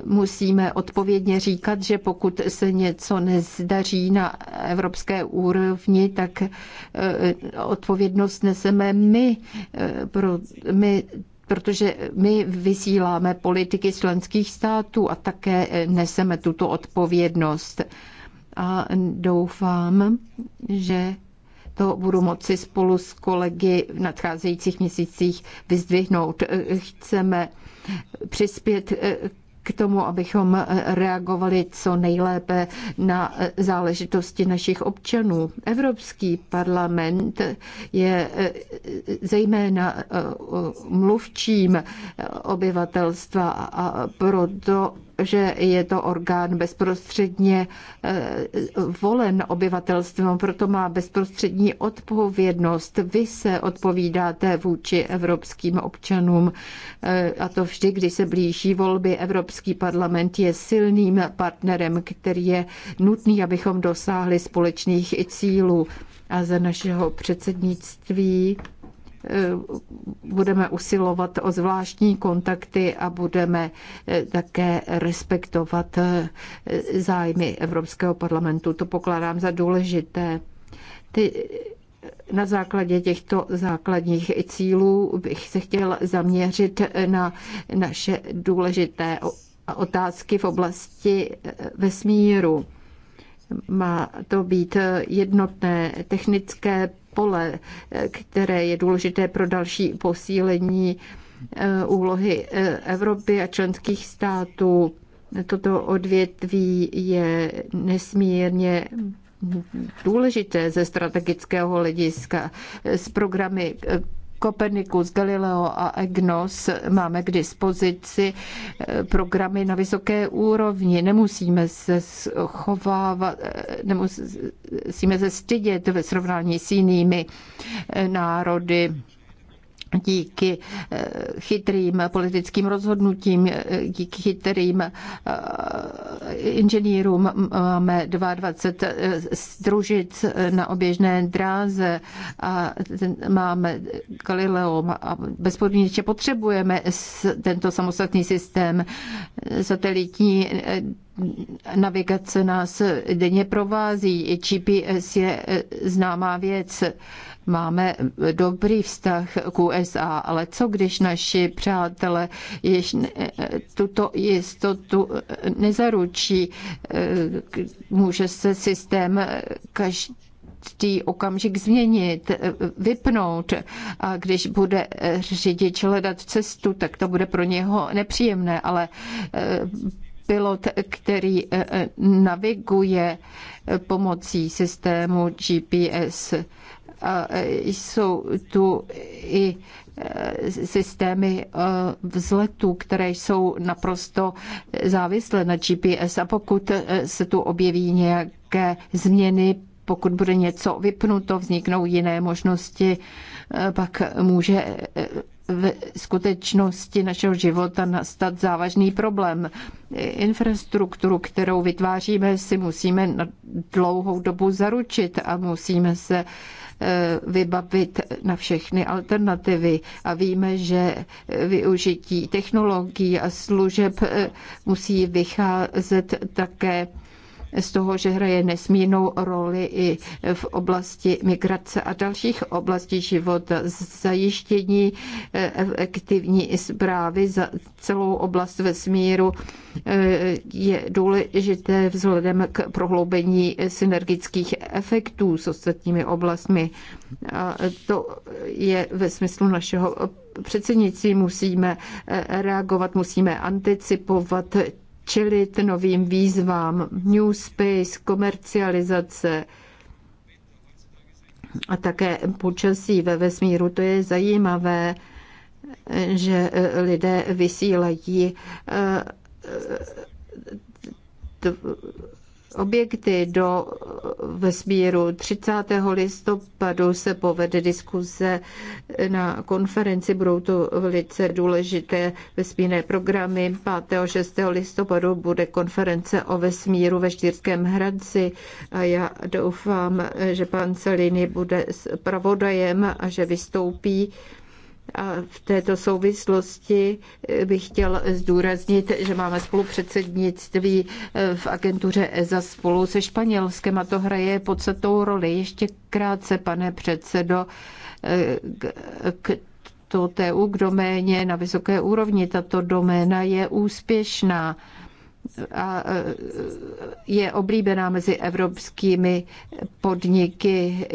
Speaker 2: Musíme odpovědně říkat, že pokud se něco nezdaří na evropské úrovni, tak eh, odpovědnost neseme my. Eh, my protože my vysíláme politiky členských států a také neseme tuto odpovědnost. A doufám, že to budu moci spolu s kolegy v nadcházejících měsících vyzdvihnout. Chceme přispět k tomu, abychom eh, reagovali co nejlépe na eh, záležitosti našich občanů. Evropský parlament je eh, zejména mluvčím obyvatelstva a proto že je to orgán bezprostředně volen obyvatelstvem, proto má bezprostřední odpovědnost. Vy se odpovídáte vůči evropským občanům a to vždy, když se blíží volby Evropské Evropský parlament je silným partnerem, který je nutný, abychom dosáhli společných cílů. A za našeho předsednictví eh, budeme usilovat o zvláštní kontakty a budeme eh, také respektovat eh, zájmy Evropského parlamentu. To pokládám za důležité. Ty na základě těchto základních cílů bych se chtěl zaměřit na naše důležité otázky v oblasti eh, vesmíru. Má to být jednotné technické pole, eh, které je důležité pro další posílení eh, úlohy Evropy a členských států. Toto odvětví je nesmírně důležité ze strategického hlediska. S programy Kopernikus, eh, Galileo a EGNOS máme k dispozici eh, programy na vysoké úrovni. Nemusíme se schovávat, eh, nemusíme se stydět ve srovnání s jinými národy díky eh, chytrým politickým rozhodnutím, eh, díky chytrým eh, inženýrům máme 22 družic na oběžné dráze a máme Galileo a bezpodmínečně potřebujeme tento samostatný systém satelitní navigace nás denně provází. GPS je eh, známá věc. Máme dobrý vztah k USA, ale co když naši přátelé již eh, tuto jistotu eh, nezaručí? Může se systém každý tý okamžik změnit, vypnout. A když bude řidič hledat cestu, tak to bude pro něho nepříjemné, ale pilot, který eh, eh, naviguje eh, pomocí systému GPS. A jsou tu i systémy vzletů, které jsou naprosto závislé na GPS. A pokud se tu objeví nějaké změny, pokud bude něco vypnuto, vzniknou jiné možnosti, pak může v skutečnosti našeho života nastat závažný problém. Infrastrukturu, kterou vytváříme, si musíme na dlouhou dobu zaručit a musíme se e, vybavit na všechny alternativy. A víme, že využití technologií a služeb e, musí vycházet také z toho, že hraje nesmírnou roli i v oblasti migrace a dalších oblastí života, zajištění eh, efektivní zprávy za celou oblast vesmíru eh, je důležité vzhledem k prohloubení synergických efektů s ostatními oblastmi. A to je ve smyslu našeho předsednictví. Musíme eh, reagovat, musíme anticipovat čelit novým výzvám, new space, komercializace a také počasí ve vesmíru. To je zajímavé, že eh, lidé vysílají eh, eh, objekty do vesmíru. 30. listopadu se povede diskuze na konferenci, budou to velice důležité vesmírné programy. 5. a 6. listopadu bude konference o vesmíru ve Štýrském Hradci a já doufám, že pan Celini bude s pravodajem a že vystoupí a v této souvislosti bych chtěl zdůraznit, že máme spolupředsednictví eh, v agentuře ESA spolu se Španělskem a to hraje podstatnou roli. Ještě krátce, pane předsedo, eh, k to TU k doméně na vysoké úrovni. Tato doména je úspěšná a e, je oblíbená mezi evropskými podniky,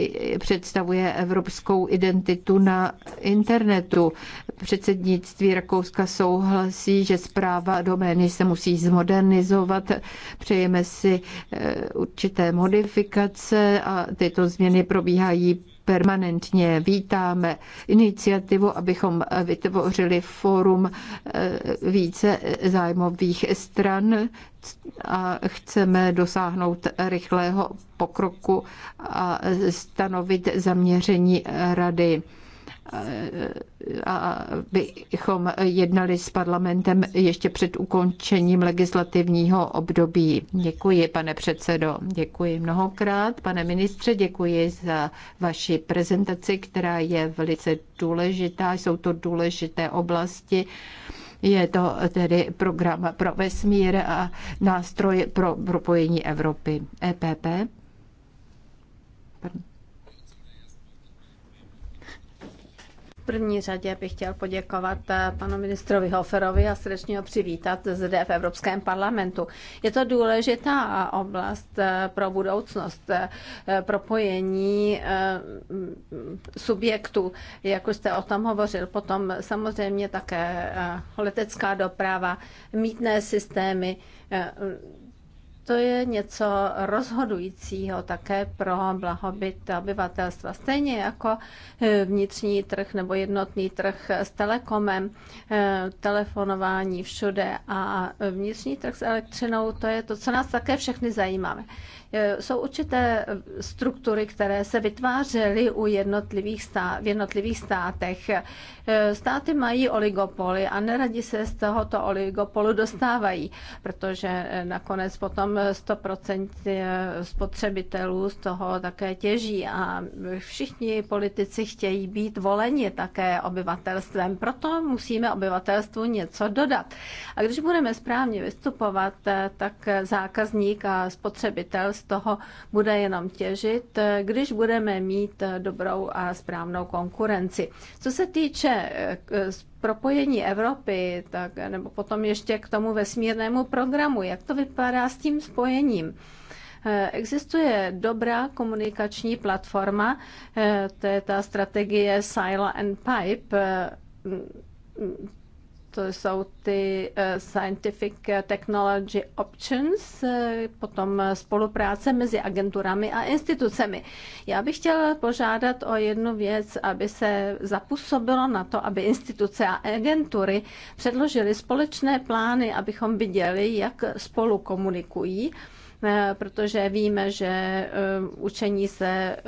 Speaker 2: představuje evropskou identitu na internetu. Předsednictví Rakouska souhlasí, že zpráva domény se musí zmodernizovat. Přejeme si e, určité modifikace a tyto změny probíhají permanentně vítáme iniciativu, abychom vytvořili fórum eh, více zájmových stran a chceme dosáhnout rychlého pokroku a stanovit zaměření rady a bychom jednali s parlamentem ještě před ukončením legislativního období. Děkuji, pane předsedo. Děkuji mnohokrát. Pane ministře, děkuji za vaši prezentaci, která je velice důležitá. Jsou to důležité oblasti. Je to tedy program pro vesmír a nástroj pro propojení Evropy. EPP. Pardon.
Speaker 3: první řadě bych chtěl poděkovat eh, panu ministrovi Hoferovi a srdečně ho přivítat zde v Evropském parlamentu. Je to důležitá oblast eh, pro budoucnost eh, propojení subjektů, jak už jste o tom hovořil. Potom samozřejmě také letecká doprava, mítné systémy, to je něco rozhodujícího také pro blahobyt obyvatelstva. Stejně jako eh, vnitřní trh nebo jednotný trh s telekomem, eh, telefonování všude a vnitřní trh s elektřinou, to je to, co nás také všechny zajímá. Eh, jsou určité eh, struktury, které se vytvářely u jednotlivých stát, v jednotlivých státech. Eh, státy mají oligopoly a neradi se z tohoto oligopolu dostávají, protože nakonec potom 100% spotřebitelů z toho také těží a všichni politici chtějí být voleni také obyvatelstvem. Proto musíme obyvatelstvu něco dodat. A když budeme správně vystupovat, tak zákazník a spotřebitel toho bude jenom těžit, když budeme mít dobrou a správnou konkurenci. Co se týče eh, propojení Evropy, tak, nebo potom ještě k tomu vesmírnému programu, jak to vypadá s tím spojením? Eh, existuje dobrá komunikační platforma, eh, to je ta strategie Sila and Pipe, to jsou ty eh, Scientific Technology Options, eh, potom spolupráce mezi agenturami a institucemi. Já bych chtěl požádat o jednu věc, aby se zapůsobilo na to, aby instituce a agentury předložily společné plány, abychom viděli, jak spolu komunikují Eh, protože víme, že eh, učení se eh,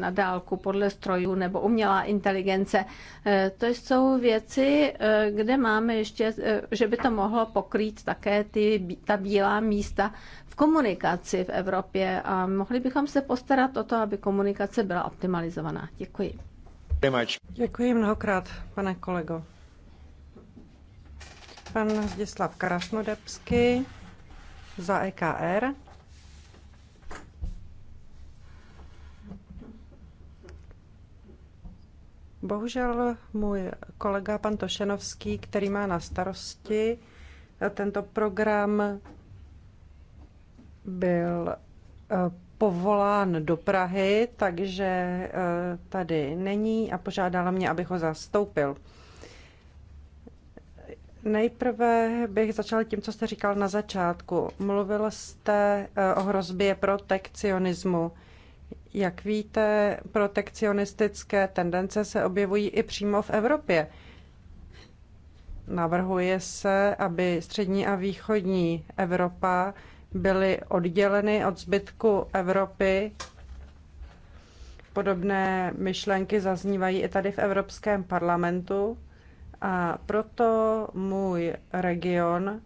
Speaker 3: na dálku podle strojů nebo umělá inteligence, to jsou věci, kde máme ještě, že by to mohlo pokrýt také ty, ta bílá místa v komunikaci v Evropě a mohli bychom se postarat o to, aby komunikace byla optimalizovaná. Děkuji. Děkuji mnohokrát,
Speaker 1: pane kolego. Pan Zdislav Krasnodebsky za EKR. Bohužel můj kolega pan Tošenovský, který má na starosti tento program, byl eh, povolán do Prahy, takže eh, tady není a požádala mě, abych ho zastoupil. Nejprve bych začal tím, co jste říkal na začátku. Mluvil jste eh, o hrozbě protekcionismu. Jak víte, protekcionistické tendence se objevují i přímo v Evropě. Navrhuje se, aby střední a východní Evropa byly odděleny od zbytku Evropy. Podobné myšlenky zaznívají i tady v Evropském parlamentu a proto můj region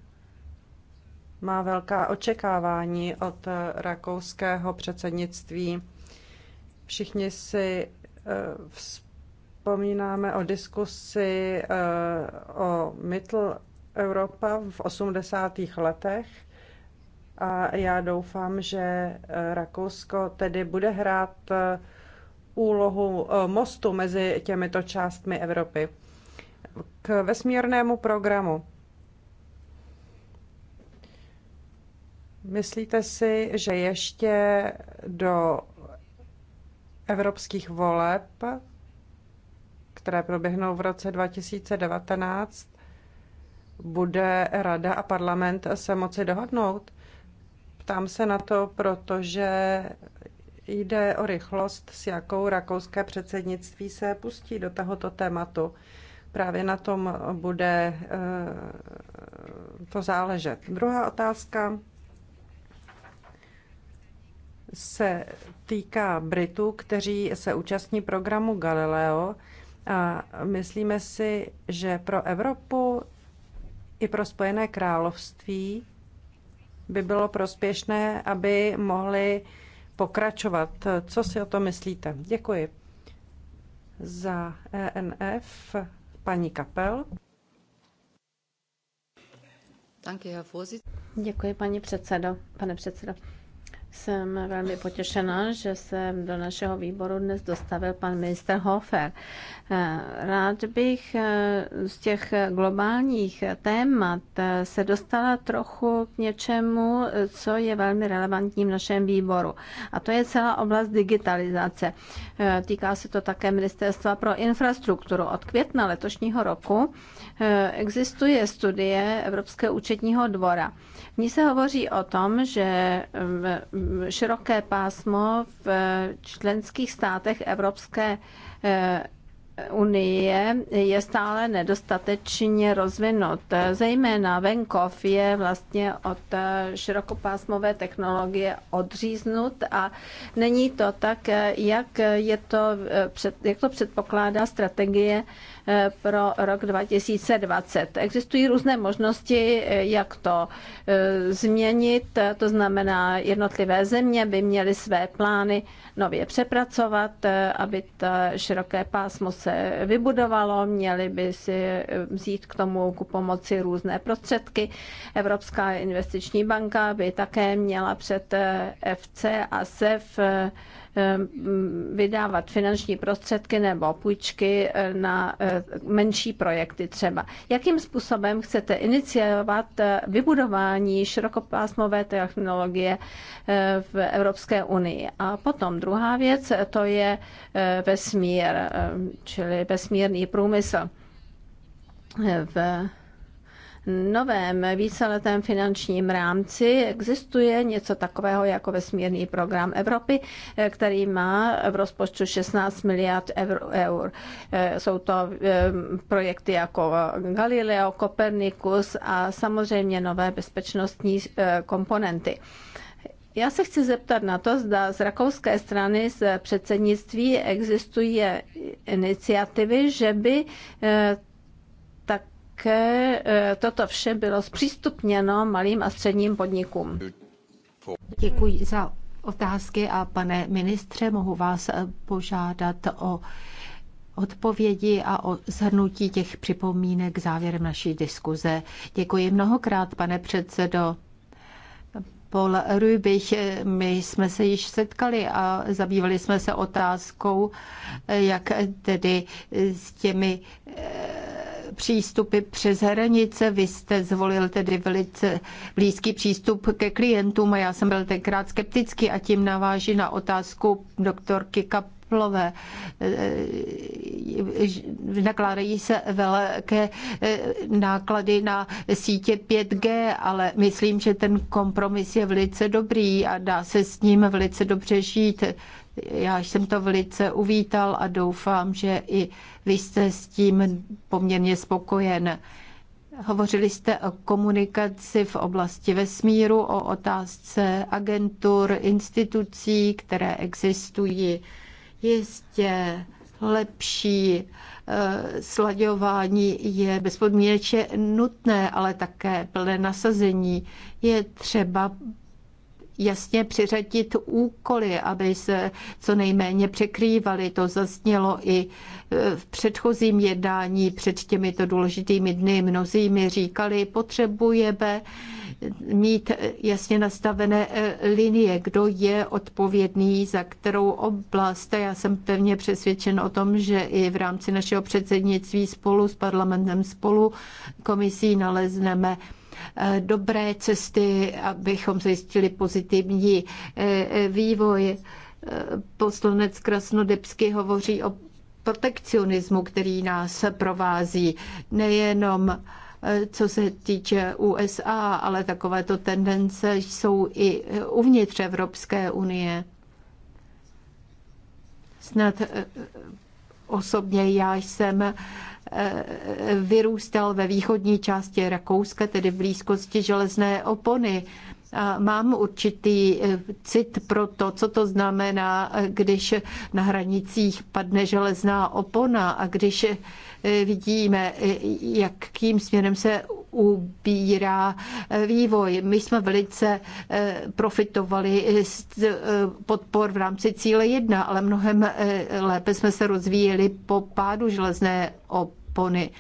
Speaker 1: má velká očekávání od rakouského předsednictví Všichni si eh, vzpomínáme o diskusi eh, o Middle Europa v 80. letech a já doufám, že eh, Rakousko tedy bude hrát úlohu mostu mezi těmito částmi Evropy. K vesmírnému programu. Myslíte si, že ještě do evropských voleb, které proběhnou v roce 2019, bude rada a parlament se moci dohodnout? Ptám se na to, protože jde o rychlost, s jakou rakouské předsednictví se pustí do tohoto tématu. Právě na tom bude eh, to záležet. Druhá otázka se týká Britů, kteří se účastní programu Galileo a myslíme si, že pro Evropu i pro Spojené království by bylo prospěšné, aby mohli pokračovat. Co si o to myslíte? Děkuji. Za ENF paní Kapel.
Speaker 3: Děkuji, paní předsedo, pane předsedo. Jsem velmi potěšená, že se do našeho výboru dnes dostavil pan minister Hofer. Rád bych eh, z těch globálních témat eh, se dostala trochu k něčemu, co je velmi relevantní v našem výboru. A to je celá oblast digitalizace. Eh, Týká se to také Ministerstva pro infrastrukturu. Od května letošního roku existuje studie Evropského účetního dvora. V ní se hovoří o tom, že široké pásmo v členských státech Evropské eh, unie je stále nedostatečně rozvinut. Zejména venkov je vlastně od eh, širokopásmové technologie odříznut a není to tak, eh, jak, je to, jak to předpokládá strategie pro rok 2020. Existují různé možnosti, jak to eh, změnit, to znamená, jednotlivé země by měly své plány nově přepracovat, eh, aby to široké pásmo se vybudovalo, měli by si eh, vzít k tomu ku pomoci různé prostředky. Evropská investiční banka by také měla před FC a SEF Ehm, vydávat finanční prostředky nebo půjčky eh, na eh, menší projekty třeba. Jakým způsobem chcete iniciovat eh, vybudování širokopásmové technologie v Evropské unii? A potom druhá věc, to je vesmír, ehm, čili vesmírný průmysl. V novém víceletém finančním rámci existuje něco takového jako vesmírný program Evropy, eh, který má v rozpočtu 16 miliard eur. Eh, jsou to eh, projekty jako Galileo, Copernicus a samozřejmě nové bezpečnostní komponenty. Já se chci zeptat na to, zda z rakouské strany z předsednictví existují iniciativy, že by také eh, toto vše bylo zpřístupněno
Speaker 2: malým a středním podnikům. Děkuji za otázky a pane ministře, mohu vás eh, požádat o odpovědi a o zhrnutí těch připomínek závěrem naší diskuze. Děkuji mnohokrát, pane předsedo. Paul Rubich, eh, my jsme se již setkali a zabývali jsme se otázkou, jak tedy s těmi přístupy přes hranice. Vy jste zvolil tedy velice blízký přístup ke klientům a já jsem byl tenkrát skeptický a tím naváží na otázku doktorky Kap plové, e, e, nakládají se velké e, náklady na sítě 5G, ale myslím, že ten kompromis je velice dobrý a dá se s ním velice dobře žít. Já jsem to velice uvítal a doufám, že i vy jste s tím poměrně spokojen. Hovořili jste o komunikaci v oblasti vesmíru, o otázce agentur, institucí, které existují. Jistě lepší eh, slaďování je bezpodmínečně nutné, ale také plné nasazení. Je třeba jasně přiřadit úkoly, aby se co nejméně překrývaly. To zaznělo i e, v předchozím jednání před těmito důležitými dny. Mnozí mi říkali, potřebujeme mít jasně nastavené e, linie, kdo je odpovědný za kterou oblast. A já jsem pevně přesvědčen o tom, že i v rámci našeho předsednictví spolu s parlamentem, spolu komisí nalezneme Eh, dobré cesty, abychom zajistili pozitivní eh, vývoj. Eh, poslanec Krasnodebsky hovoří o protekcionismu, který nás provází nejenom co se týče USA, ale takovéto tendence jsou i uvnitř Evropské unie. Snad osobně já jsem Eh, vyrůstal ve východní části Rakouska, tedy v blízkosti železné opony. A mám určitý eh, cit pro to, co to znamená, eh, když na hranicích padne železná opona a když vidíme, jakým směrem se ubírá vývoj. My jsme velice profitovali z podpor v rámci cíle 1, ale mnohem lépe jsme se rozvíjeli po pádu železné opony opony.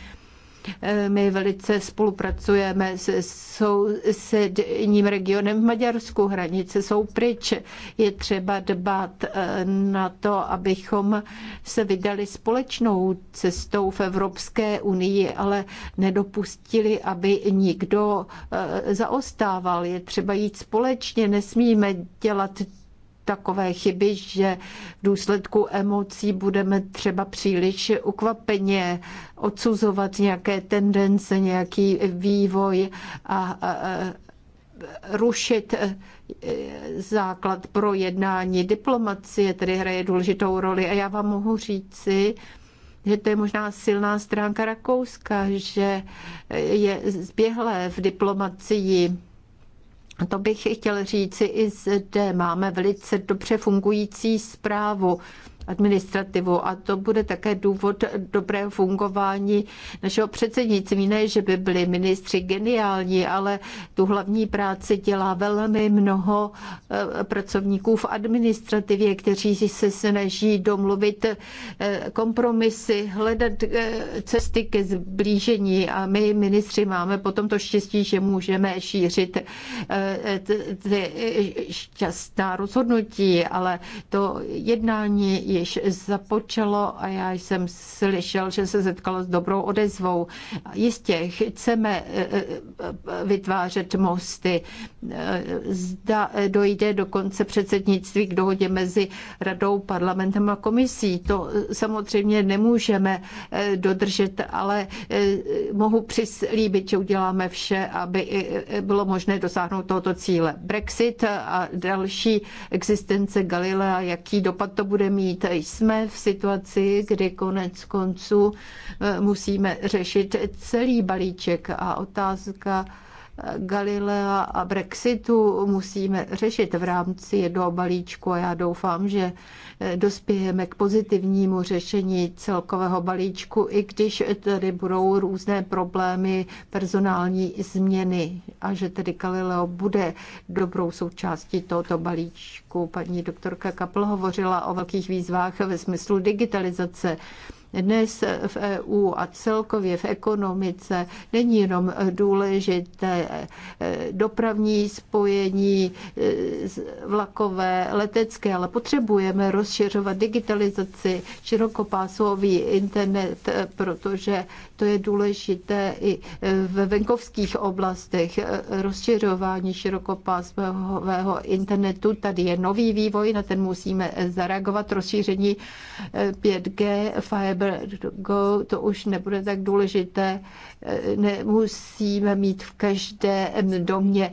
Speaker 2: Eh, my velice spolupracujeme s sousedním regionem v Maďarsku. Hranice jsou pryč. Je třeba dbat eh, na to, abychom se vydali společnou cestou v Evropské unii, ale nedopustili, aby nikdo eh, zaostával. Je třeba jít společně. Nesmíme dělat takové chyby, že v důsledku emocí budeme třeba příliš ukvapeně odsuzovat nějaké tendence, nějaký vývoj a rušit e, základ pro jednání. Diplomacie tedy hraje důležitou roli a já vám mohu říci, že to je možná silná stránka Rakouska, že je zběhlé v diplomacii to bych chtěl říci i zde. Máme velice dobře fungující zprávu administrativu a to bude také důvod dobré fungování našeho předsednictví. Ne, že by byli ministři geniální, ale tu hlavní práci dělá velmi mnoho eh, pracovníků v administrativě, kteří se snaží domluvit eh, kompromisy, hledat eh, cesty ke zblížení a my ministři máme potom to štěstí, že můžeme šířit šťastná rozhodnutí, ale to jednání je již započalo a já jsem slyšel, že se setkalo s dobrou odezvou. Jistě chceme eh, eh, vytvářet mosty. Eh, zda dojde do konce předsednictví k dohodě mezi radou, parlamentem a komisí. To samozřejmě nemůžeme dodržet, ale mohu přislíbit, že uděláme vše, aby bylo možné dosáhnout tohoto cíle. Brexit a další existence Galilea, jaký dopad to bude mít, jsme v situaci, kdy konec konců eh, musíme řešit celý balíček a otázka Galilea a Brexitu musíme řešit v rámci jednoho balíčku a já doufám, že eh, dospějeme k pozitivnímu řešení celkového balíčku, i když tady budou různé problémy, personální změny a že tedy Galileo bude dobrou součástí tohoto balíčku. Paní doktorka Kapl hovořila o velkých výzvách ve smyslu digitalizace. Dnes v EU a celkově v ekonomice není jenom důležité eh, dopravní spojení, eh, vlakové, letecké, ale potřebujeme rozšiřovat digitalizaci, širokopásový internet, eh, protože to je důležité i e, ve venkovských oblastech. E, rozšiřování širokopásmového internetu, tady je nový vývoj, na ten musíme e, zareagovat. Rozšíření 5G, Fiber Go, to už nebude tak důležité. Nemusíme mít v každém domě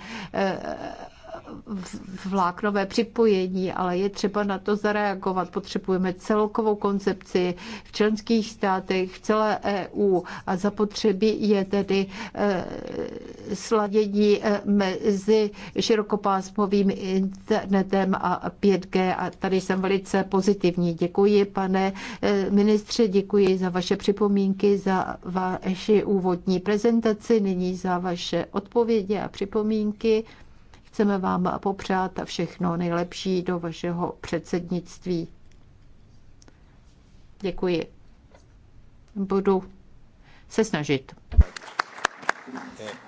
Speaker 2: vláknové připojení, ale je třeba na to zareagovat. Potřebujeme celkovou koncepci v členských státech, v celé EU a zapotřebí je tedy e, sladění e, mezi širokopásmovým internetem a 5G a tady jsem velice pozitivní. Děkuji, pane e, ministře, děkuji za vaše připomínky, za vaši úvodní prezentaci, nyní za vaše odpovědi a připomínky. Chceme vám popřát všechno nejlepší do vašeho předsednictví. Děkuji. Budu se snažit.
Speaker 1: Okay. Eh,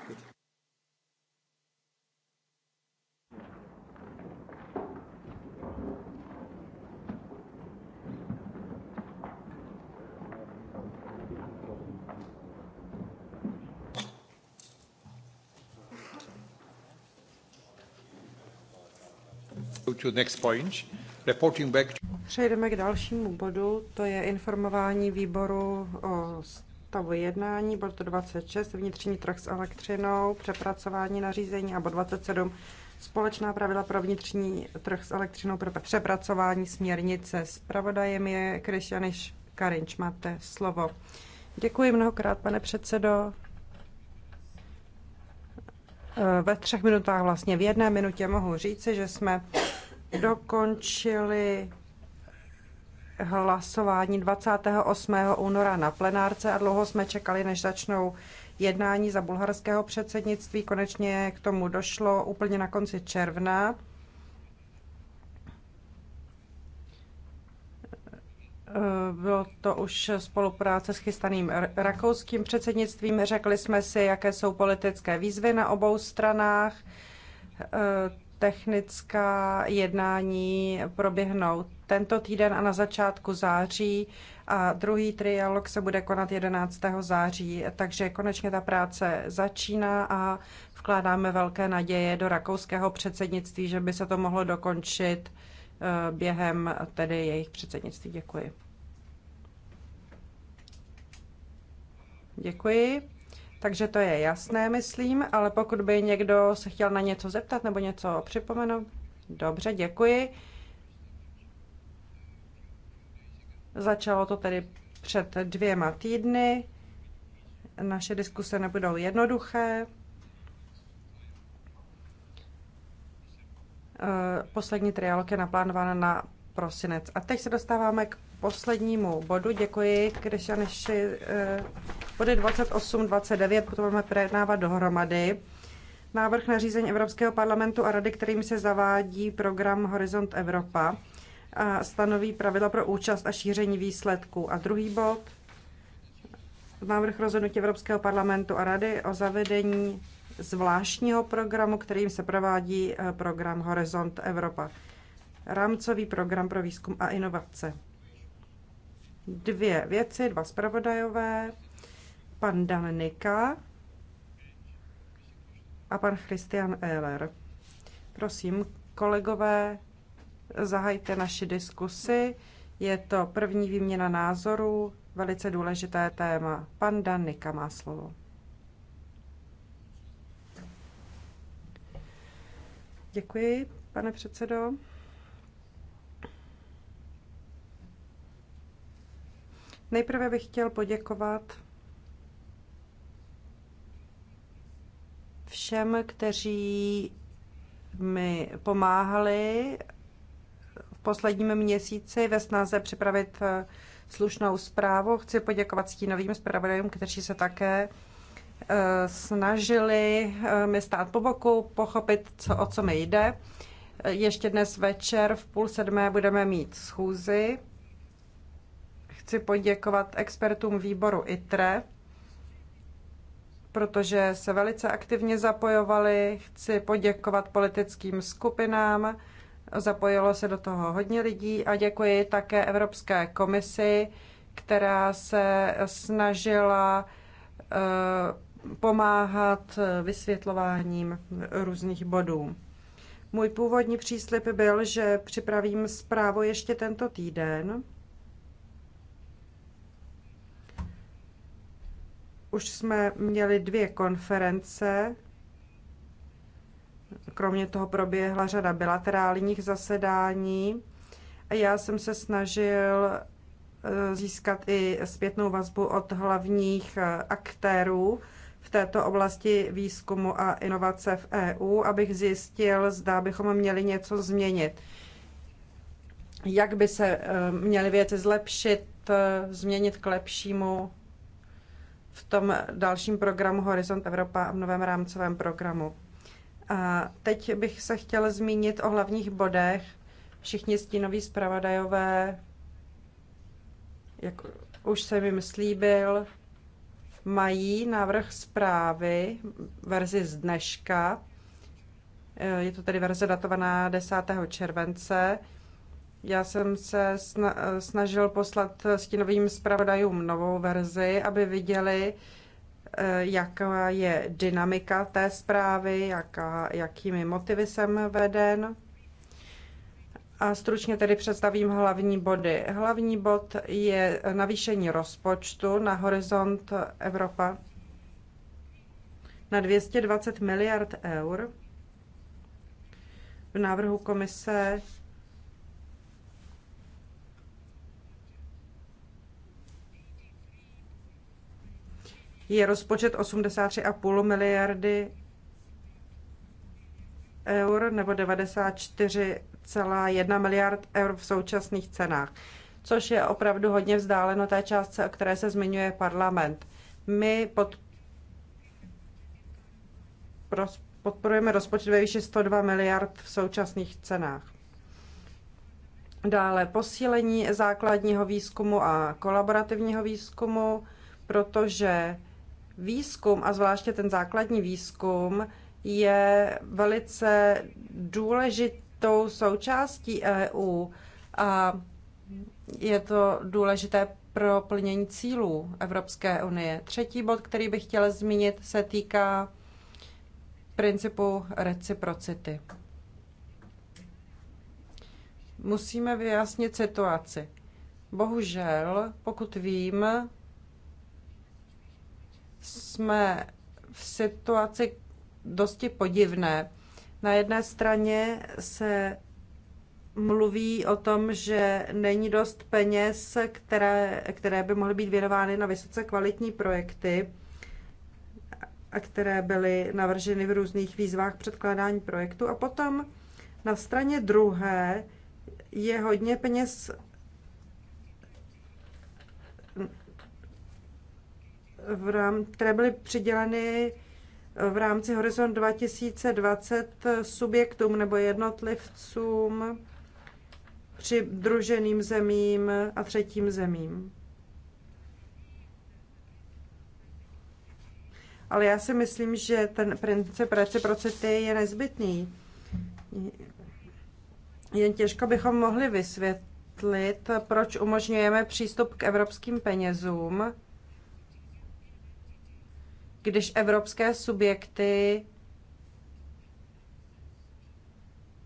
Speaker 1: Přejdeme k dalšímu bodu, to je informování výboru o stavu jednání, bod 26, vnitřní trh s elektřinou, přepracování nařízení a bod 27, společná pravidla pro vnitřní trh s elektřinou pro přepracování směrnice. Spravodajem je Krišaniš Karinč, máte slovo. Děkuji mnohokrát, pane předsedo. Ve třech minutách, vlastně v jedné minutě mohu říci, že jsme dokončili hlasování 28. února na plenárce a dlouho jsme čekali, než začnou jednání za bulharského předsednictví. Konečně k tomu došlo úplně na konci června. Bylo to už spolupráce s chystaným rakouským předsednictvím. Řekli jsme si, jaké jsou politické výzvy na obou stranách technická jednání proběhnou tento týden a na začátku září a druhý trialog se bude konat 11. září, takže konečně ta práce začíná a vkládáme velké naděje do rakouského předsednictví, že by se to mohlo dokončit eh, během tedy jejich předsednictví. Děkuji. Děkuji. Takže to je jasné, myslím, ale pokud by někdo se chtěl na něco zeptat nebo něco připomenout, dobře, děkuji. Začalo to tedy před dvěma týdny. Naše diskuse nebudou jednoduché. Eh, poslední trialog je naplánována na prosinec. A teď se dostáváme k poslednímu bodu. Děkuji, Krišaneši, eh, Body 28, 29 potom budeme projednávat dohromady. Návrh na řízení Evropského parlamentu a rady, kterým se zavádí program Horizont Evropa a stanoví pravidla pro účast a šíření výsledků. A druhý bod, návrh rozhodnutí Evropského parlamentu a rady o zavedení zvláštního programu, kterým se provádí eh, program Horizont Evropa. Rámcový program pro výzkum a inovace. Dvě věci, dva zpravodajové pan Dan Nika a pan Christian Ehler. Prosím, kolegové, zahajte naši diskusi. Je to první výměna názorů, velice důležité téma. Pan Dan Nika má slovo. Děkuji, pane předsedo. Nejprve bych chtěl poděkovat všem, kteří mi pomáhali v posledním měsíci ve snaze připravit eh, slušnou zprávu. Chci poděkovat stínovým zpravodajům, kteří se také eh, snažili eh, mi stát po boku, pochopit, co, o co mi jde. Ještě dnes večer v půl sedmé budeme mít schůzi. Chci poděkovat expertům výboru ITRE, protože se velice aktivně zapojovali. Chci poděkovat politickým skupinám, zapojilo se do toho hodně lidí a děkuji také Evropské komisi, která se snažila eh, pomáhat vysvětlováním různých bodů. Můj původní příslip byl, že připravím zprávu ještě tento týden. Už jsme měli dvě konference, kromě toho proběhla řada bilaterálních zasedání a já jsem se snažil eh, získat i zpětnou vazbu od hlavních eh, aktérů v této oblasti výzkumu a inovace v EU, abych zjistil, zda bychom měli něco změnit. Jak by se eh, měly věci zlepšit, změnit k lepšímu v tom dalším programu Horizont Evropa a v novém rámcovém programu. A teď bych se chtěla zmínit o hlavních bodech. Všichni stínoví zpravodajové, jak už jsem jim slíbil, mají návrh zprávy, verzi z dneška. Je to tedy verze datovaná 10. července. Já jsem se snažil poslat stínovým zpravodajům novou verzi, aby viděli, eh, jaká je dynamika té zprávy, jaká, jakými motivy jsem veden. A stručně tedy představím hlavní body. Hlavní bod je navýšení rozpočtu na horizont Evropa na 220 miliard eur. V návrhu komise je rozpočet 83,5 miliardy eur nebo 94,1 miliard eur v současných cenách, což je opravdu hodně vzdáleno té částce, o které se zmiňuje parlament. My pod, podporujeme rozpočet ve výši 102 miliard v současných cenách. Dále posílení základního výzkumu a kolaborativního výzkumu, protože Výzkum, a zvláště ten základní výzkum, je velice důležitou součástí EU a je to důležité pro plnění cílů Evropské unie. Třetí bod, který bych chtěla zmínit, se týká principu reciprocity. Musíme vyjasnit situaci. Bohužel, pokud vím, jsme v situaci dosti podivné. Na jedné straně se mluví o tom, že není dost peněz, které, které by mohly být věnovány na vysoce kvalitní projekty, a které byly navrženy v různých výzvách předkládání projektu. A potom na straně druhé je hodně peněz v rám, které byly přiděleny eh, v rámci Horizont 2020 eh, subjektům nebo jednotlivcům, při druženým zemím a třetím zemím. Ale já si myslím, že ten princip reciprocity je nezbytný. Jen těžko bychom mohli vysvětlit, proč umožňujeme přístup k evropským penězům, když evropské subjekty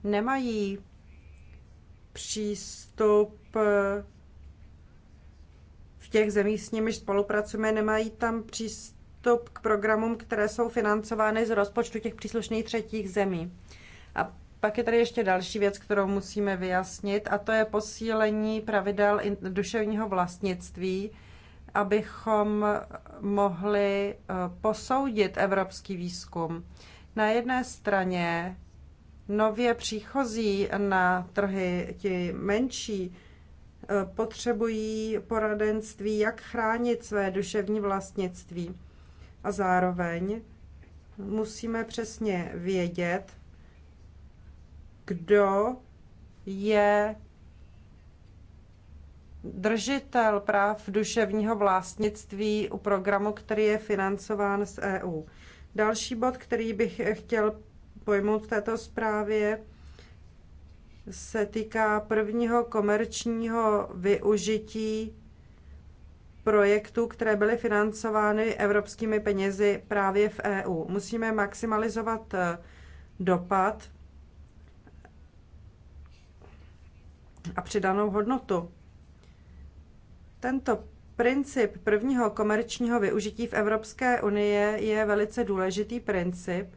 Speaker 1: nemají přístup eh, v těch zemích, s nimiž spolupracujeme, nemají tam přístup k programům, které jsou financovány z rozpočtu těch příslušných třetích zemí. A pak je tady ještě další věc, kterou musíme vyjasnit, a to je posílení pravidel duševního vlastnictví abychom mohli eh, posoudit evropský výzkum. Na jedné straně nově příchozí na trhy, ti menší, eh, potřebují poradenství, jak chránit své duševní vlastnictví. A zároveň musíme přesně vědět, kdo je držitel práv duševního vlastnictví u programu, který je financován z EU. Další bod, který bych chtěl pojmout v této zprávě, se týká prvního komerčního využití projektů, které byly financovány evropskými penězi právě v EU. Musíme maximalizovat eh, dopad a přidanou hodnotu tento princip prvního komerčního využití v Evropské unii je velice důležitý princip.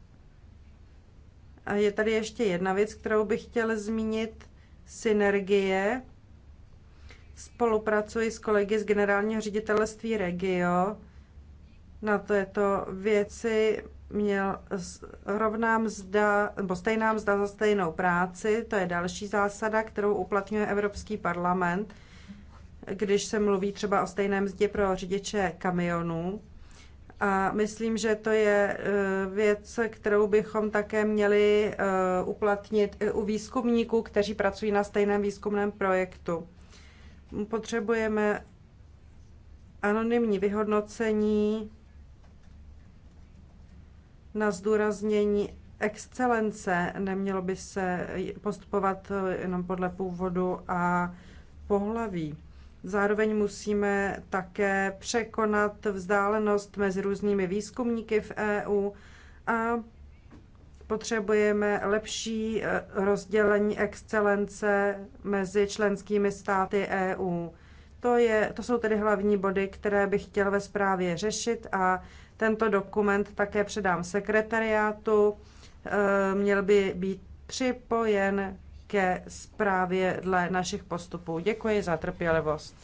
Speaker 1: A je tady ještě jedna věc, kterou bych chtěl zmínit. Synergie. Spolupracuji s kolegy z generálního ředitelství Regio. Na této věci měl rovná mzda, nebo stejná mzda za stejnou práci, to je další zásada, kterou uplatňuje Evropský parlament – když se mluví třeba o stejné mzdě pro řidiče kamionů. A myslím, že to je eh, věc, kterou bychom také měli eh, uplatnit i u výzkumníků, kteří pracují na stejném výzkumném projektu. Potřebujeme anonymní vyhodnocení na zdůraznění excelence. Nemělo by se postupovat eh, jenom podle původu a pohlaví. Zároveň musíme také překonat vzdálenost mezi různými výzkumníky v EU a potřebujeme lepší eh, rozdělení excelence mezi členskými státy EU. To, je, to jsou tedy hlavní body, které bych chtěl ve zprávě řešit a tento dokument také předám sekretariátu. Eh, měl by být připojen ke zprávě dle našich postupů. Děkuji za trpělivost.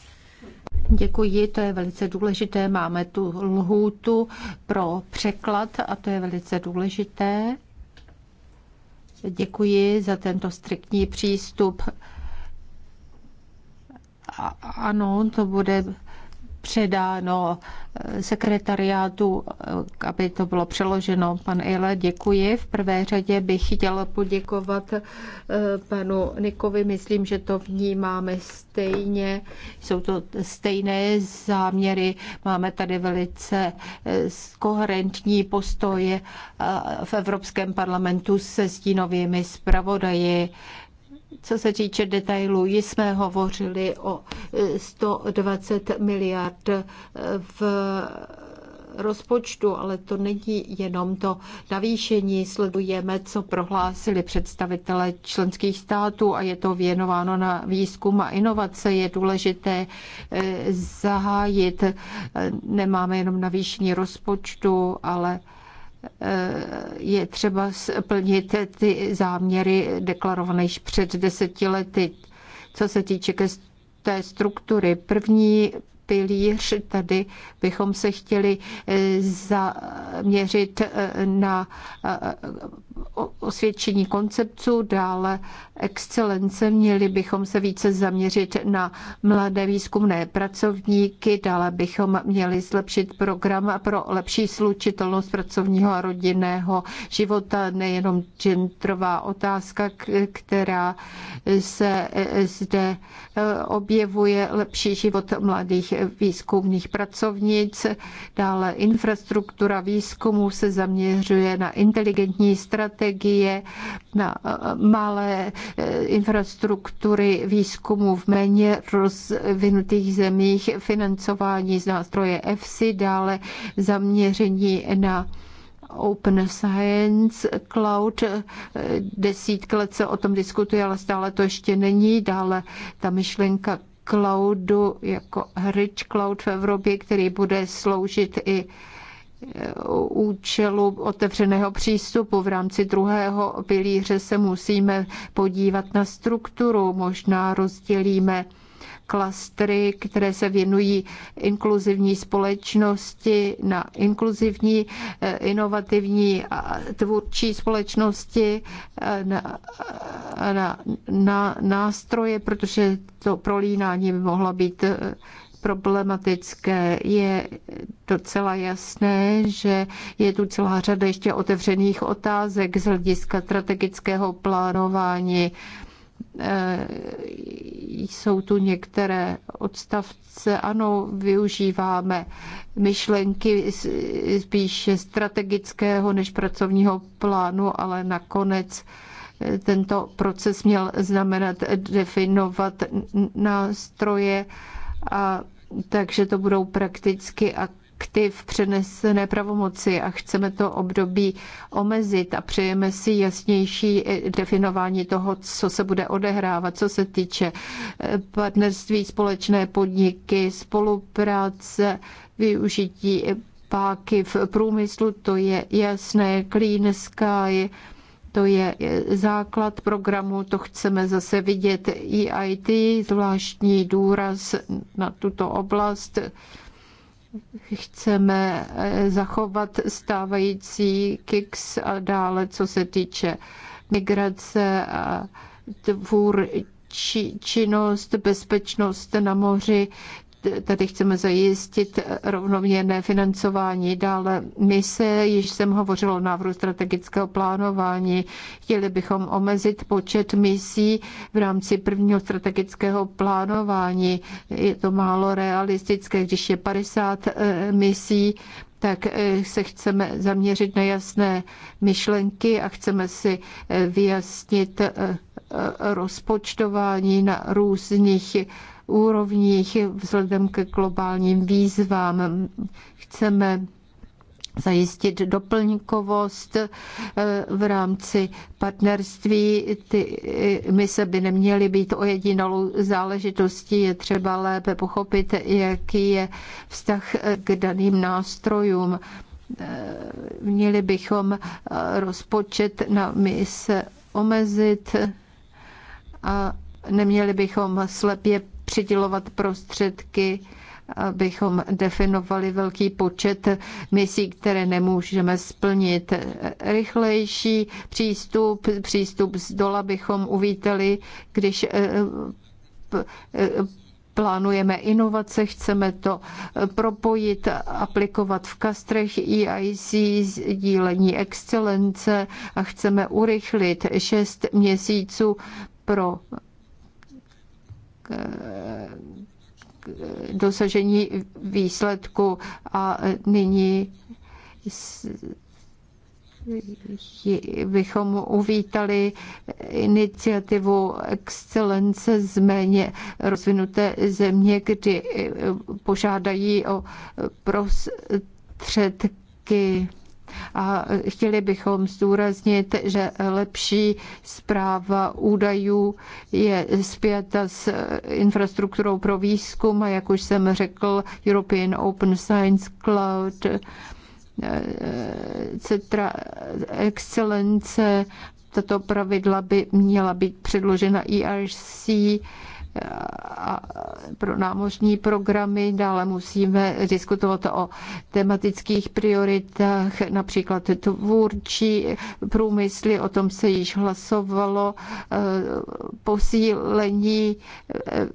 Speaker 2: Děkuji, to je velice důležité. Máme tu lhůtu pro překlad a to je velice důležité. Děkuji za tento striktní přístup. A, ano, to bude předáno eh, sekretariátu, eh, aby to bylo přeloženo. Pan Ile, děkuji. V prvé řadě bych chtěla poděkovat eh, panu Nikovi. Myslím, že to vnímáme stejně. Jsou to stejné záměry. Máme tady velice koherentní postoje v Evropském parlamentu se stínovými zpravodaji. Co se týče detailů, jsme hovořili o 120 e, miliard e, v rozpočtu, ale to není jenom to navýšení. Sledujeme, co prohlásili představitelé členských států a je to věnováno na výzkum a inovace. Je důležité e, zahájit. Nemáme jenom navýšení rozpočtu, ale je třeba splnit ty záměry deklarované již před deseti lety. Co se týče té struktury, první pilíř, tady bychom se chtěli eh, zaměřit eh, na eh, osvědčení konceptu, dále excelence. Měli bychom se více zaměřit na mladé výzkumné pracovníky, dále bychom měli zlepšit program pro lepší slučitelnost pracovního a rodinného života, nejenom genderová otázka, která se e, e, zde e, objevuje, lepší život mladých výzkumných pracovnic, dále infrastruktura výzkumu se zaměřuje na inteligentní strategii, strategie na eh, malé eh, infrastruktury výzkumu v méně rozvinutých zemích, financování z nástroje EFSI, dále zaměření na Open Science Cloud. Eh, desítky let se o tom diskutuje, ale stále to ještě není. Dále ta myšlenka cloudu jako Rich Cloud v Evropě, který bude sloužit i účelu otevřeného přístupu v rámci druhého pilíře se musíme podívat na strukturu. Možná rozdělíme klastry, které se věnují inkluzivní společnosti na inkluzivní, eh, inovativní a tvůrčí společnosti eh, na, eh, na, na nástroje, protože to prolínání by mohla být problematické. Je docela jasné, že je tu celá řada ještě otevřených otázek z hlediska strategického plánování. Eh, jsou tu některé odstavce, ano, využíváme myšlenky spíše strategického než pracovního plánu, ale nakonec eh, tento proces měl znamenat definovat nástroje a takže to budou prakticky akty v přenesené pravomoci a chceme to období omezit a přejeme si jasnější definování toho, co se bude odehrávat, co se týče eh, partnerství, společné podniky, spolupráce, využití páky v průmyslu, to je jasné, clean sky, to je základ programu, to chceme zase vidět EIT, zvláštní důraz na tuto oblast. Chceme eh, zachovat stávající KIX a dále, co se týče migrace a tvůr činnost, bezpečnost na moři, Tady chceme zajistit rovnoměrné financování. Dále se, již jsem hovořil o návrhu strategického plánování. Chtěli bychom omezit počet misí v rámci prvního strategického plánování. Je to málo realistické, když je 50 eh, misí, tak eh, se chceme zaměřit na jasné myšlenky a chceme si eh, vyjasnit rozpočtování na různých úrovních vzhledem ke globálním výzvám. Chceme zajistit doplňkovost eh, v rámci partnerství. Ty eh, mise by neměly být jedinou záležitostí. Je třeba lépe pochopit, jaký je vztah eh, k daným nástrojům. Měli bychom rozpočet na mise omezit a neměli bychom slepě přidělovat prostředky, abychom definovali velký počet misí, které nemůžeme splnit. Rychlejší přístup, přístup z dola bychom uvítali, když eh, eh, plánujeme inovace, chceme to eh, propojit, aplikovat v kastrech EIC, dílení excelence a chceme urychlit šest měsíců pro k, k dosažení výsledku a nyní s, bychom uvítali iniciativu excelence z méně rozvinuté země, kdy požádají o prostředky a chtěli bychom zdůraznit, že lepší zpráva údajů je zpěta s infrastrukturou pro výzkum a jak už jsem řekl, European Open Science Cloud, eh, centra excelence, tato pravidla by měla být předložena ERC a pro námořní programy. Dále musíme diskutovat o tematických prioritách, například tvůrčí průmysly, o tom se již hlasovalo, e, posílení e,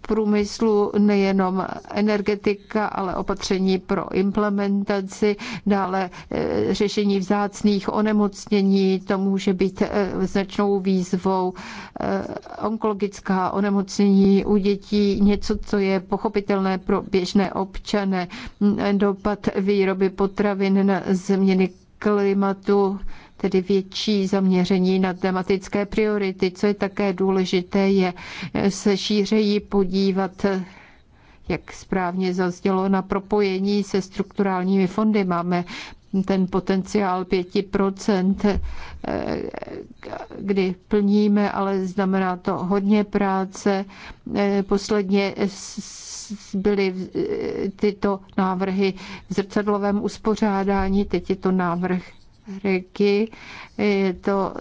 Speaker 2: průmyslu nejenom energetika, ale opatření pro implementaci, dále e, řešení vzácných onemocnění, to může být značnou výzvou onkologická onemocnění onemocnění u dětí, něco, co je pochopitelné pro běžné občany, dopad výroby potravin na změny klimatu, tedy větší zaměření na tematické priority. Co je také důležité, je se šířeji podívat jak správně zazdělo, na propojení se strukturálními fondy. Máme ten potenciál 5%, eh, kdy plníme, ale znamená to hodně práce. Eh, posledně byly eh, tyto návrhy v zrcadlovém uspořádání, teď je to návrh Riky, je to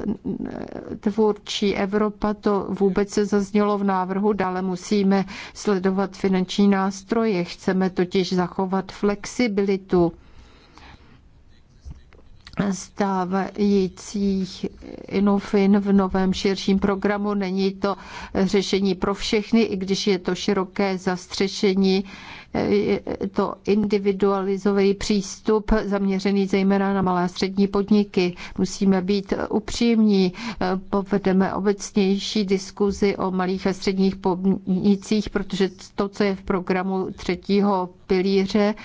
Speaker 2: tvůrčí Evropa, to vůbec se zaznělo v návrhu, dále musíme sledovat finanční nástroje, chceme totiž zachovat flexibilitu stávajících Inofin v novém širším programu. Není to řešení pro všechny, i když je to široké zastřešení, je to individualizovaný přístup zaměřený zejména na malé a střední podniky. Musíme být upřímní, povedeme obecnější diskuzi o malých a středních podnicích, protože to, co je v programu třetího pilíře,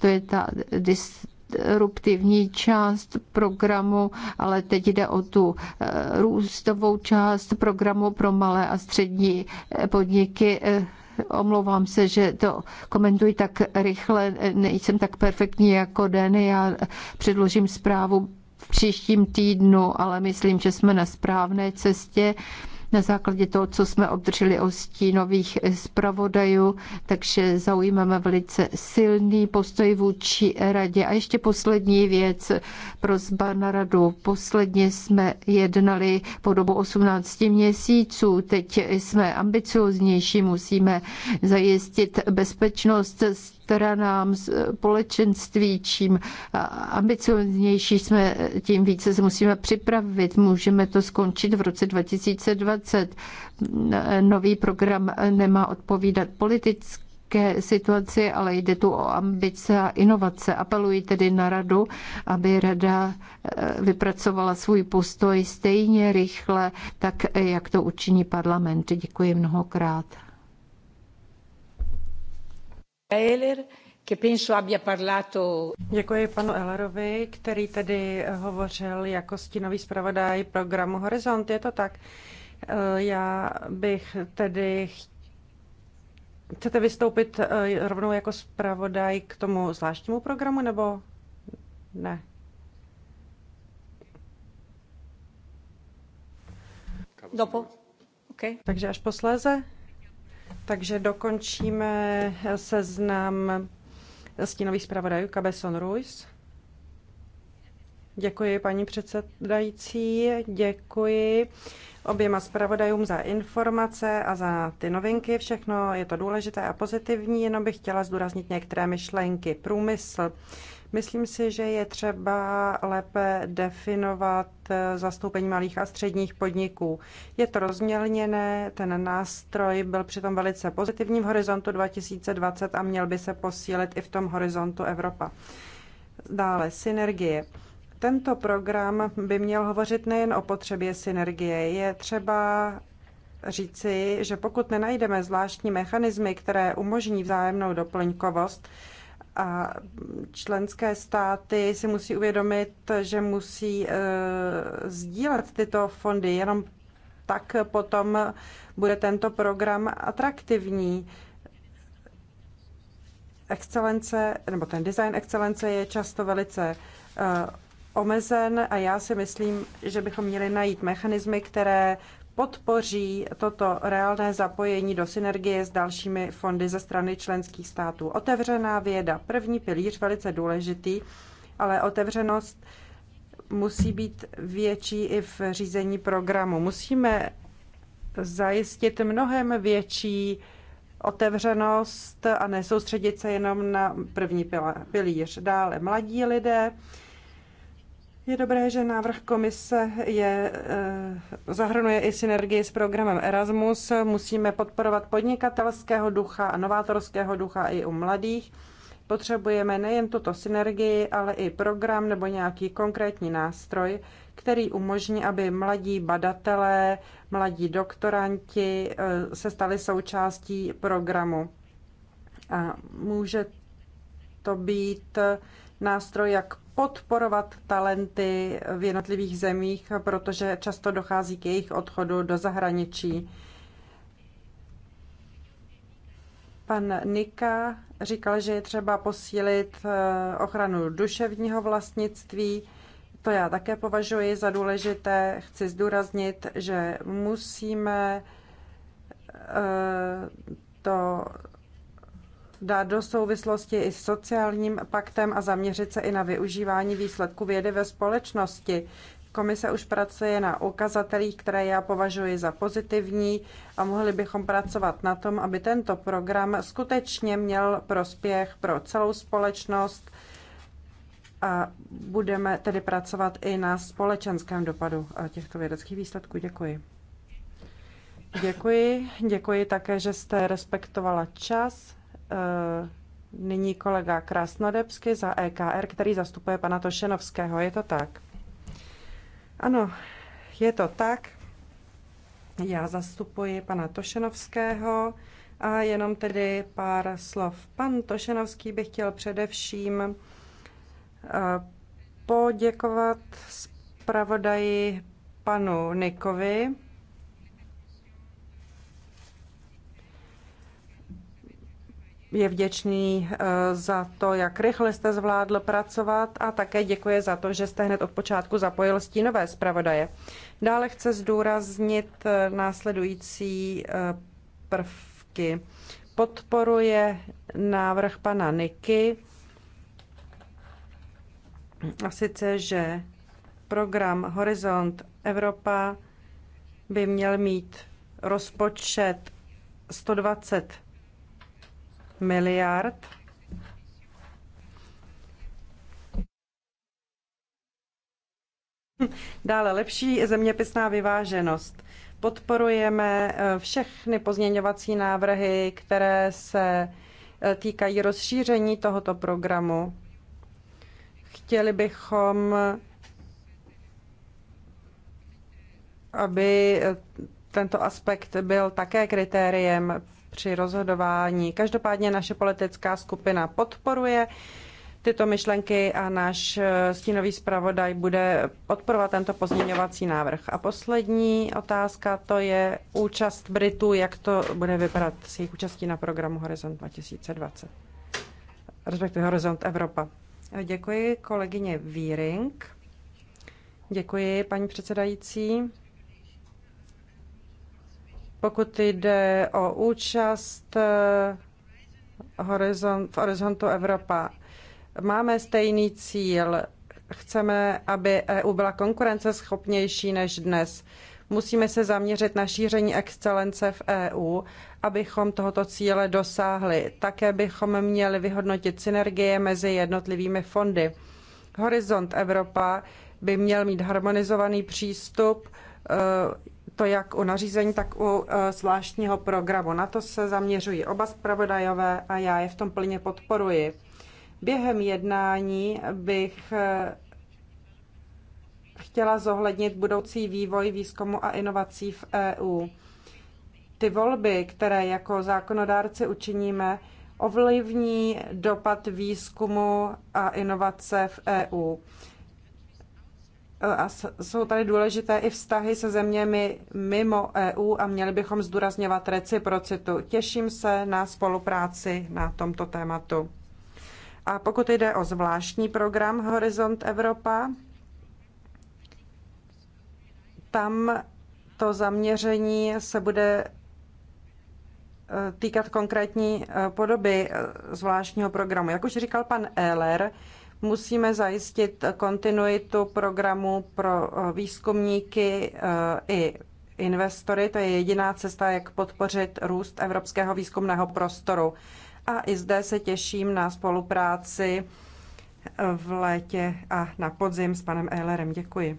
Speaker 2: to je ta dis- eruptivní část programu, ale teď jde o tu eh, růstovou část programu pro malé a střední eh, podniky. Eh, omlouvám se, že to komentuji tak rychle, nejsem tak perfektní jako Den, já předložím zprávu v příštím týdnu, ale myslím, že jsme na správné cestě na základě toho, co jsme obdrželi o stínových zpravodajů, takže zaujímáme velice silný postoj vůči radě. A ještě poslední věc, prozba na radu. Posledně jsme jednali po dobu 18 měsíců, teď jsme ambicioznější, musíme zajistit bezpečnost stranám společenství. Čím ambicioznější jsme, tím více se musíme připravit. Můžeme to skončit v roce 2020. Nový program nemá odpovídat politicky situaci, ale jde tu o ambice a inovace. Apeluji tedy na radu, aby rada e, vypracovala svůj postoj stejně rychle, tak jak to učiní parlament. Děkuji mnohokrát.
Speaker 1: Děkuji panu Ellerovi, který tedy hovořil jako stínový zpravodaj programu Horizont. Je to tak? Eh, já bych tedy Chcete vystoupit eh, rovnou jako zpravodaj k tomu zvláštnímu programu, nebo ne? Dopo. No okay. Takže až posléze? Takže dokončíme seznam stínových zpravodajů Cabeson Ruiz. Děkuji, paní předsedající, děkuji oběma zpravodajům za informace a za ty novinky. Všechno je to důležité a pozitivní, jenom bych chtěla zdůraznit některé myšlenky. Průmysl Myslím si, že je třeba lépe definovat eh, zastoupení malých a středních podniků. Je to rozmělněné, ten nástroj byl přitom velice pozitivní v horizontu 2020 a měl by se posílit i v tom horizontu Evropa. Dále synergie tento program by měl hovořit nejen o potřebě synergie. Je třeba říci, že pokud nenajdeme zvláštní mechanismy, které umožní vzájemnou doplňkovost, a členské státy si musí uvědomit, že musí eh, sdílet tyto fondy, jenom tak potom bude tento program atraktivní. Excelence, nebo ten design excelence je často velice eh, omezen a já si myslím, že bychom měli najít mechanismy, které podpoří toto reálné zapojení do synergie s dalšími fondy ze strany členských států. Otevřená věda, první pilíř, velice důležitý, ale otevřenost musí být větší i v řízení programu. Musíme zajistit mnohem větší otevřenost a nesoustředit se jenom na první pilíř. Dále mladí lidé, je dobré, že návrh komise je, eh, zahrnuje i synergii s programem Erasmus. Musíme podporovat podnikatelského ducha a novátorského ducha i u mladých. Potřebujeme nejen tuto synergii, ale i program nebo nějaký konkrétní nástroj, který umožní, aby mladí badatelé, mladí doktoranti eh, se stali součástí programu. A může to být nástroj, jak podporovat talenty v jednotlivých zemích, protože často dochází k jejich odchodu do zahraničí. Pan Nika říkal, že je třeba posílit eh, ochranu duševního vlastnictví. To já také považuji za důležité. Chci zdůraznit, že musíme eh, to dát do souvislosti i s sociálním paktem a zaměřit se i na využívání výsledku vědy ve společnosti. Komise už pracuje na ukazatelích, které já považuji za pozitivní a mohli bychom pracovat na tom, aby tento program skutečně měl prospěch pro celou společnost a budeme tedy pracovat i na společenském dopadu těchto vědeckých výsledků. Děkuji. Děkuji. Děkuji také, že jste respektovala čas. Eh, nyní kolega Krasnodebsky za EKR, který zastupuje pana Tošenovského. Je to tak? Ano, je to tak. Já zastupuji pana Tošenovského a jenom tedy pár slov. Pan Tošenovský bych chtěl především eh, poděkovat zpravodaji panu Nikovi je vděčný eh, za to, jak rychle jste zvládl pracovat a také děkuje za to, že jste hned od počátku zapojil stínové zpravodaje. Dále chce zdůraznit eh, následující eh, prvky. Podporuje návrh pana Niky, a sice, že program Horizont Evropa by měl mít rozpočet 120 miliard Dále lepší zeměpisná vyváženost. Podporujeme eh, všechny pozměňovací návrhy, které se eh, týkají rozšíření tohoto programu. Chtěli bychom, eh, aby tento aspekt byl také kritériem při rozhodování. Každopádně naše politická skupina podporuje tyto myšlenky a náš eh, stínový zpravodaj bude podporovat tento pozměňovací návrh. A poslední otázka, to je účast Britů, jak to bude vypadat s jejich účastí na programu Horizont 2020, respektive Horizont Evropa. Eh, děkuji kolegyně Víring. Děkuji, paní předsedající. Pokud jde o účast eh, v horizontu Evropa, máme stejný cíl. Chceme, aby EU byla konkurenceschopnější než dnes. Musíme se zaměřit na šíření excelence v EU, abychom tohoto cíle dosáhli. Také bychom měli vyhodnotit synergie mezi jednotlivými fondy. Horizont Evropa by měl mít harmonizovaný přístup eh, to jak u nařízení, tak u eh, zvláštního programu. Na to se zaměřují oba zpravodajové a já je v tom plně podporuji. Během jednání bych eh, chtěla zohlednit budoucí vývoj výzkumu a inovací v EU. Ty volby, které jako zákonodárci učiníme, ovlivní dopad výzkumu a inovace v EU. Eh, a jsou tady důležité i vztahy se zeměmi mimo EU a měli bychom zdůrazňovat reciprocitu. Těším se na spolupráci na tomto tématu. A pokud jde o zvláštní program Horizont Evropa, tam to zaměření se bude eh, týkat konkrétní eh, podoby zvláštního programu. Jak už říkal pan Ehler, Musíme zajistit kontinuitu programu pro eh, výzkumníky eh, i investory. To je jediná cesta, jak podpořit růst evropského výzkumného prostoru. A i zde se těším na spolupráci eh, v létě a na podzim s panem Eilerem. Děkuji.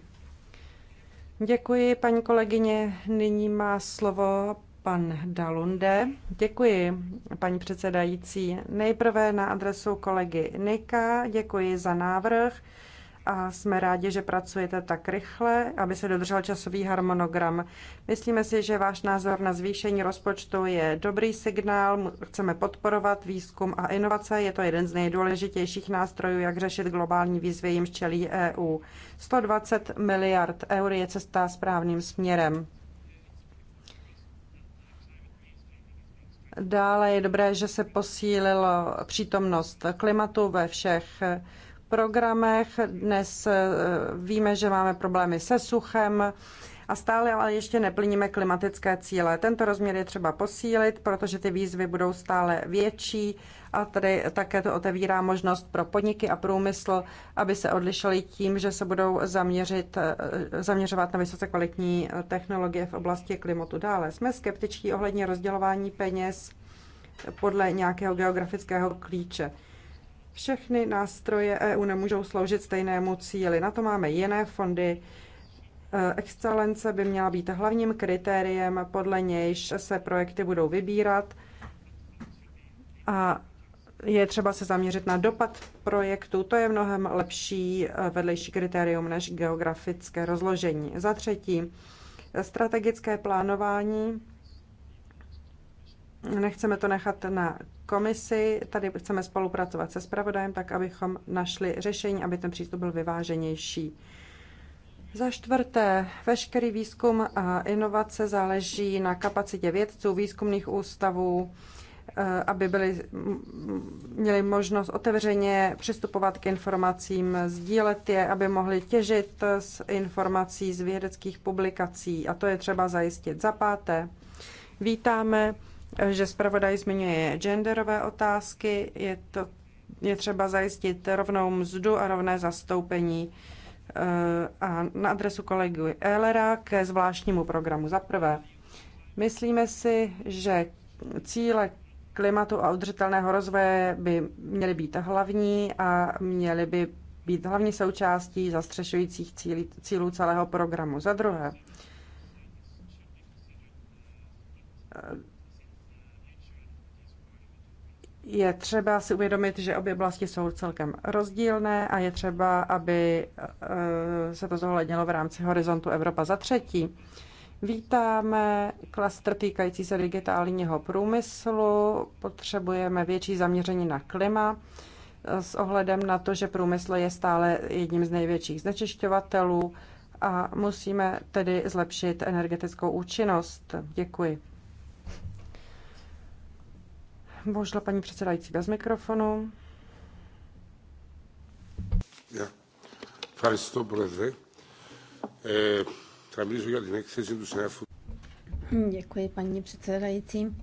Speaker 1: Děkuji, paní kolegyně. Nyní má slovo Pan Dalunde. Děkuji, paní předsedající. Nejprve na adresu kolegy Nika. Děkuji za návrh a jsme rádi, že pracujete tak rychle, aby se dodržel časový harmonogram. Myslíme si, že váš názor na zvýšení rozpočtu je dobrý signál. Chceme podporovat výzkum a inovace. Je to jeden z nejdůležitějších nástrojů, jak řešit globální výzvy, jim čelí EU. 120 miliard eur je cesta správným směrem. Dále je dobré, že se posílila přítomnost klimatu ve všech programech. Dnes eh, víme, že máme problémy se suchem, a stále ale ještě neplníme klimatické cíle. Tento rozměr je třeba posílit, protože ty výzvy budou stále větší a tady také to otevírá možnost pro podniky a průmysl, aby se odlišili tím, že se budou zaměřit, eh, zaměřovat na vysoce kvalitní eh, technologie v oblasti klimatu. Dále jsme skeptičtí ohledně rozdělování peněz podle nějakého geografického klíče. Všechny nástroje EU nemůžou sloužit stejnému cíli. Na to máme jiné fondy, Eh, excelence by měla být hlavním kritériem, podle nějž se projekty budou vybírat a je třeba se zaměřit na dopad projektu. To je mnohem lepší eh, vedlejší kritérium než geografické rozložení. Za třetí, strategické plánování. Nechceme to nechat na komisi. Tady chceme spolupracovat se spravodajem, tak abychom našli řešení, aby ten přístup byl vyváženější. Za čtvrté, veškerý výzkum a inovace záleží na kapacitě vědců, výzkumných ústavů, eh, aby byli, mm, měli možnost otevřeně přistupovat k informacím, sdílet je, aby mohli těžit z informací z vědeckých publikací. A to je třeba zajistit. Za páté, vítáme, eh, že zpravodaj zmiňuje genderové otázky. Je, to, je třeba zajistit rovnou mzdu a rovné zastoupení Eh, a na adresu kolegy Ehlera ke zvláštnímu programu. Za prvé, myslíme si, že cíle klimatu a udržitelného rozvoje by měly být hlavní a měly by být hlavní součástí zastřešujících cílí, cílů celého programu. Za druhé, je třeba si uvědomit, že obě oblasti jsou celkem rozdílné a je třeba, aby eh, se to zohlednilo v rámci horizontu Evropa za třetí. Vítáme klastr týkající se digitálního průmyslu, potřebujeme větší zaměření na klima eh, s ohledem na to, že průmysl je stále jedním z největších znečišťovatelů a musíme tedy zlepšit energetickou účinnost. Děkuji. Bohužel paní předsedající bez mikrofonu. Já. Ευχαριστώ, Πρόεδρε. Ε, θα μιλήσω για την
Speaker 3: Děkuji, paní předsedající.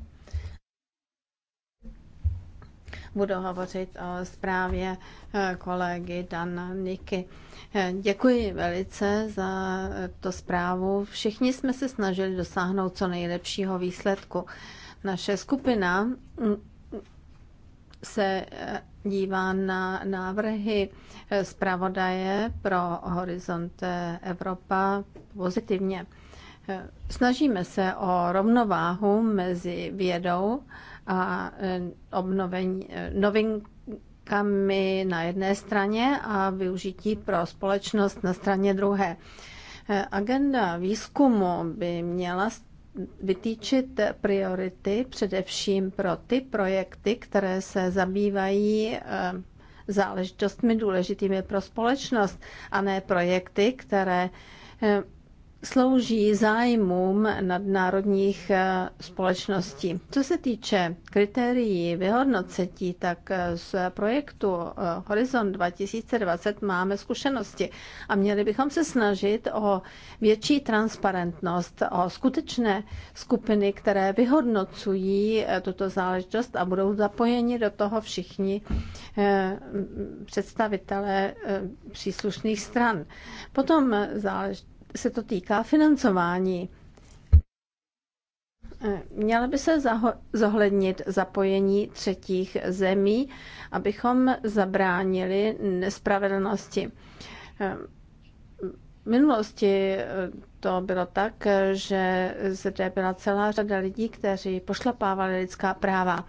Speaker 3: Budu hovořit o zprávě eh, kolegy Dana Niky. Eh, děkuji velice za eh, to zprávu. Všichni jsme se snažili dosáhnout co nejlepšího výsledku. Naše skupina mm, se eh, dívá na návrhy eh, zpravodaje pro Horizont eh, Evropa pozitivně. Snažíme se o rovnováhu mezi vědou a obnovení, novinkami na jedné straně a využití pro společnost na straně druhé. Agenda výzkumu by měla vytýčit priority především pro ty projekty, které se zabývají eh, záležitostmi důležitými pro společnost a ne projekty, které eh, slouží zájmům nadnárodních eh, společností. Co se týče kritérií vyhodnocení, tak eh, z projektu eh, Horizon 2020 máme zkušenosti a měli bychom se snažit o větší transparentnost, o skutečné skupiny, které vyhodnocují tuto záležitost a budou zapojeni do toho všichni představitelé příslušných stran. Potom záležitost se to týká financování. Měla by se zohlednit zapojení třetích zemí, abychom zabránili nespravedlnosti. V minulosti to bylo tak, že zde byla celá řada lidí, kteří pošlapávali lidská práva.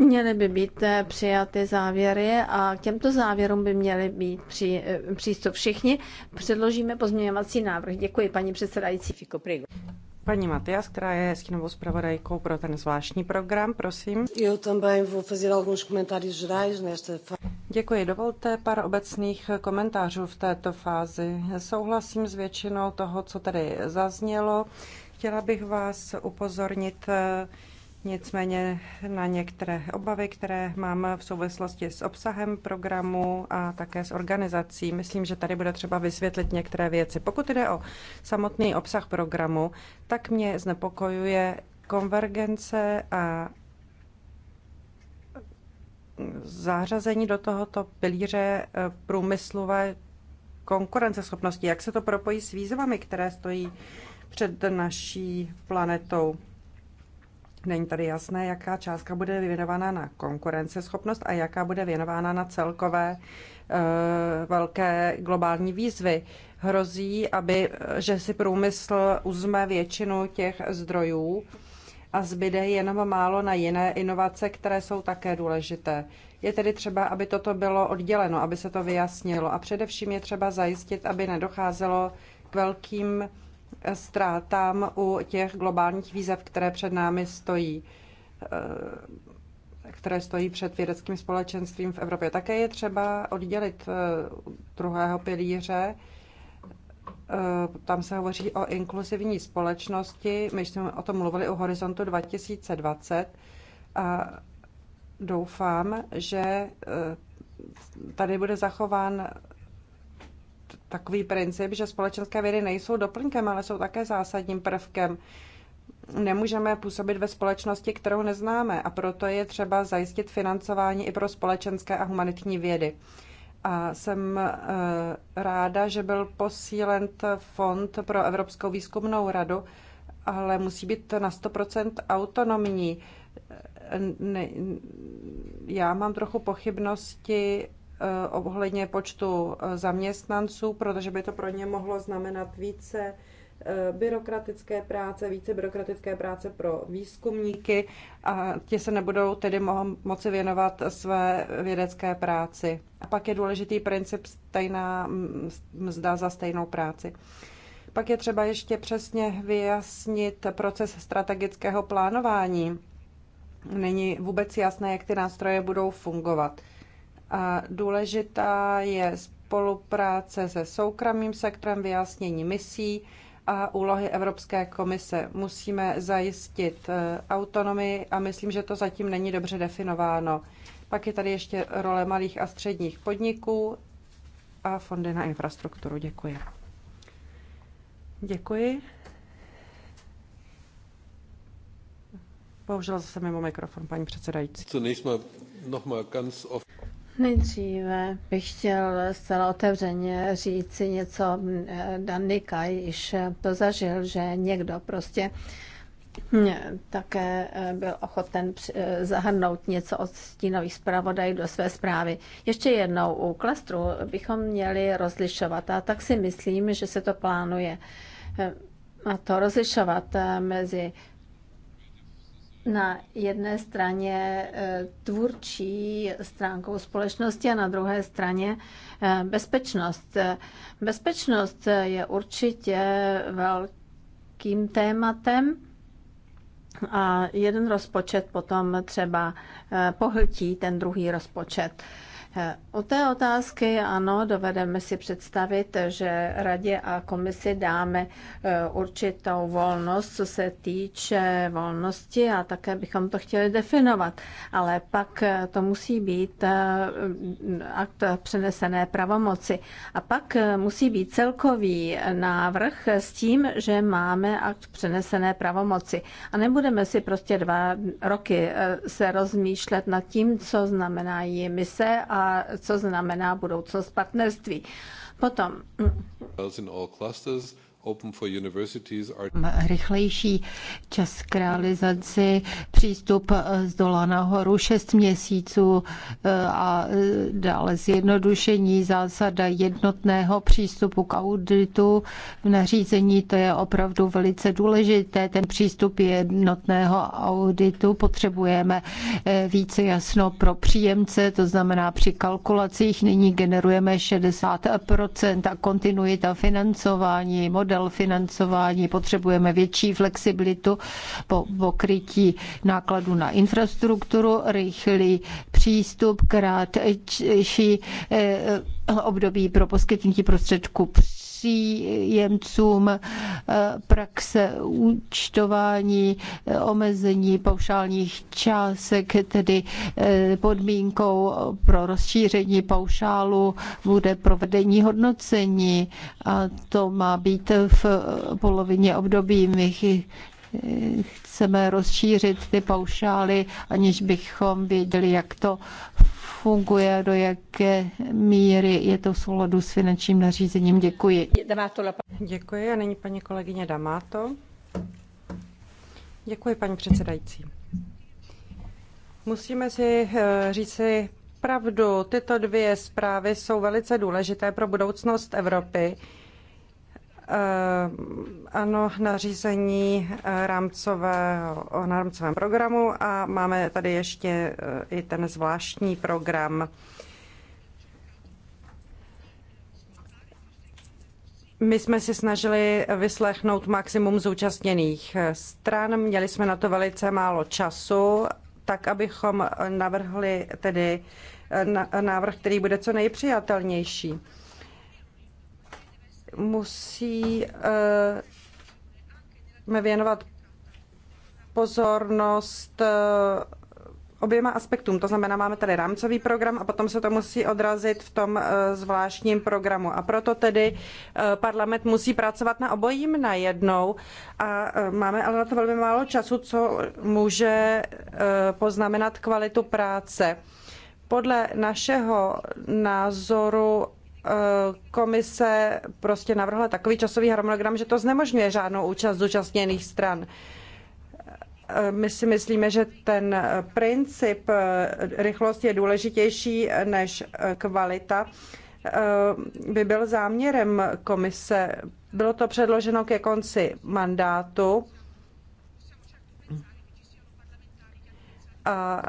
Speaker 3: Měly by být eh, přijaty závěry a k těmto závěrům by měly být při, eh, přístup všichni. Předložíme pozměňovací návrh. Děkuji, paní předsedající.
Speaker 1: Paní Matias, která je stínovou zpravodajkou pro ten zvláštní program, prosím. Já také vou fazer alguns comentários gerais nesta Děkuji. Dovolte pár obecných komentářů v této fázi. Souhlasím s většinou toho, co tady zaznělo. Chtěla bych vás upozornit eh, Nicméně na některé obavy, které mám v souvislosti s obsahem programu a také s organizací, myslím, že tady bude třeba vysvětlit některé věci. Pokud jde o samotný obsah programu, tak mě znepokojuje konvergence a zářazení do tohoto pilíře eh, průmyslové konkurenceschopnosti. Jak se to propojí s výzvami, které stojí před naší planetou? Není tady jasné, jaká částka bude věnována na konkurenceschopnost a jaká bude věnována na celkové eh, velké globální výzvy. Hrozí, aby, eh, že si průmysl uzme většinu těch zdrojů a zbyde jenom málo na jiné inovace, které jsou také důležité. Je tedy třeba, aby toto bylo odděleno, aby se to vyjasnilo a především je třeba zajistit, aby nedocházelo k velkým ztrátám u těch globálních výzev, které před námi stojí eh, které stojí před vědeckým společenstvím v Evropě. Také je třeba oddělit eh, druhého pilíře. Eh, tam se hovoří o inkluzivní společnosti. My jsme o tom mluvili u horizontu 2020 a doufám, že tady bude zachován takový princip, že společenské vědy nejsou doplňkem, ale jsou také zásadním prvkem. Nemůžeme působit ve společnosti, kterou neznáme, a proto je třeba zajistit financování i pro společenské a humanitní vědy. A jsem eh, ráda, že byl posílen fond pro Evropskou výzkumnou radu, ale musí být na 100% autonomní. Eh, já mám trochu pochybnosti Eh, ohledně počtu eh, zaměstnanců, protože by to pro ně mohlo znamenat více eh, byrokratické práce, více byrokratické práce pro výzkumníky a ti se nebudou tedy mo- moci věnovat své vědecké práci. A pak je důležitý princip stejná mzda za stejnou práci. Pak je třeba ještě přesně vyjasnit proces strategického plánování. Není vůbec jasné, jak ty nástroje budou fungovat. A důležitá je spolupráce se soukromým sektorem, vyjasnění misí a úlohy Evropské komise. Musíme zajistit eh, autonomii a myslím, že to zatím není dobře definováno. Pak je tady ještě role malých a středních podniků a fondy na infrastrukturu. Děkuji. Děkuji. Bohužel zase mimo mikrofon, paní předsedající. Zunächst mal ganz oft.
Speaker 3: Nejdříve bych chtěl zcela otevřeně říci něco. Eh, Danika již to zažil, že někdo prostě hm, také eh, byl ochoten eh, zahrnout něco od stínových zpravodajů do své zprávy. Ještě jednou, u klastru bychom měli rozlišovat a tak si myslím, že se to plánuje. A to rozlišovat mezi na jedné straně e, tvůrčí stránkou společnosti a na druhé straně e, bezpečnost. E, bezpečnost je určitě velkým tématem a jeden rozpočet potom třeba pohltí ten druhý rozpočet. O té otázky ano, dovedeme si představit, že radě a komisi dáme e, určitou volnost, co se týče volnosti a také bychom to chtěli definovat. Ale pak e, to musí být e, akt přenesené pravomoci. A pak musí být celkový návrh s tím, že máme akt přenesené pravomoci. A nebudeme si prostě dva roky se rozmýšlet nad tím, co znamenají mise a a co znamená budoucnost partnerství. Potom
Speaker 2: Rychlejší čas k realizaci, přístup eh, z dola nahoru 6 měsíců eh, a eh, dále zjednodušení zásada jednotného přístupu k auditu v nařízení, to je opravdu velice důležité. Ten přístup jednotného auditu potřebujeme více jasno pro příjemce, to znamená při kalkulacích nyní generujeme 60% a kontinuita financování, model model financování, potřebujeme větší flexibilitu po pokrytí nákladů na infrastrukturu, rychlý přístup, krátší eh, období pro poskytnutí prostředků příjemcům eh, praxe účtování, eh, omezení paušálních částek, tedy eh, podmínkou pro rozšíření paušálu bude provedení hodnocení a to má být v polovině období. My chceme rozšířit ty paušály, aniž bychom věděli, jak to funguje a do jaké míry je to v souladu s finančním nařízením. Děkuji.
Speaker 1: Děkuji a nyní paní kolegyně Damáto. Děkuji, paní předsedající. Musíme si eh, říci pravdu. Tyto dvě zprávy jsou velice důležité pro budoucnost Evropy Eh, ano, nařízení eh, rámcového, o rámcovém programu a máme tady ještě eh, i ten zvláštní program. My jsme si snažili vyslechnout maximum zúčastněných stran, měli jsme na to velice málo času, tak abychom navrhli tedy návrh, který bude co nejpřijatelnější musíme eh, věnovat pozornost eh, oběma aspektům. To znamená, máme tady rámcový program a potom se to musí odrazit v tom eh, zvláštním programu. A proto tedy parlament musí pracovat na obojím najednou. A máme ale na to velmi málo času, co může poznamenat kvalitu práce. Podle našeho názoru Eh, komise prostě navrhla takový časový harmonogram, že to znemožňuje žádnou účast zúčastněných stran. Eh, my si myslíme, že ten eh, princip rychlost je důležitější než kvalita by byl záměrem komise. Bylo to předloženo ke konci mandátu. A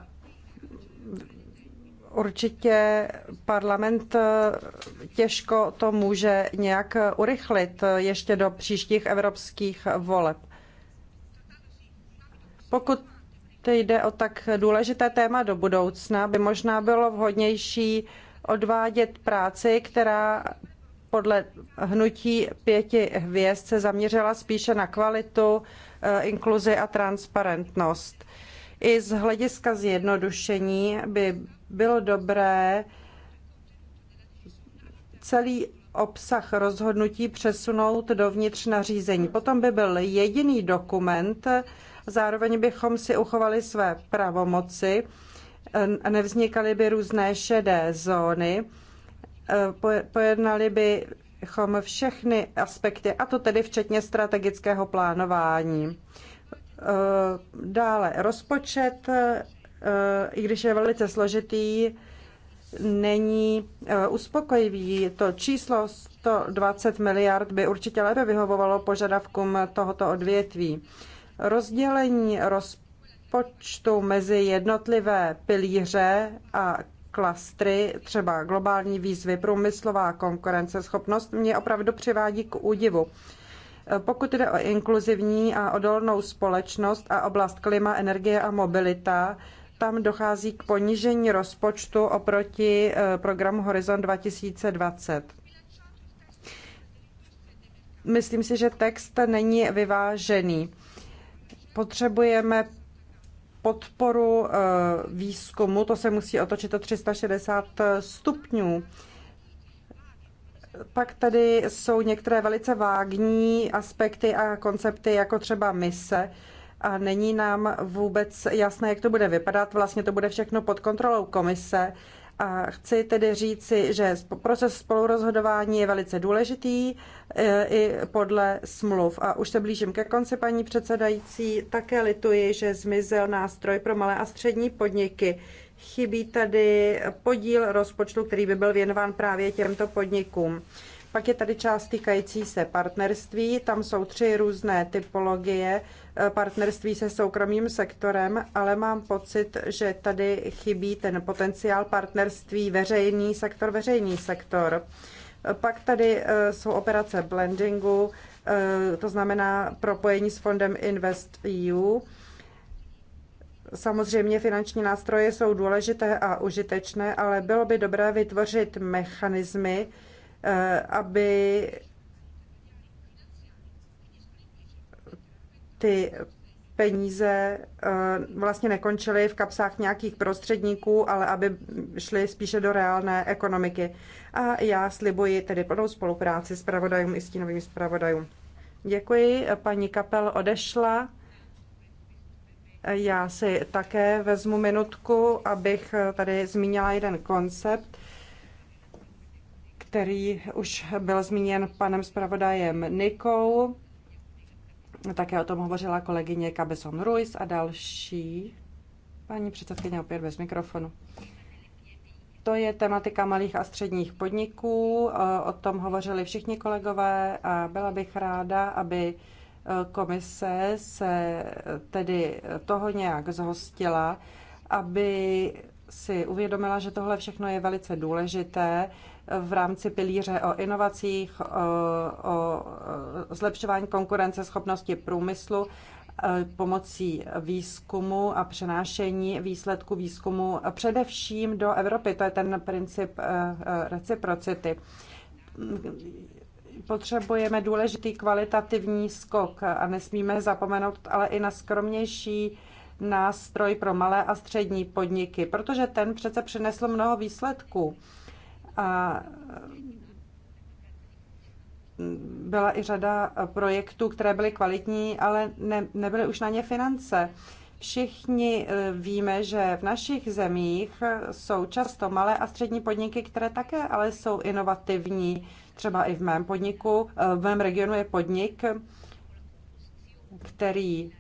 Speaker 1: určitě parlament eh, těžko to může nějak urychlit ještě do příštích evropských voleb. Pokud jde o tak důležité téma do budoucna, by možná bylo vhodnější odvádět práci, která podle hnutí pěti hvězd se zaměřila spíše na kvalitu, eh, inkluzi a transparentnost. I z hlediska zjednodušení by bylo dobré celý obsah rozhodnutí přesunout dovnitř nařízení. Potom by byl jediný dokument, zároveň bychom si uchovali své pravomoci, nevznikaly by různé šedé zóny, pojednali bychom všechny aspekty, a to tedy včetně strategického plánování. Dále rozpočet Eh, i když je velice složitý, není eh, uspokojivý. To číslo 120 miliard by určitě lépe vyhovovalo požadavkům tohoto odvětví. Rozdělení rozpočtu mezi jednotlivé pilíře a klastry, třeba globální výzvy, průmyslová konkurenceschopnost, mě opravdu přivádí k údivu. Eh, pokud jde o inkluzivní a odolnou společnost a oblast klima, energie a mobilita, tam dochází k ponížení rozpočtu oproti eh, programu Horizon 2020. Myslím si, že text není vyvážený. Potřebujeme podporu eh, výzkumu, to se musí otočit o 360 stupňů. Pak tady jsou některé velice vágní aspekty a koncepty, jako třeba mise, a není nám vůbec jasné, jak to bude vypadat. Vlastně to bude všechno pod kontrolou komise. A chci tedy říci, že proces spolurozhodování je velice důležitý e, i podle smluv. A už se blížím ke konci, paní předsedající. Také lituji, že zmizel nástroj pro malé a střední podniky. Chybí tady podíl rozpočtu, který by byl věnován právě těmto podnikům. Pak je tady část týkající se partnerství. Tam jsou tři různé typologie eh, partnerství se soukromým sektorem, ale mám pocit, že tady chybí ten potenciál partnerství veřejný sektor, veřejný sektor. Pak tady eh, jsou operace blendingu, eh, to znamená propojení s fondem Invest EU. Samozřejmě finanční nástroje jsou důležité a užitečné, ale bylo by dobré vytvořit mechanismy, Eh, aby ty peníze eh, vlastně nekončily v kapsách nějakých prostředníků, ale aby šly spíše do reálné ekonomiky. A já slibuji tedy plnou spolupráci s pravodajům i stínovým zpravodajům. Děkuji, paní Kapel odešla. Já si také vezmu minutku, abych tady zmínila jeden koncept, který už byl zmíněn panem zpravodajem Nikou. Také o tom hovořila kolegyně Cabezon Ruiz a další. Paní předsedkyně opět bez mikrofonu. To je tematika malých a středních podniků. O tom hovořili všichni kolegové a byla bych ráda, aby komise se tedy toho nějak zhostila, aby si uvědomila, že tohle všechno je velice důležité v rámci pilíře o inovacích, o zlepšování konkurenceschopnosti průmyslu e, pomocí výzkumu a přenášení výsledku výzkumu především do Evropy. To je ten princip e, e, reciprocity. Potřebujeme důležitý kvalitativní skok a nesmíme zapomenout ale i na skromnější nástroj pro malé a střední podniky, protože ten přece přinesl mnoho výsledků. A mm, byla i řada projektů, které byly kvalitní, ale ne, nebyly už na ně finance. Všichni e, víme, že v našich zemích e, jsou často malé a střední podniky, které také ale jsou inovativní. Třeba i v mém podniku, e, v mém regionu je podnik, který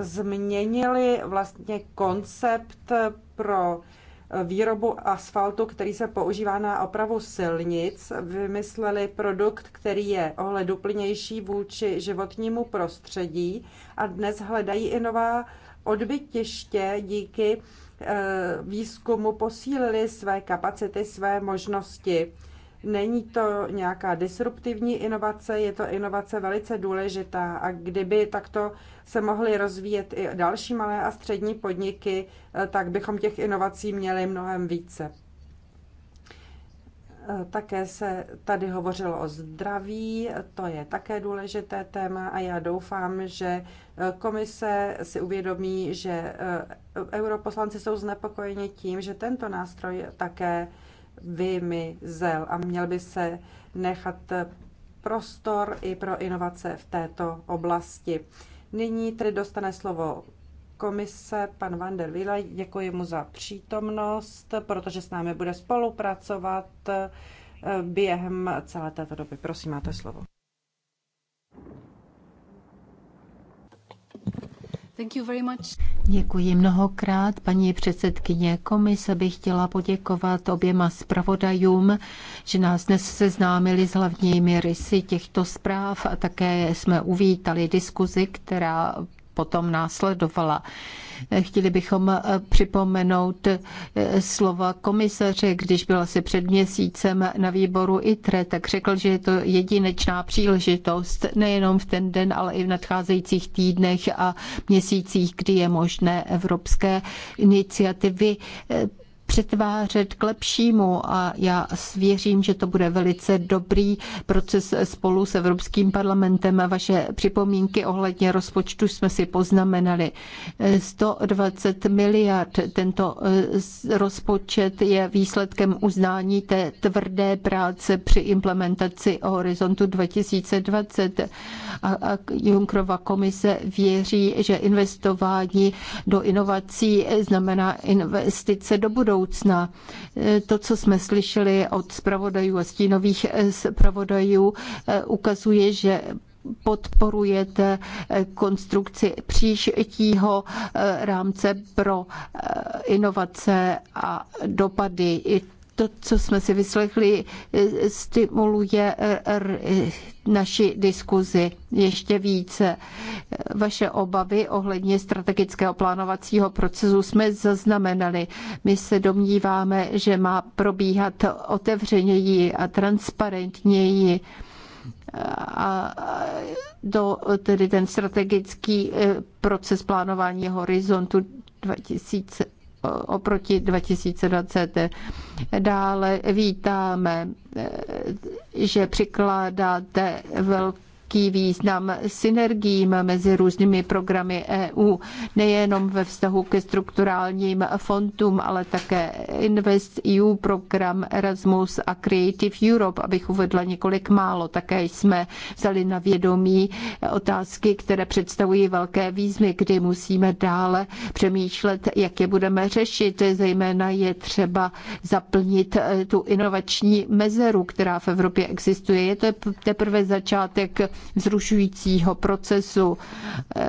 Speaker 1: změnili vlastně koncept pro výrobu asfaltu, který se používá na opravu silnic, vymysleli produkt, který je ohleduplnější vůči životnímu prostředí a dnes hledají i nová odbytiště díky eh, výzkumu, posílili své kapacity, své možnosti. Není to nějaká disruptivní inovace, je to inovace velice důležitá a kdyby takto se mohly rozvíjet i další malé a střední podniky, eh, tak bychom těch inovací měli mnohem více. Eh, také se tady hovořilo o zdraví, to je také důležité téma a já doufám, že eh, komise si uvědomí, že europoslanci jsou znepokojeni tím, že tento nástroj také vymizel a měl by se nechat prostor i pro inovace v této oblasti. Nyní tedy dostane slovo komise pan van der Wille. Děkuji mu za přítomnost, protože s námi bude spolupracovat eh, během celé této doby. Prosím, máte slovo.
Speaker 2: Děkuji mnohokrát, paní předsedkyně komise bych chtěla poděkovat oběma zpravodajům, že nás dnes seznámili s hlavními rysy těchto zpráv a také jsme uvítali diskuzi, která potom následovala. Chtěli bychom eh, připomenout eh, slova komisaře, když byla asi před měsícem na výboru ITRE, tak řekl, že je to jedinečná příležitost nejenom v ten den, ale i v nadcházejících týdnech a měsících, kdy je možné evropské iniciativy eh, přetvářet k lepšímu a já věřím, že to bude velice dobrý proces spolu s Evropským parlamentem. Vaše připomínky ohledně rozpočtu jsme si poznamenali. 120 miliard tento eh, rozpočet je výsledkem uznání té tvrdé práce při implementaci horizontu 2020 a Junkrova komise věří, že investování do inovací znamená investice do budoucna budoucna. E, to, co jsme slyšeli od zpravodajů a stínových e, zpravodajů, e, ukazuje, že podporujete konstrukci příštího rámce pro inovace a dopady. I to, co jsme si vyslechli, eh, stimuluje eh, eh, naši diskuzi ještě více. Vaše obavy ohledně strategického plánovacího procesu jsme zaznamenali. My se domníváme, že má probíhat otevřeněji a transparentněji a do, tedy ten strategický proces plánování horizontu 2000 oproti 2020. Dále vítáme, že přikládáte velkou velký význam synergiím mezi různými programy EU, nejenom ve vztahu ke strukturálním fondům, ale také Invest EU program Erasmus a Creative Europe, abych uvedla několik málo. Také jsme vzali na vědomí otázky, které představují velké výzvy, kdy musíme dále přemýšlet, jak je budeme řešit. Zejména je třeba zaplnit eh, tu inovační mezeru, která v Evropě existuje. Je to teprve začátek vzrušujícího procesu.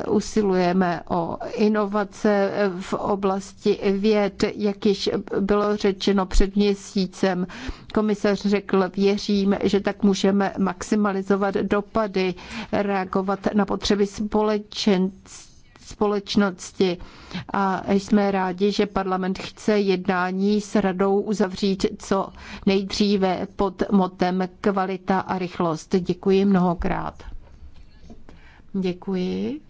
Speaker 2: Usilujeme o inovace v oblasti věd, jak již bylo řečeno před měsícem. Komisař řekl, věřím, že tak můžeme maximalizovat dopady, reagovat na potřeby společenství společnosti. A jsme rádi, že parlament chce jednání s radou uzavřít co nejdříve pod motem kvalita a rychlost. Děkuji mnohokrát. Děkuji.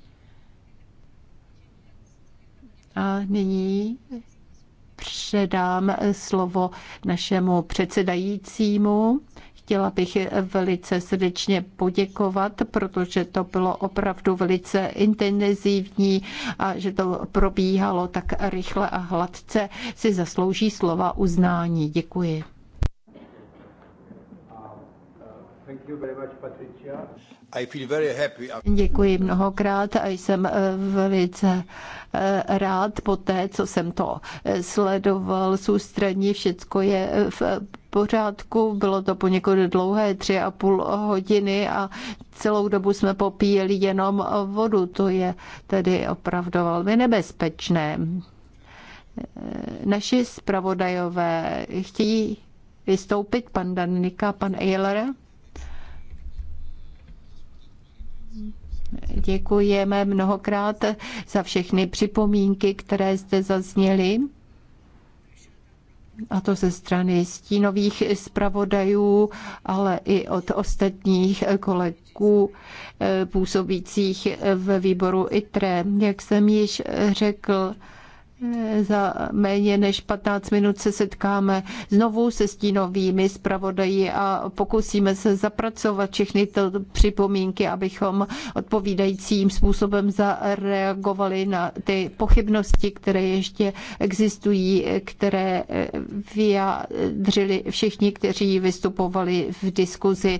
Speaker 2: A nyní předám slovo našemu předsedajícímu Chtěla bych velice srdečně poděkovat, protože to bylo opravdu velice intenzivní a že to probíhalo tak rychle a hladce, si zaslouží slova uznání. Děkuji. Děkuji mnohokrát a jsem eh, velice eh, rád po té, co jsem to eh, sledoval z ústraní. Všecko je v pořádku. Bylo to poněkud dlouhé, tři a půl hodiny a celou dobu jsme popíjeli jenom vodu. To je tedy opravdu velmi nebezpečné. E, naši zpravodajové chtějí vystoupit, pan Danika, pan Eiler. Děkujeme mnohokrát za všechny připomínky, které jste zazněli a to ze strany stínových zpravodajů, ale i od ostatních kolegů eh, působících ve výboru ITRE. Jak jsem již řekl, za méně než 15 minut se setkáme znovu se stínovými zpravodaji a pokusíme se zapracovat všechny to připomínky, abychom odpovídajícím způsobem zareagovali na ty pochybnosti, které ještě existují, které vyjádřili všichni, kteří vystupovali v diskuzi.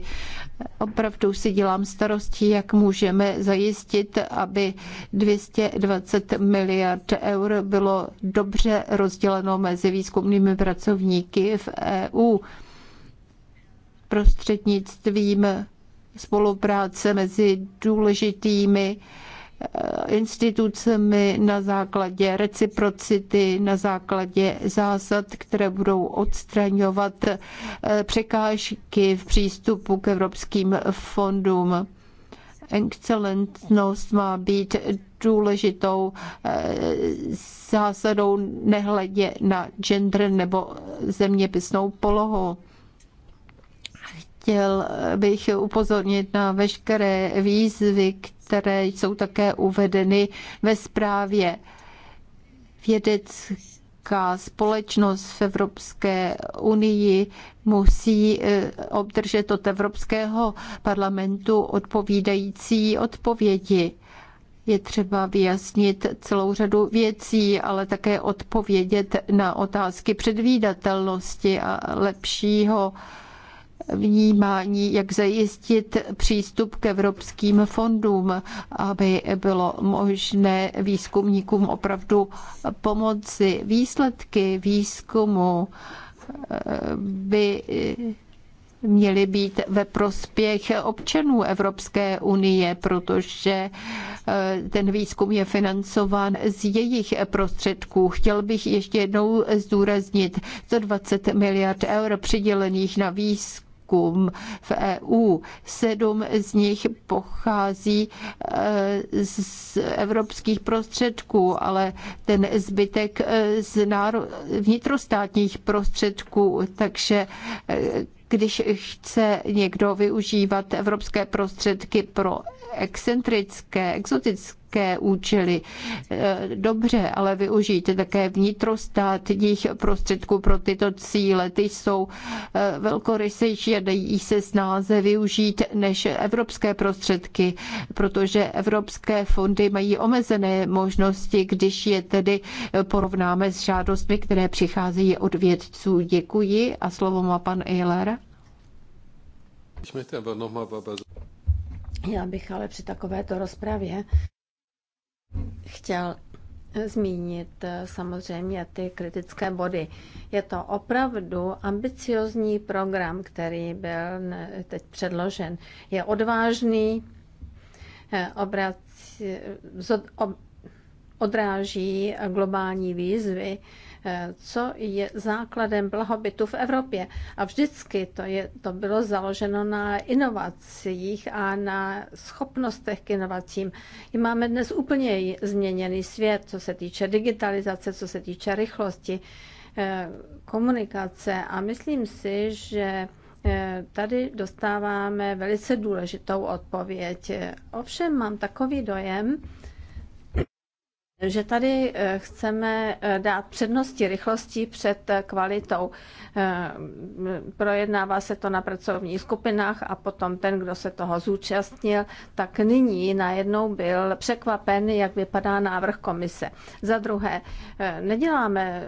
Speaker 2: Opravdu si dělám starosti, jak můžeme zajistit, aby 220 miliard eur bylo dobře rozděleno mezi výzkumnými pracovníky v EU prostřednictvím spolupráce mezi důležitými Eh, institucemi na základě reciprocity, na základě zásad, které budou odstraňovat eh, překážky v přístupu k evropským fondům. Excelentnost má být důležitou eh, zásadou nehledě na gender nebo zeměpisnou polohu chtěl bych upozornit na veškeré výzvy, které jsou také uvedeny ve zprávě. Vědecká společnost v Evropské unii musí e, obdržet od Evropského parlamentu odpovídající odpovědi. Je třeba vyjasnit celou řadu věcí, ale také odpovědět na otázky předvídatelnosti a lepšího vnímání, jak zajistit přístup k evropským fondům, aby bylo možné výzkumníkům opravdu pomoci. Výsledky výzkumu eh, by eh, měly být ve prospěch občanů Evropské unie, protože eh, ten výzkum je financován z jejich prostředků. Chtěl bych ještě jednou zdůraznit 120 miliard eur přidělených na výzkum jazykům v EU. Sedm z nich pochází eh, z evropských prostředků, ale ten zbytek eh, z náro... vnitrostátních prostředků, takže eh, když chce někdo využívat evropské prostředky pro excentrické, exotické, nějaké účely. Eh, dobře, ale využijte také vnitrostátních prostředků pro tyto cíle. Ty jsou eh, velkorysejší a dají se snáze využít než evropské prostředky, protože evropské fondy mají omezené možnosti, když je tedy eh, porovnáme s žádostmi, které přicházejí od vědců. Děkuji a slovo má pan Eiler.
Speaker 1: No,
Speaker 2: Já bych ale při takovéto rozpravě
Speaker 3: chtěl zmínit eh, samozřejmě ty kritické body. Je to opravdu ambiciozní program, který byl teď předložen. Je odvážný, eh, obrací, eh, odráží globální výzvy, Eh, co je základem blahobytu v Evropě. A vždycky to, je, to bylo založeno na inovacích a na schopnostech k inovacím. I máme dnes úplně změněný svět, co se týče digitalizace, co se týče rychlosti eh, komunikace. A myslím si, že eh, tady dostáváme velice důležitou odpověď. Ovšem mám takový dojem, že tady eh, chceme eh, dát přednosti rychlosti před eh, kvalitou. Projednává se to na pracovních skupinách a potom ten, kdo se toho zúčastnil, tak nyní najednou byl překvapen, jak vypadá návrh komise. Za druhé, neděláme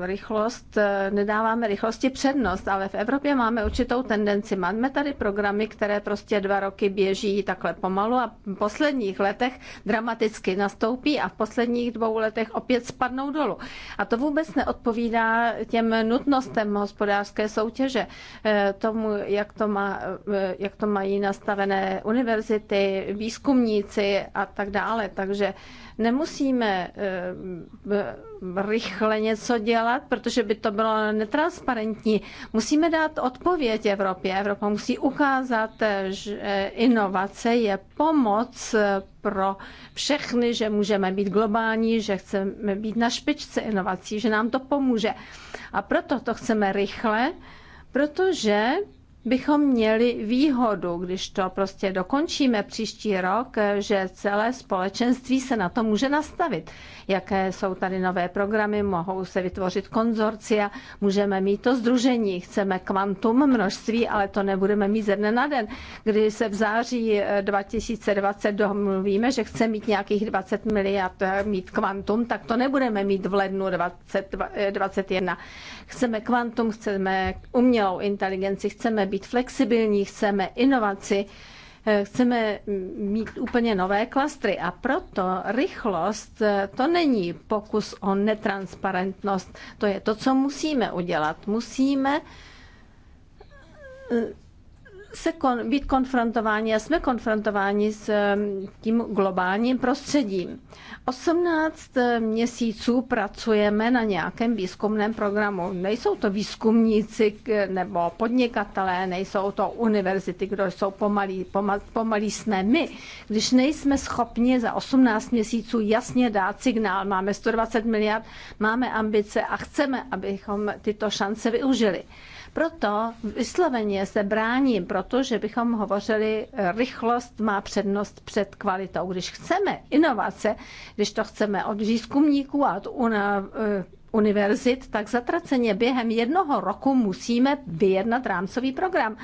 Speaker 3: rychlost, nedáváme rychlosti přednost, ale v Evropě máme určitou tendenci. Máme tady programy, které prostě dva roky běží takhle pomalu a v posledních letech dramaticky nastoupí a v posledních posledních dvou letech opět spadnou dolů. A to vůbec neodpovídá těm nutnostem hospodářské soutěže, eh, tomu, jak to, má, eh, jak to mají nastavené univerzity, výzkumníci a tak dále. Takže Nemusíme eh, eh, rychle něco dělat, protože by to bylo netransparentní. Musíme dát odpověď Evropě. Evropa musí ukázat, že inovace je pomoc pro všechny, že můžeme být globální, že chceme být na špičce inovací, že nám to pomůže. A proto to chceme rychle, protože bychom měli výhodu, když to prostě dokončíme příští rok, že celé společenství se na to může nastavit. Jaké jsou tady nové programy, mohou se vytvořit konzorcia, můžeme mít to združení, chceme kvantum množství, ale to nebudeme mít ze dne na den. Kdy se v září 2020 eh, domluvíme, že chceme mít nějakých 20 miliard eh, mít kvantum, tak to nebudeme mít v lednu 2021. Eh, chceme kvantum, chceme umělou inteligenci, chceme být flexibilní, chceme inovaci, eh, chceme mít úplně nové klastry a proto rychlost eh, to není pokus o netransparentnost. To je to, co musíme udělat. Musíme eh, se kon, být konfrontováni a jsme konfrontováni s tím globálním prostředím. 18 eh, měsíců pracujeme na nějakém výzkumném programu. Nejsou to výzkumníci nebo podnikatelé, nejsou to univerzity, kdo jsou pomalí, pomalí jsme my. Když nejsme schopni za 18 měsíců jasně dát signál, máme 120 miliard, máme ambice a chceme, abychom tyto šance využili. Proto vysloveně se bráním, protože bychom hovořili, rychlost má přednost před kvalitou. Když chceme inovace, když to chceme od výzkumníků a od una, eh, univerzit, tak zatraceně během jednoho roku musíme vyjednat rámcový program.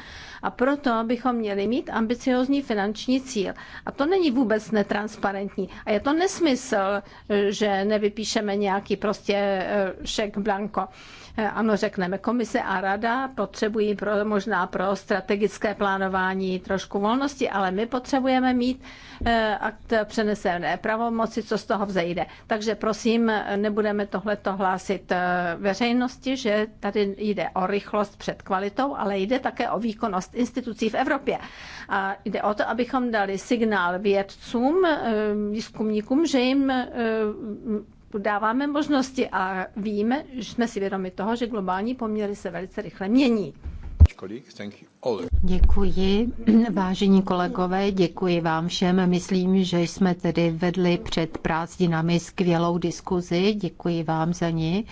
Speaker 3: A proto bychom měli mít ambiciozní finanční cíl. A to není vůbec netransparentní. A je to nesmysl, že nevypíšeme nějaký prostě eh, šek blanko. Ano, řekneme, komise a rada potřebují pro, možná pro strategické plánování trošku volnosti, ale my potřebujeme mít eh, akt přenesené pravomoci, co z toho vzejde. Takže prosím, nebudeme tohleto hlásit eh, veřejnosti, že tady jde o rychlost před kvalitou, ale jde také o výkonnost institucí v Evropě. A jde o to, abychom dali signál vědcům, eh, výzkumníkům, že jim dáváme možnosti a víme, že jsme si vědomi toho, že globální
Speaker 2: poměry se velice rychle mění. Děkuji, vážení kolegové, děkuji vám všem. Myslím, že jsme tedy vedli před prázdninami skvělou diskuzi. Děkuji vám za ní.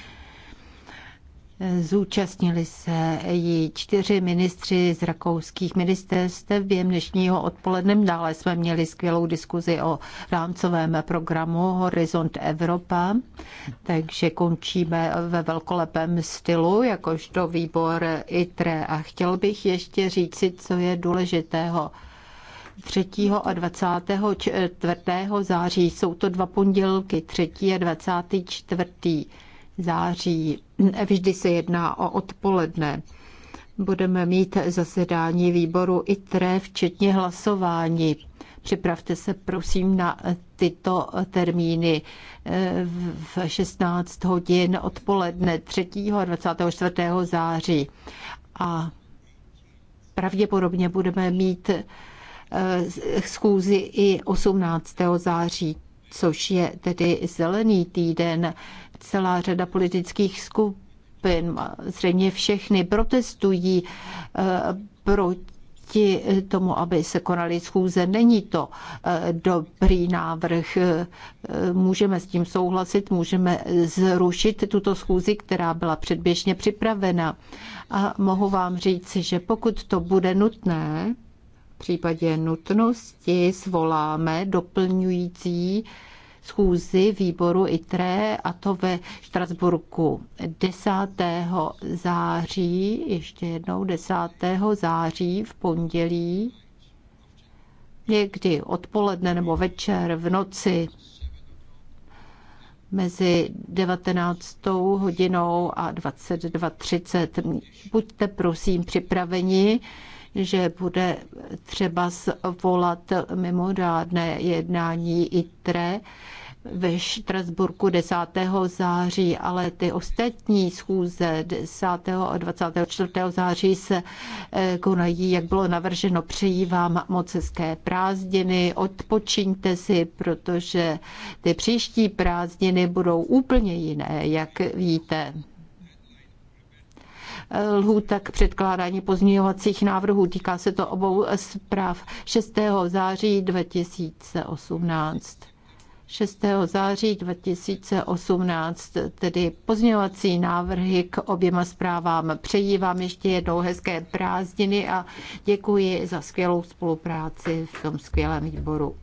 Speaker 2: Zúčastnili se ji čtyři ministři z rakouských ministerstev během dnešního odpoledne. Dále jsme měli skvělou diskuzi o rámcovém programu Horizont Evropa, takže končíme ve velkolepém stylu, jakožto výbor ITRE. A chtěl bych ještě říci, co je důležitého. 3. a 24. září jsou to dva pondělky, 3. a 24 září. Vždy se jedná o odpoledne. Budeme mít zasedání výboru ITRE, včetně hlasování. Připravte se prosím na tyto termíny v 16 hodin odpoledne 3. a 24. září. A pravděpodobně budeme mít eh, schůzi i 18. září, což je tedy zelený týden celá řada politických skupin, zřejmě všechny, protestují eh, proti tomu, aby se konaly schůze. Není to eh, dobrý návrh. Eh, můžeme s tím souhlasit, můžeme zrušit tuto schůzi, která byla předběžně připravena. A mohu vám říct, že pokud to bude nutné, v případě nutnosti zvoláme doplňující schůzi výboru ITRE a to ve Štrasburku 10. září, ještě jednou 10. září v pondělí, někdy odpoledne nebo večer v noci mezi 19. hodinou a 22.30. Buďte prosím připraveni, že bude třeba zvolat mimořádné jednání ITRE ve Štrasburku 10. září, ale ty ostatní schůze 10. a 24. září se eh, konají, jak bylo navrženo. Přeji vám moc hezké prázdniny, odpočiňte si, protože ty příští prázdniny budou úplně jiné, jak víte lhůta tak předkládání pozměňovacích návrhů. Týká se to obou zpráv 6. září 2018. 6. září 2018, tedy pozměňovací návrhy k oběma zprávám. Přeji vám ještě jednou hezké prázdniny a děkuji za skvělou spolupráci v tom skvělém výboru.